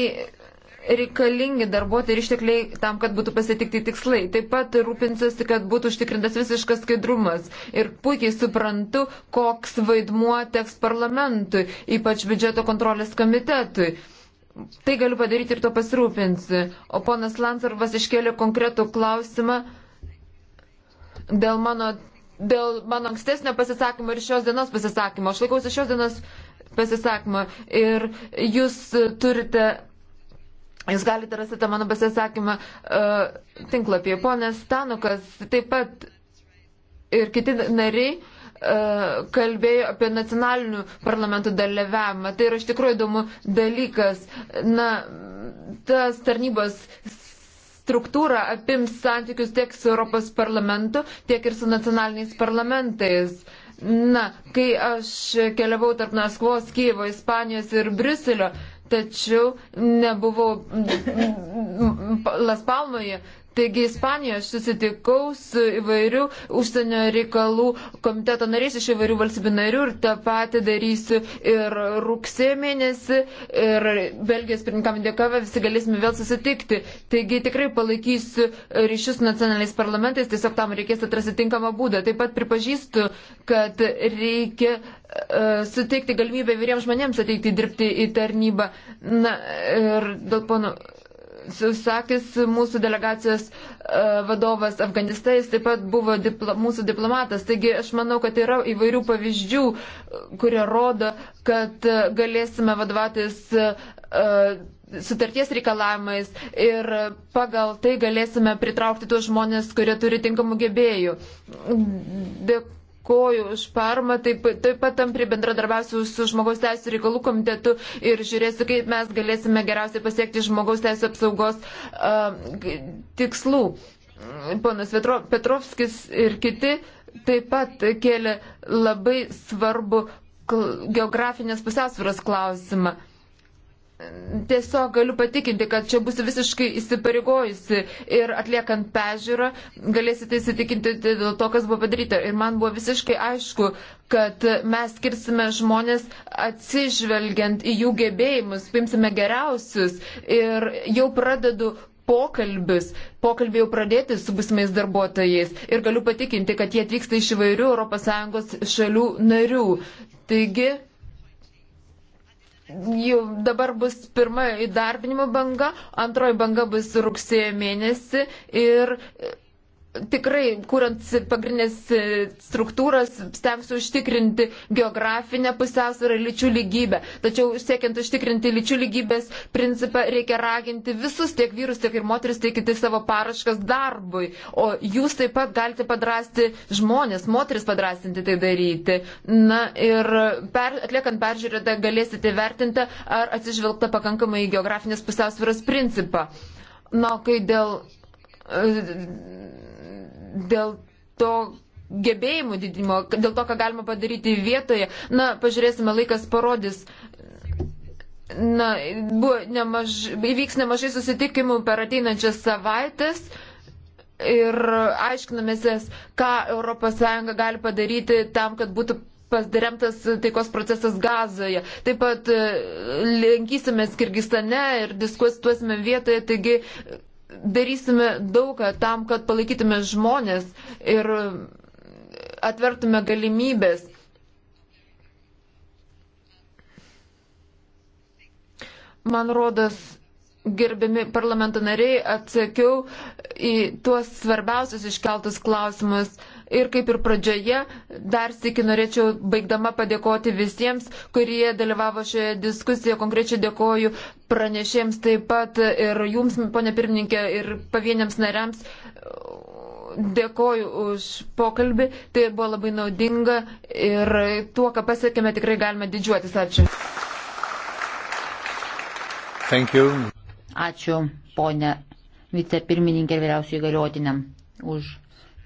reikalingi darbuotojai ir ištekliai tam, kad būtų pasitikti tikslai. Taip pat rūpinsiuosi, kad būtų užtikrintas visiškas skaidrumas. Ir puikiai suprantu, koks vaidmuo teks parlamentui, ypač biudžeto kontrolės komitetui. Tai galiu padaryti ir to pasirūpinsiu. O ponas Lansarvas iškėlė konkretų klausimą dėl mano dėl mano ankstesnio pasisakymo ir šios dienos pasisakymo. Aš laikausi šios dienos pasisakymo ir jūs turite. Jūs galite rasti tą mano pasisakymą uh, tinklapyje. Ponas Stanukas taip pat ir kiti nariai uh, kalbėjo apie nacionalinių parlamentų dalyvavimą. Tai yra iš tikrųjų įdomu dalykas. Na, tas tarnybos struktūra apims santykius tiek su Europos parlamentu, tiek ir su nacionaliniais parlamentais. Na, kai aš keliavau tarp Maskvos, Kyivo, Ispanijos ir Briuselio, tačiau nebuvau Las Palmoje, Taigi Ispanijoje susitikau su įvairių užsienio reikalų komiteto nariais iš įvairių valstybių narių ir tą patį darysiu ir rugsėjo mėnesį ir Belgijos pirmininkam dėkavę visi galėsime vėl susitikti. Taigi tikrai palaikysiu ryšius su nacionaliais parlamentais, tiesiog tam reikės atrasti tinkamą būdą. Taip pat pripažįstu, kad reikia e, suteikti galimybę vyriems žmonėms ateiti dirbti į tarnybą. Na, ir dėl pono Susakis, mūsų delegacijos e, vadovas Afganistais, taip pat buvo diplo, mūsų diplomatas. Taigi aš manau, kad yra įvairių pavyzdžių, kurie rodo, kad e, galėsime vadovautis e, sutarties reikalavimais ir pagal tai galėsime pritraukti tuos žmonės, kurie turi tinkamų gebėjų. Dėkui dėkoju už parmą, taip, taip pat tampri bendradarbiausiu su žmogaus teisų reikalų komitetu ir žiūrėsiu, kaip mes galėsime geriausiai pasiekti žmogaus teisų apsaugos uh, tikslų. Ponas Petrovskis ir kiti taip pat kėlė labai svarbu geografinės pusiausvėros klausimą. Tiesiog galiu patikinti, kad čia bus visiškai įsipareigojusi ir atliekant pežiūrą galėsite įsitikinti dėl to, kas buvo padaryta. Ir man buvo visiškai aišku, kad mes skirsime žmonės atsižvelgiant į jų gebėjimus, paimsime geriausius ir jau pradedu pokalbius, pokalbį jau pradėti su būsimais darbuotojais ir galiu patikinti, kad jie atvyksta iš įvairių ES šalių narių. Taigi, jau dabar bus pirma įdarbinimo banga, antroji banga bus rugsėjo mėnesį ir tikrai, kuriant pagrindinės e, struktūras, stengsiu užtikrinti geografinę pusiausvyrą lyčių lygybę. Tačiau siekiant užtikrinti lyčių lygybės principą, reikia raginti visus, tiek vyrus, tiek ir moteris, teikti savo paraškas darbui. O jūs taip pat galite padrasti žmonės, moteris padrastinti tai daryti. Na ir per, atliekant peržiūrėtą galėsite vertinti, ar atsižvelgta pakankamai į geografinės pusiausvyros principą. Na, kai dėl e, dėl to gebėjimų didinimo, dėl to, ką galima padaryti vietoje. Na, pažiūrėsime, laikas parodys. Na, buvo nemaž, įvyks nemažai susitikimų per ateinančias savaitės ir aiškinamės, ką ES gali padaryti tam, kad būtų pasdaremtas taikos procesas Gazoje. Taip pat e, lankysimės Kirgistane ir diskutuosime vietoje, taigi darysime daugą tam, kad palaikytume žmonės ir atvertume galimybės. Man rodas, gerbiami parlamento nariai, atsakiau į tuos svarbiausius iškeltus klausimus. Ir kaip ir pradžioje, dar sėki norėčiau baigdama padėkoti visiems, kurie dalyvavo šioje diskusijoje. Konkrečiai dėkoju pranešėjams taip pat ir jums, ponė pirmininkė, ir pavieniams nariams. Dėkoju už pokalbį, tai buvo labai naudinga ir tuo, ką pasiekėme, tikrai galime didžiuotis. Ačiū. Ačiū, ponė vicepirmininkė ir vyriausiai galiotiniam už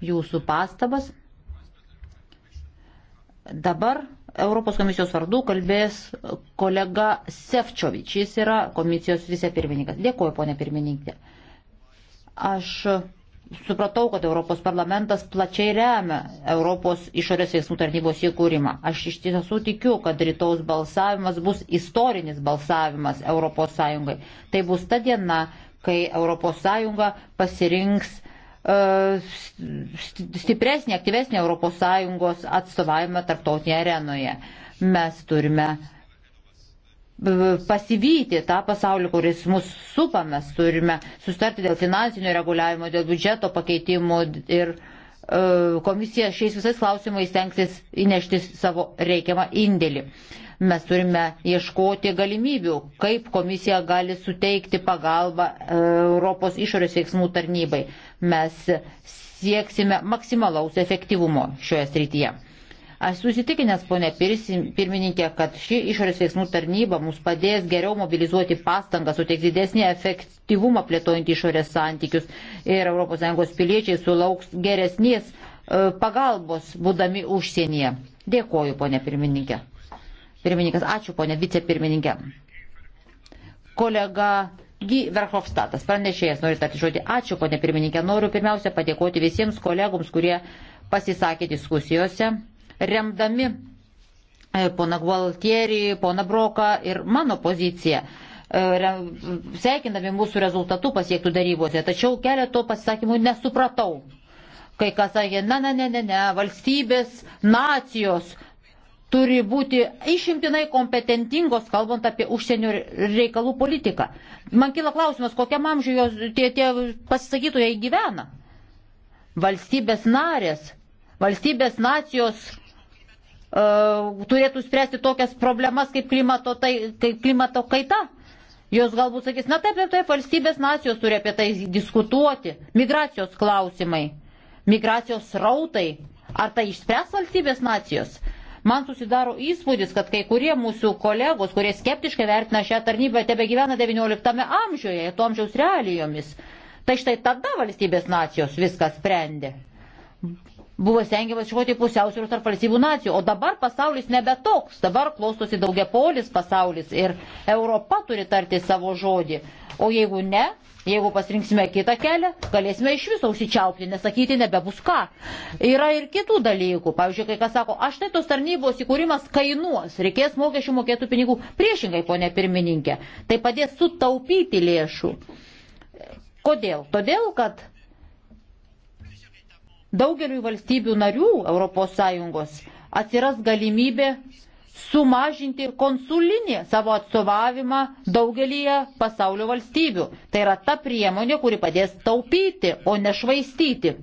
jūsų pastabas. Dabar Europos komisijos vardu kalbės kolega Sefčovič. Jis yra komisijos vicepirmininkas. Dėkuoju, ponė pirmininkė. Aš supratau, kad Europos parlamentas plačiai remia Europos išorės veiksmų tarnybos įkūrimą. Aš iš tiesų tikiu, kad rytaus balsavimas bus istorinis balsavimas ES. Tai bus ta diena, kai ES pasirinks E, stipresnį, aktyvesnį ES atstovavimą tarptautinėje arenoje. Mes turime pasivyti tą pasaulį, kuris mus supa, mes turime sustarti dėl finansinio reguliavimo, dėl biudžeto pakeitimų ir e, komisija šiais visais klausimais tenksis įnešti savo reikiamą indėlį. Mes turime ieškoti galimybių, kaip komisija gali suteikti pagalbą e, Europos išorės veiksmų tarnybai. Mes sieksime maksimalaus efektyvumo šioje srityje. Aš susitikinęs, ponė pirmininkė, kad ši išorės veiksmų tarnyba mums padės geriau mobilizuoti pastangą, suteiks didesnį efektyvumą plėtojant išorės santykius ir ES piliečiai sulauks geresnės e, pagalbos būdami užsienyje. Dėkoju, ponė pirmininkė. Pirmininkas, ačiū ponė vicepirmininkė. Kolega G. Verhofstadtas, pranešėjas, noriu tarti žodį. Ačiū ponė pirmininkė. Noriu pirmiausia padėkoti visiems kolegoms, kurie pasisakė diskusijose, remdami e, pona Gualtierį, pona Broką ir mano poziciją e, sveikinami mūsų rezultatų pasiektų darybose, tačiau keleto pasisakymų nesupratau. Kai kas sakė, ne, ne, ne, ne, ne, valstybės, nacijos, turi būti išimtinai kompetentingos, kalbant apie užsienio reikalų politiką. Man kila klausimas, kokiam amžiui jos tie, tie pasisakytojai gyvena. Valstybės narės, valstybės nacijos uh, turėtų spręsti tokias problemas kaip klimato, tai, kaip klimato kaita. Jos galbūt sakys, na taip, taip, taip, valstybės nacijos turi apie tai diskutuoti. Migracijos klausimai, migracijos rautai. Ar tai išspręs valstybės nacijos? Man susidaro įspūdis, kad kai kurie mūsų kolegos, kurie skeptiškai vertina šią tarnybą, tebe gyvena XIX amžiuje, to amžiaus realijomis. Tai štai tada valstybės nacijos viską sprendė. Buvo stengiamas iškoti pusiausvėros tarp valstybių nacijų, o dabar pasaulis nebe toks. Dabar klostosi daugiapolis pasaulis ir Europa turi tarti savo žodį. O jeigu ne, jeigu pasirinksime kitą kelią, galėsime iš viso užsičiaupti, nesakyti nebebus ką. Yra ir kitų dalykų. Pavyzdžiui, kai kas sako, aš tai tos tarnybos įkūrimas kainuos, reikės mokesčių mokėtų pinigų. Priešingai, ponė pirmininkė, tai padės sutaupyti lėšų. Kodėl? Todėl, kad daugeliu valstybių narių ES atsiras galimybė sumažinti konsulinį savo atstovavimą daugelyje pasaulio valstybių. Tai yra ta priemonė, kuri padės taupyti, o ne švaistyti.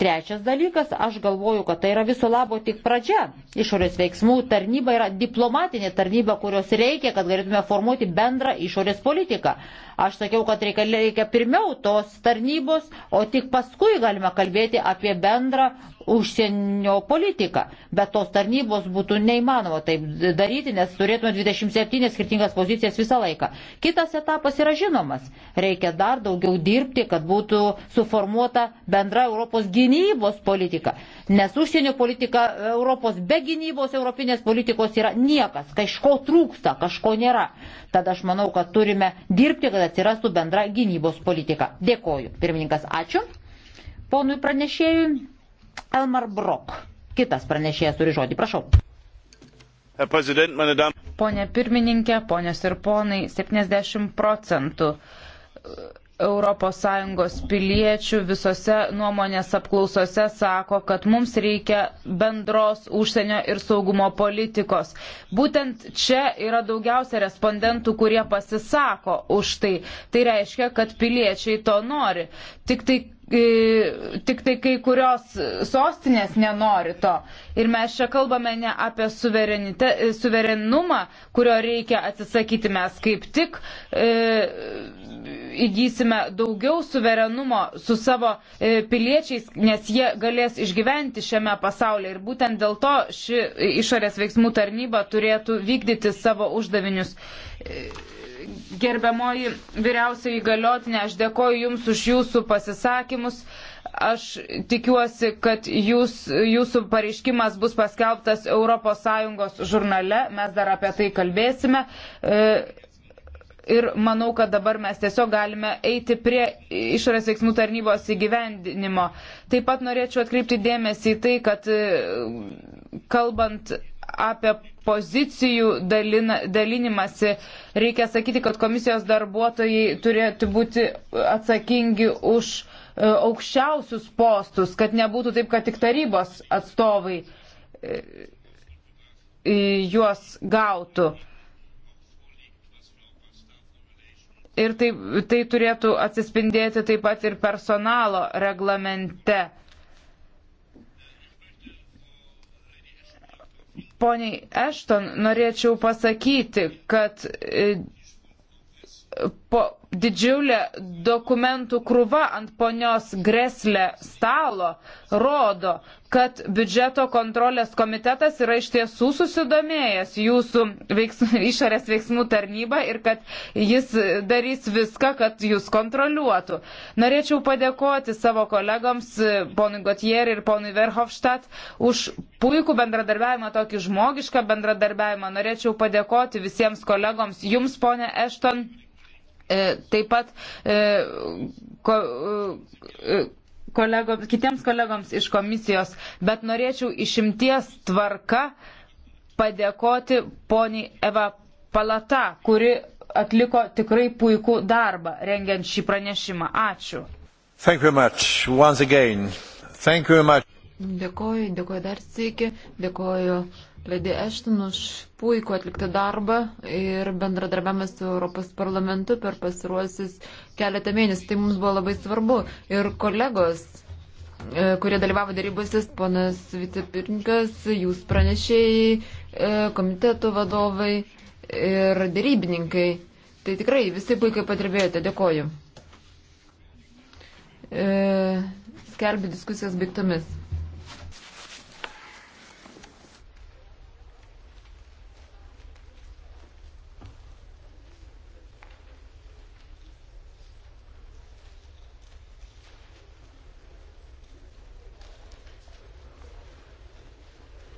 Trečias dalykas, aš galvoju, kad tai yra viso labo tik pradžia. Išorės veiksmų tarnyba yra diplomatinė tarnyba, kurios reikia, kad galėtume formuoti bendrą išorės politiką. Aš sakiau, kad reikia, reikia pirmiau tos tarnybos, o tik paskui galime kalbėti apie bendrą užsienio politiką. Bet tos tarnybos būtų neįmanoma taip daryti, nes turėtume 27 skirtingas pozicijas visą laiką. Kitas etapas yra žinomas. Reikia dar daugiau dirbti, kad būtų suformuota bendra Europos gynybos politika. Nes užsienio politika Europos be gynybos europinės politikos yra niekas. Kažko trūksta, kažko nėra. Tad aš manau, kad turime dirbti, kad atsirastų bendra gynybos politika. Dėkoju. Pirmininkas, ačiū. Ponui pranešėjui. Elmar Brok. Kitas pranešėjas turi žodį, prašau. Pone pirmininkė, ponios ir ponai, 70 procentų ES piliečių visose nuomonės apklausose sako, kad mums reikia bendros užsienio ir saugumo politikos. Būtent čia yra daugiausia respondentų, kurie pasisako už tai. Tai reiškia, kad piliečiai to nori. Tik tai tik tai kai kurios sostinės nenori to. Ir mes čia kalbame ne apie suverenumą, kurio reikia atsisakyti, mes kaip tik e, įgysime daugiau suverenumo su savo e, piliečiais, nes jie galės išgyventi šiame pasaulyje. Ir būtent dėl to ši išorės veiksmų tarnyba turėtų vykdyti savo uždavinius. E, Gerbiamoji vyriausiai įgaliotinė, aš dėkoju Jums už Jūsų pasisakymus. Aš tikiuosi, kad jūs, jūsų pareiškimas bus paskelbtas ES žurnale, mes dar apie tai kalbėsime. E, ir manau, kad dabar mes tiesiog galime eiti prie išorės veiksmų tarnybos įgyvendinimo. Taip pat norėčiau atkreipti dėmesį į tai, kad e, kalbant apie pozicijų dalina, dalinimasi. Reikia sakyti, kad komisijos darbuotojai turėtų būti atsakingi už e, aukščiausius postus, kad nebūtų taip, kad tik tarybos atstovai e, juos gautų. Ir tai, tai turėtų atsispindėti taip pat ir personalo reglamente. Poniai Ešton norėčiau pasakyti, kad e, po didžiulė dokumentų krūva ant ponios Greslė stalo rodo, kad biudžeto kontrolės komitetas yra iš tiesų susidomėjęs jūsų veiksmų, išorės veiksmų tarnybą ir kad jis darys viską, kad jūs kontroliuotų. Norėčiau padėkoti savo kolegoms, ponui Gotier ir ponui Verhofstadt, už puikų bendradarbiavimą, tokį žmogišką bendradarbiavimą. Norėčiau padėkoti visiems kolegoms, jums, ponė Ešton. E, taip pat e, ko, e, kolegom, kitiems kolegoms iš komisijos, bet norėčiau išimties tvarka padėkoti poniai Eva Palata, kuri atliko tikrai puikų darbą rengiant šį pranešimą. Ačiū. Dėkoju, dėkoju dar sėki, dėkoju Lady Ashton už puikų atliktą darbą ir bendradarbiavimą su Europos parlamentu per pastaruosius keletą mėnesių. Tai mums buvo labai svarbu. Ir kolegos, e, kurie dalyvavo darybosis, ponas vicepirmininkas, jūs pranešėjai, e, komiteto vadovai ir darybininkai. Tai tikrai visi puikiai patirbėjote. Dėkoju. E, skelbiu diskusijas baigtomis.